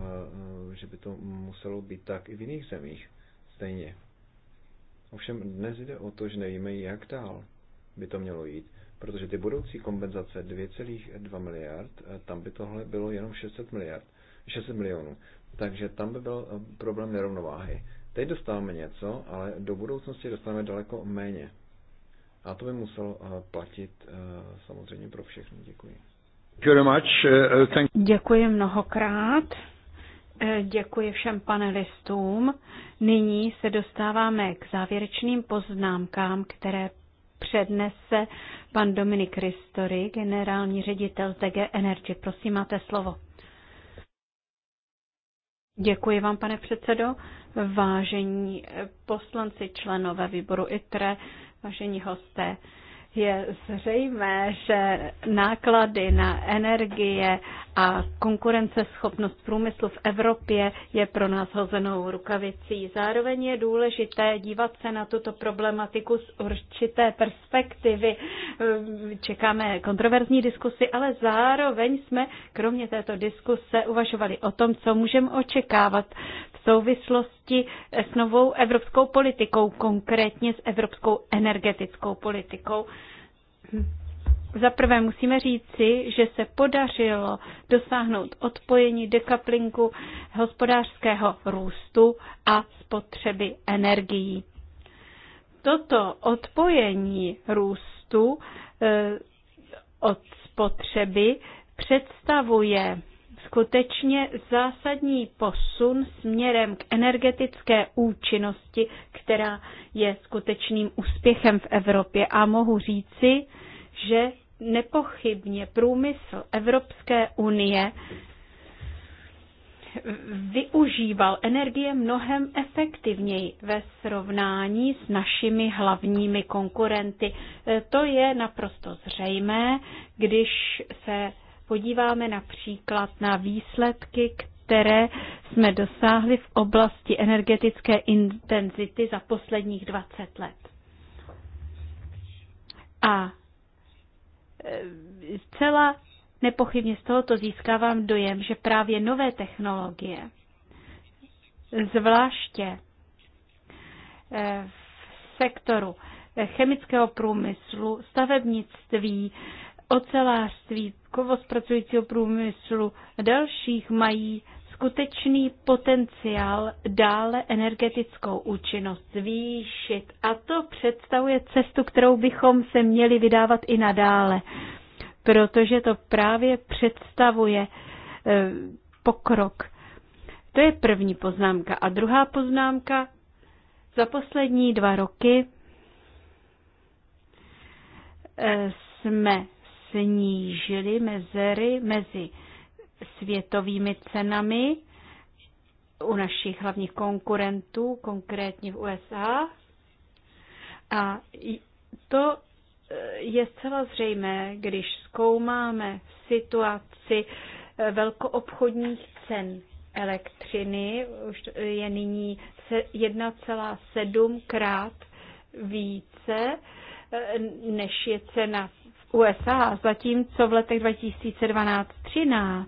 že by to muselo být tak i v jiných zemích stejně. Ovšem dnes jde o to, že nevíme, jak dál by to mělo jít, protože ty budoucí kompenzace 2,2 miliard, eh, tam by tohle bylo jenom 600 miliard, 600 milionů. Takže tam by byl eh, problém nerovnováhy. Teď dostáváme něco, ale do budoucnosti dostáváme daleko méně. A to by musel eh, platit samozřejmě pro všechny. Děkuji. Děkuji mnohokrát. Děkuji všem panelistům. Nyní se dostáváme k závěrečným poznámkám, které přednese pan Dominik Ristory, generální ředitel TG Energy. Prosím, máte slovo. Děkuji vám, pane předsedo. Vážení poslanci, členové výboru ITRE, vážení hosté, je zřejmé, že náklady na energie a konkurenceschopnost průmyslu v Evropě je pro nás hozenou rukavicí. Zároveň je důležité dívat se na tuto problematiku z určité perspektivy. Čekáme kontroverzní diskusy, ale zároveň jsme kromě této diskuse uvažovali o tom, co můžeme očekávat v souvislosti souvislosti s novou evropskou politikou, konkrétně s evropskou energetickou politikou. Za prvé musíme říci, že se podařilo dosáhnout odpojení dekaplinku hospodářského růstu a spotřeby energií. Toto odpojení růstu eh, od spotřeby představuje skutečně zásadní posun směrem k energetické účinnosti, která je skutečným úspěchem v Evropě. A mohu říci, že nepochybně průmysl Evropské unie využíval energie mnohem efektivněji ve srovnání s našimi hlavními konkurenty. To je naprosto zřejmé, když se podíváme například na výsledky, které jsme dosáhli v oblasti energetické intenzity za posledních 20 let. A e, zcela nepochybně z tohoto získávám dojem, že právě nové technologie, zvláště e, v sektoru e, chemického průmyslu, stavebnictví, ocelářství, kovospracujícího průmyslu a dalších mají skutečný potenciál dále energetickou účinnost zvýšit. A to představuje cestu, kterou bychom se měli vydávat i nadále, protože to právě představuje eh, pokrok. To je první poznámka. A druhá poznámka, za poslední dva roky eh, jsme snížily mezery mezi světovými cenami u našich hlavních konkurentů, konkrétně v USA. A to eh, je zcela zřejmé, když zkoumáme situaci eh, velkoobchodních cen elektřiny, už je nyní 1,7 krát více, eh, než je cena USA, zatímco v letech 2012-13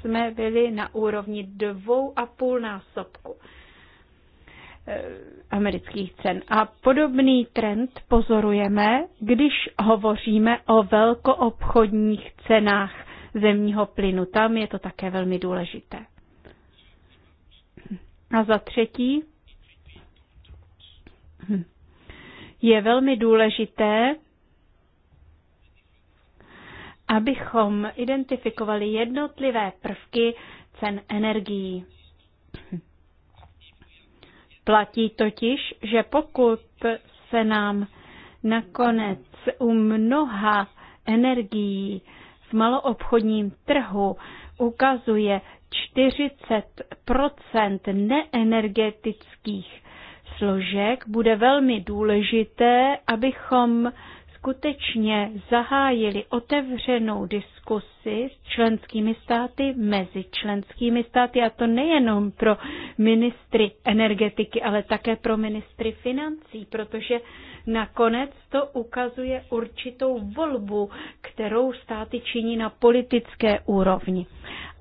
jsme byli na úrovni dvou a půl násobku eh, amerických cen. A podobný trend pozorujeme, když hovoříme o velkoobchodních cenách zemního plynu. Tam je to také velmi důležité. A za třetí hm, je velmi důležité abychom identifikovali jednotlivé prvky cen energií. Platí totiž, že pokud se nám nakonec u mnoha energií v maloobchodním trhu ukazuje 40 neenergetických složek, bude velmi důležité, abychom skutečně zahájili otevřenou diskusi s členskými státy, mezi členskými státy, a to nejenom pro ministry energetiky, ale také pro ministry financí, protože nakonec to ukazuje určitou volbu, kterou státy činí na politické úrovni.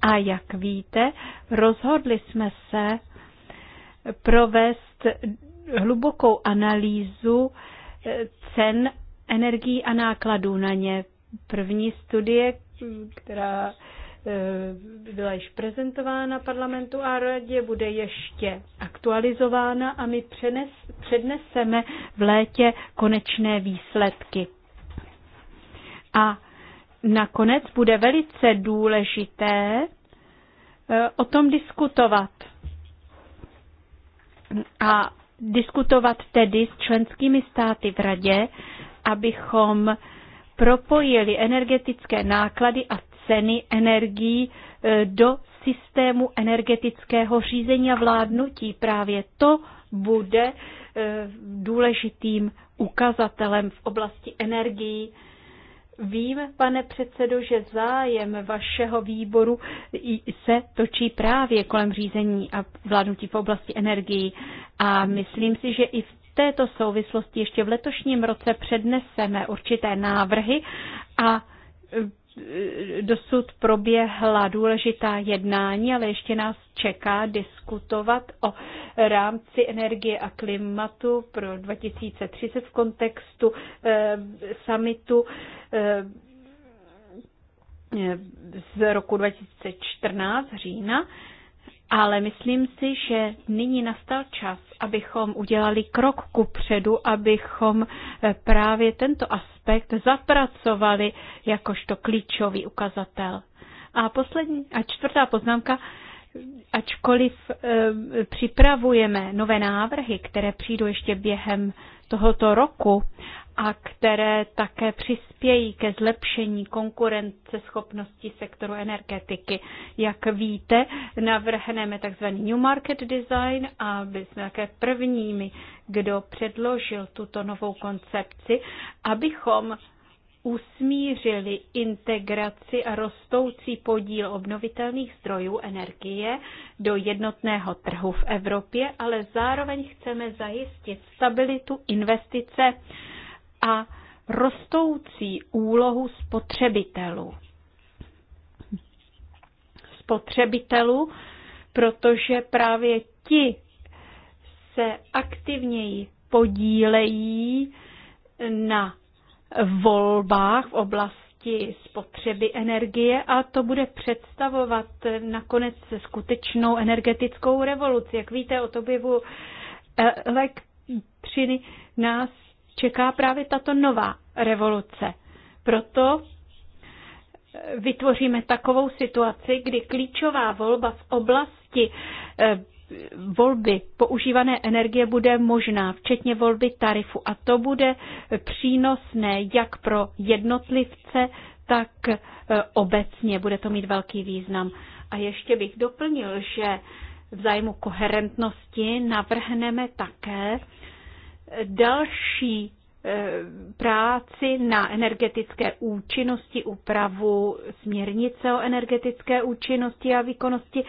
A jak víte, rozhodli jsme se provést hlubokou analýzu eh, cen energií a nákladů na ně. První studie, která eh, byla již prezentována parlamentu a radě, bude ještě aktualizována a my přenes, předneseme v létě konečné výsledky. A nakonec bude velice důležité eh, o tom diskutovat. A diskutovat tedy s členskými státy v radě, abychom propojili energetické náklady a ceny energií e, do systému energetického řízení a vládnutí. Právě to bude e, důležitým ukazatelem v oblasti energií. Vím, pane předsedo, že zájem vašeho výboru se točí právě kolem řízení a vládnutí v oblasti energií. A myslím si, že i v této souvislosti ještě v letošním roce předneseme určité návrhy a e, dosud proběhla důležitá jednání, ale ještě nás čeká diskutovat o rámci energie a klimatu pro 2030 v kontextu eh, summitu eh, z roku 2014 října. Ale myslím si, že nyní nastal čas, abychom udělali krok ku předu, abychom eh, právě tento aspekt zapracovali jakožto klíčový ukazatel. A poslední a čtvrtá poznámka, ačkoliv e, připravujeme nové návrhy, které přijdou ještě během tohoto roku a které také přispějí ke zlepšení konkurenceschopnosti sektoru energetiky. Jak víte, navrhneme tzv. New Market Design a byli jsme také prvními, kdo předložil tuto novou koncepci, abychom usmířili integraci a rostoucí podíl obnovitelných zdrojů energie do jednotného trhu v Evropě, ale zároveň chceme zajistit stabilitu investice a rostoucí úlohu spotřebitelů. Spotřebitelů, protože právě ti se aktivněji podílejí na volbách v oblasti spotřeby energie a to bude představovat nakonec skutečnou energetickou revoluci. Jak víte, to objevu eh, elektřiny nás čeká právě tato nová revoluce. Proto eh, vytvoříme takovou situaci, kdy klíčová volba v oblasti eh, volby používané energie bude možná, včetně volby tarifu. A to bude přínosné jak pro jednotlivce, tak eh, obecně bude to mít velký význam. A ještě bych doplnil, že v zájmu koherentnosti navrhneme také další eh, práci na energetické účinnosti, úpravu směrnice o energetické účinnosti a výkonnosti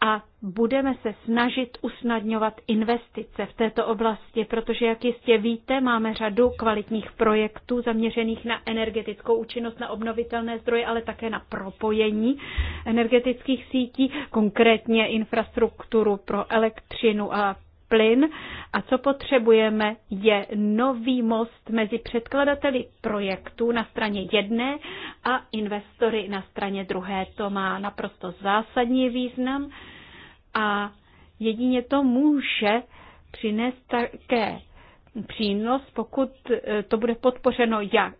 a budeme se snažit usnadňovat investice v této oblasti, protože, jak jistě víte, máme řadu kvalitních projektů zaměřených na energetickou účinnost, na obnovitelné zdroje, ale také na propojení energetických sítí, konkrétně infrastrukturu pro elektřinu a plyn a co potřebujeme je nový most mezi předkladateli projektů na straně jedné a investory na straně druhé. To má naprosto zásadní význam a jedině to může přinést také přínos, pokud eh, to bude podpořeno jak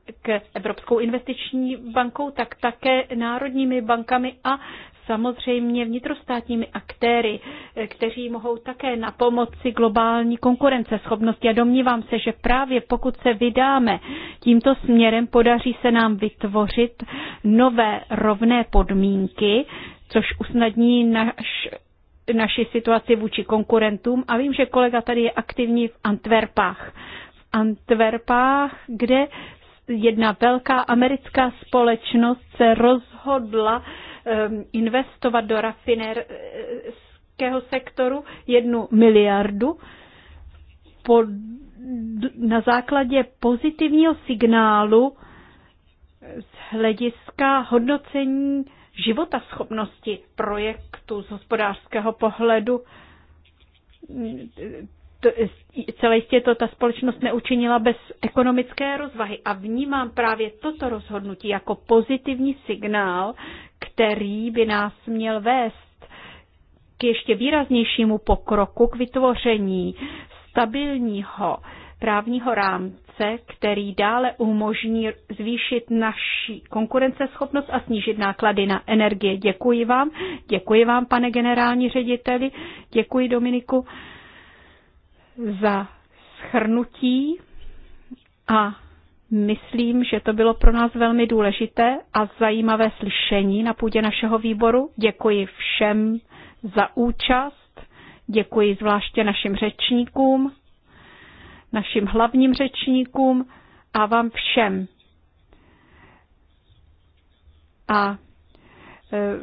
Evropskou investiční bankou, tak také národními bankami a samozřejmě vnitrostátními aktéry, eh, kteří mohou také na pomoci globální konkurenceschopnosti. A domnívám se, že právě pokud se vydáme tímto směrem, podaří se nám vytvořit nové rovné podmínky, což usnadní naš naši situaci vůči konkurentům a vím, že kolega tady je aktivní v Antwerpách. V Antwerpách, kde jedna velká americká společnost se rozhodla Ehm, investovat do rafinerského sektoru jednu miliardu pod, na základě pozitivního signálu z hlediska hodnocení života schopnosti projektu z hospodářského pohledu. To, celé jistě to ta společnost neučinila bez ekonomické rozvahy a vnímám právě toto rozhodnutí jako pozitivní signál, který by nás měl vést k ještě výraznějšímu pokroku k vytvoření stabilního právního rámce, který dále umožní zvýšit naši konkurenceschopnost a snížit náklady na energie. Děkuji vám, děkuji vám, pane generální řediteli, děkuji Dominiku za schrnutí a Myslím, že to bylo pro nás velmi důležité a zajímavé slyšení na půdě našeho výboru. Děkuji všem za účast, děkuji zvláště našim řečníkům, našim hlavním řečníkům a vám všem. A e,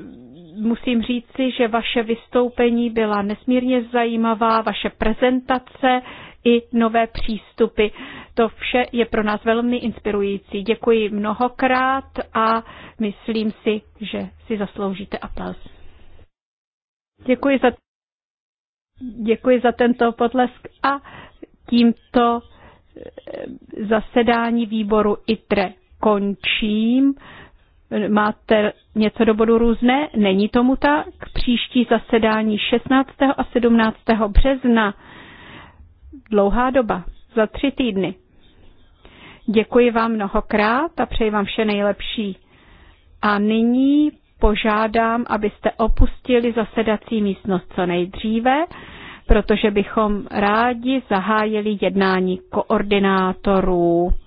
musím říci, že vaše vystoupení byla nesmírně zajímavá, vaše prezentace i nové přístupy. To vše je pro nás velmi inspirující. Děkuji mnohokrát a myslím si, že si zasloužíte aplaus. Děkuji za, děkuji za tento potlesk a tímto eh, zasedání výboru ITRE končím. Máte něco do bodu různé? Není tomu tak. Příští zasedání 16. a 17. března dlouhá doba, za tři týdny. Děkuji vám mnohokrát a přeji vám vše nejlepší. A nyní požádám, abyste opustili zasedací místnost co nejdříve, protože bychom rádi zahájili jednání koordinátorů.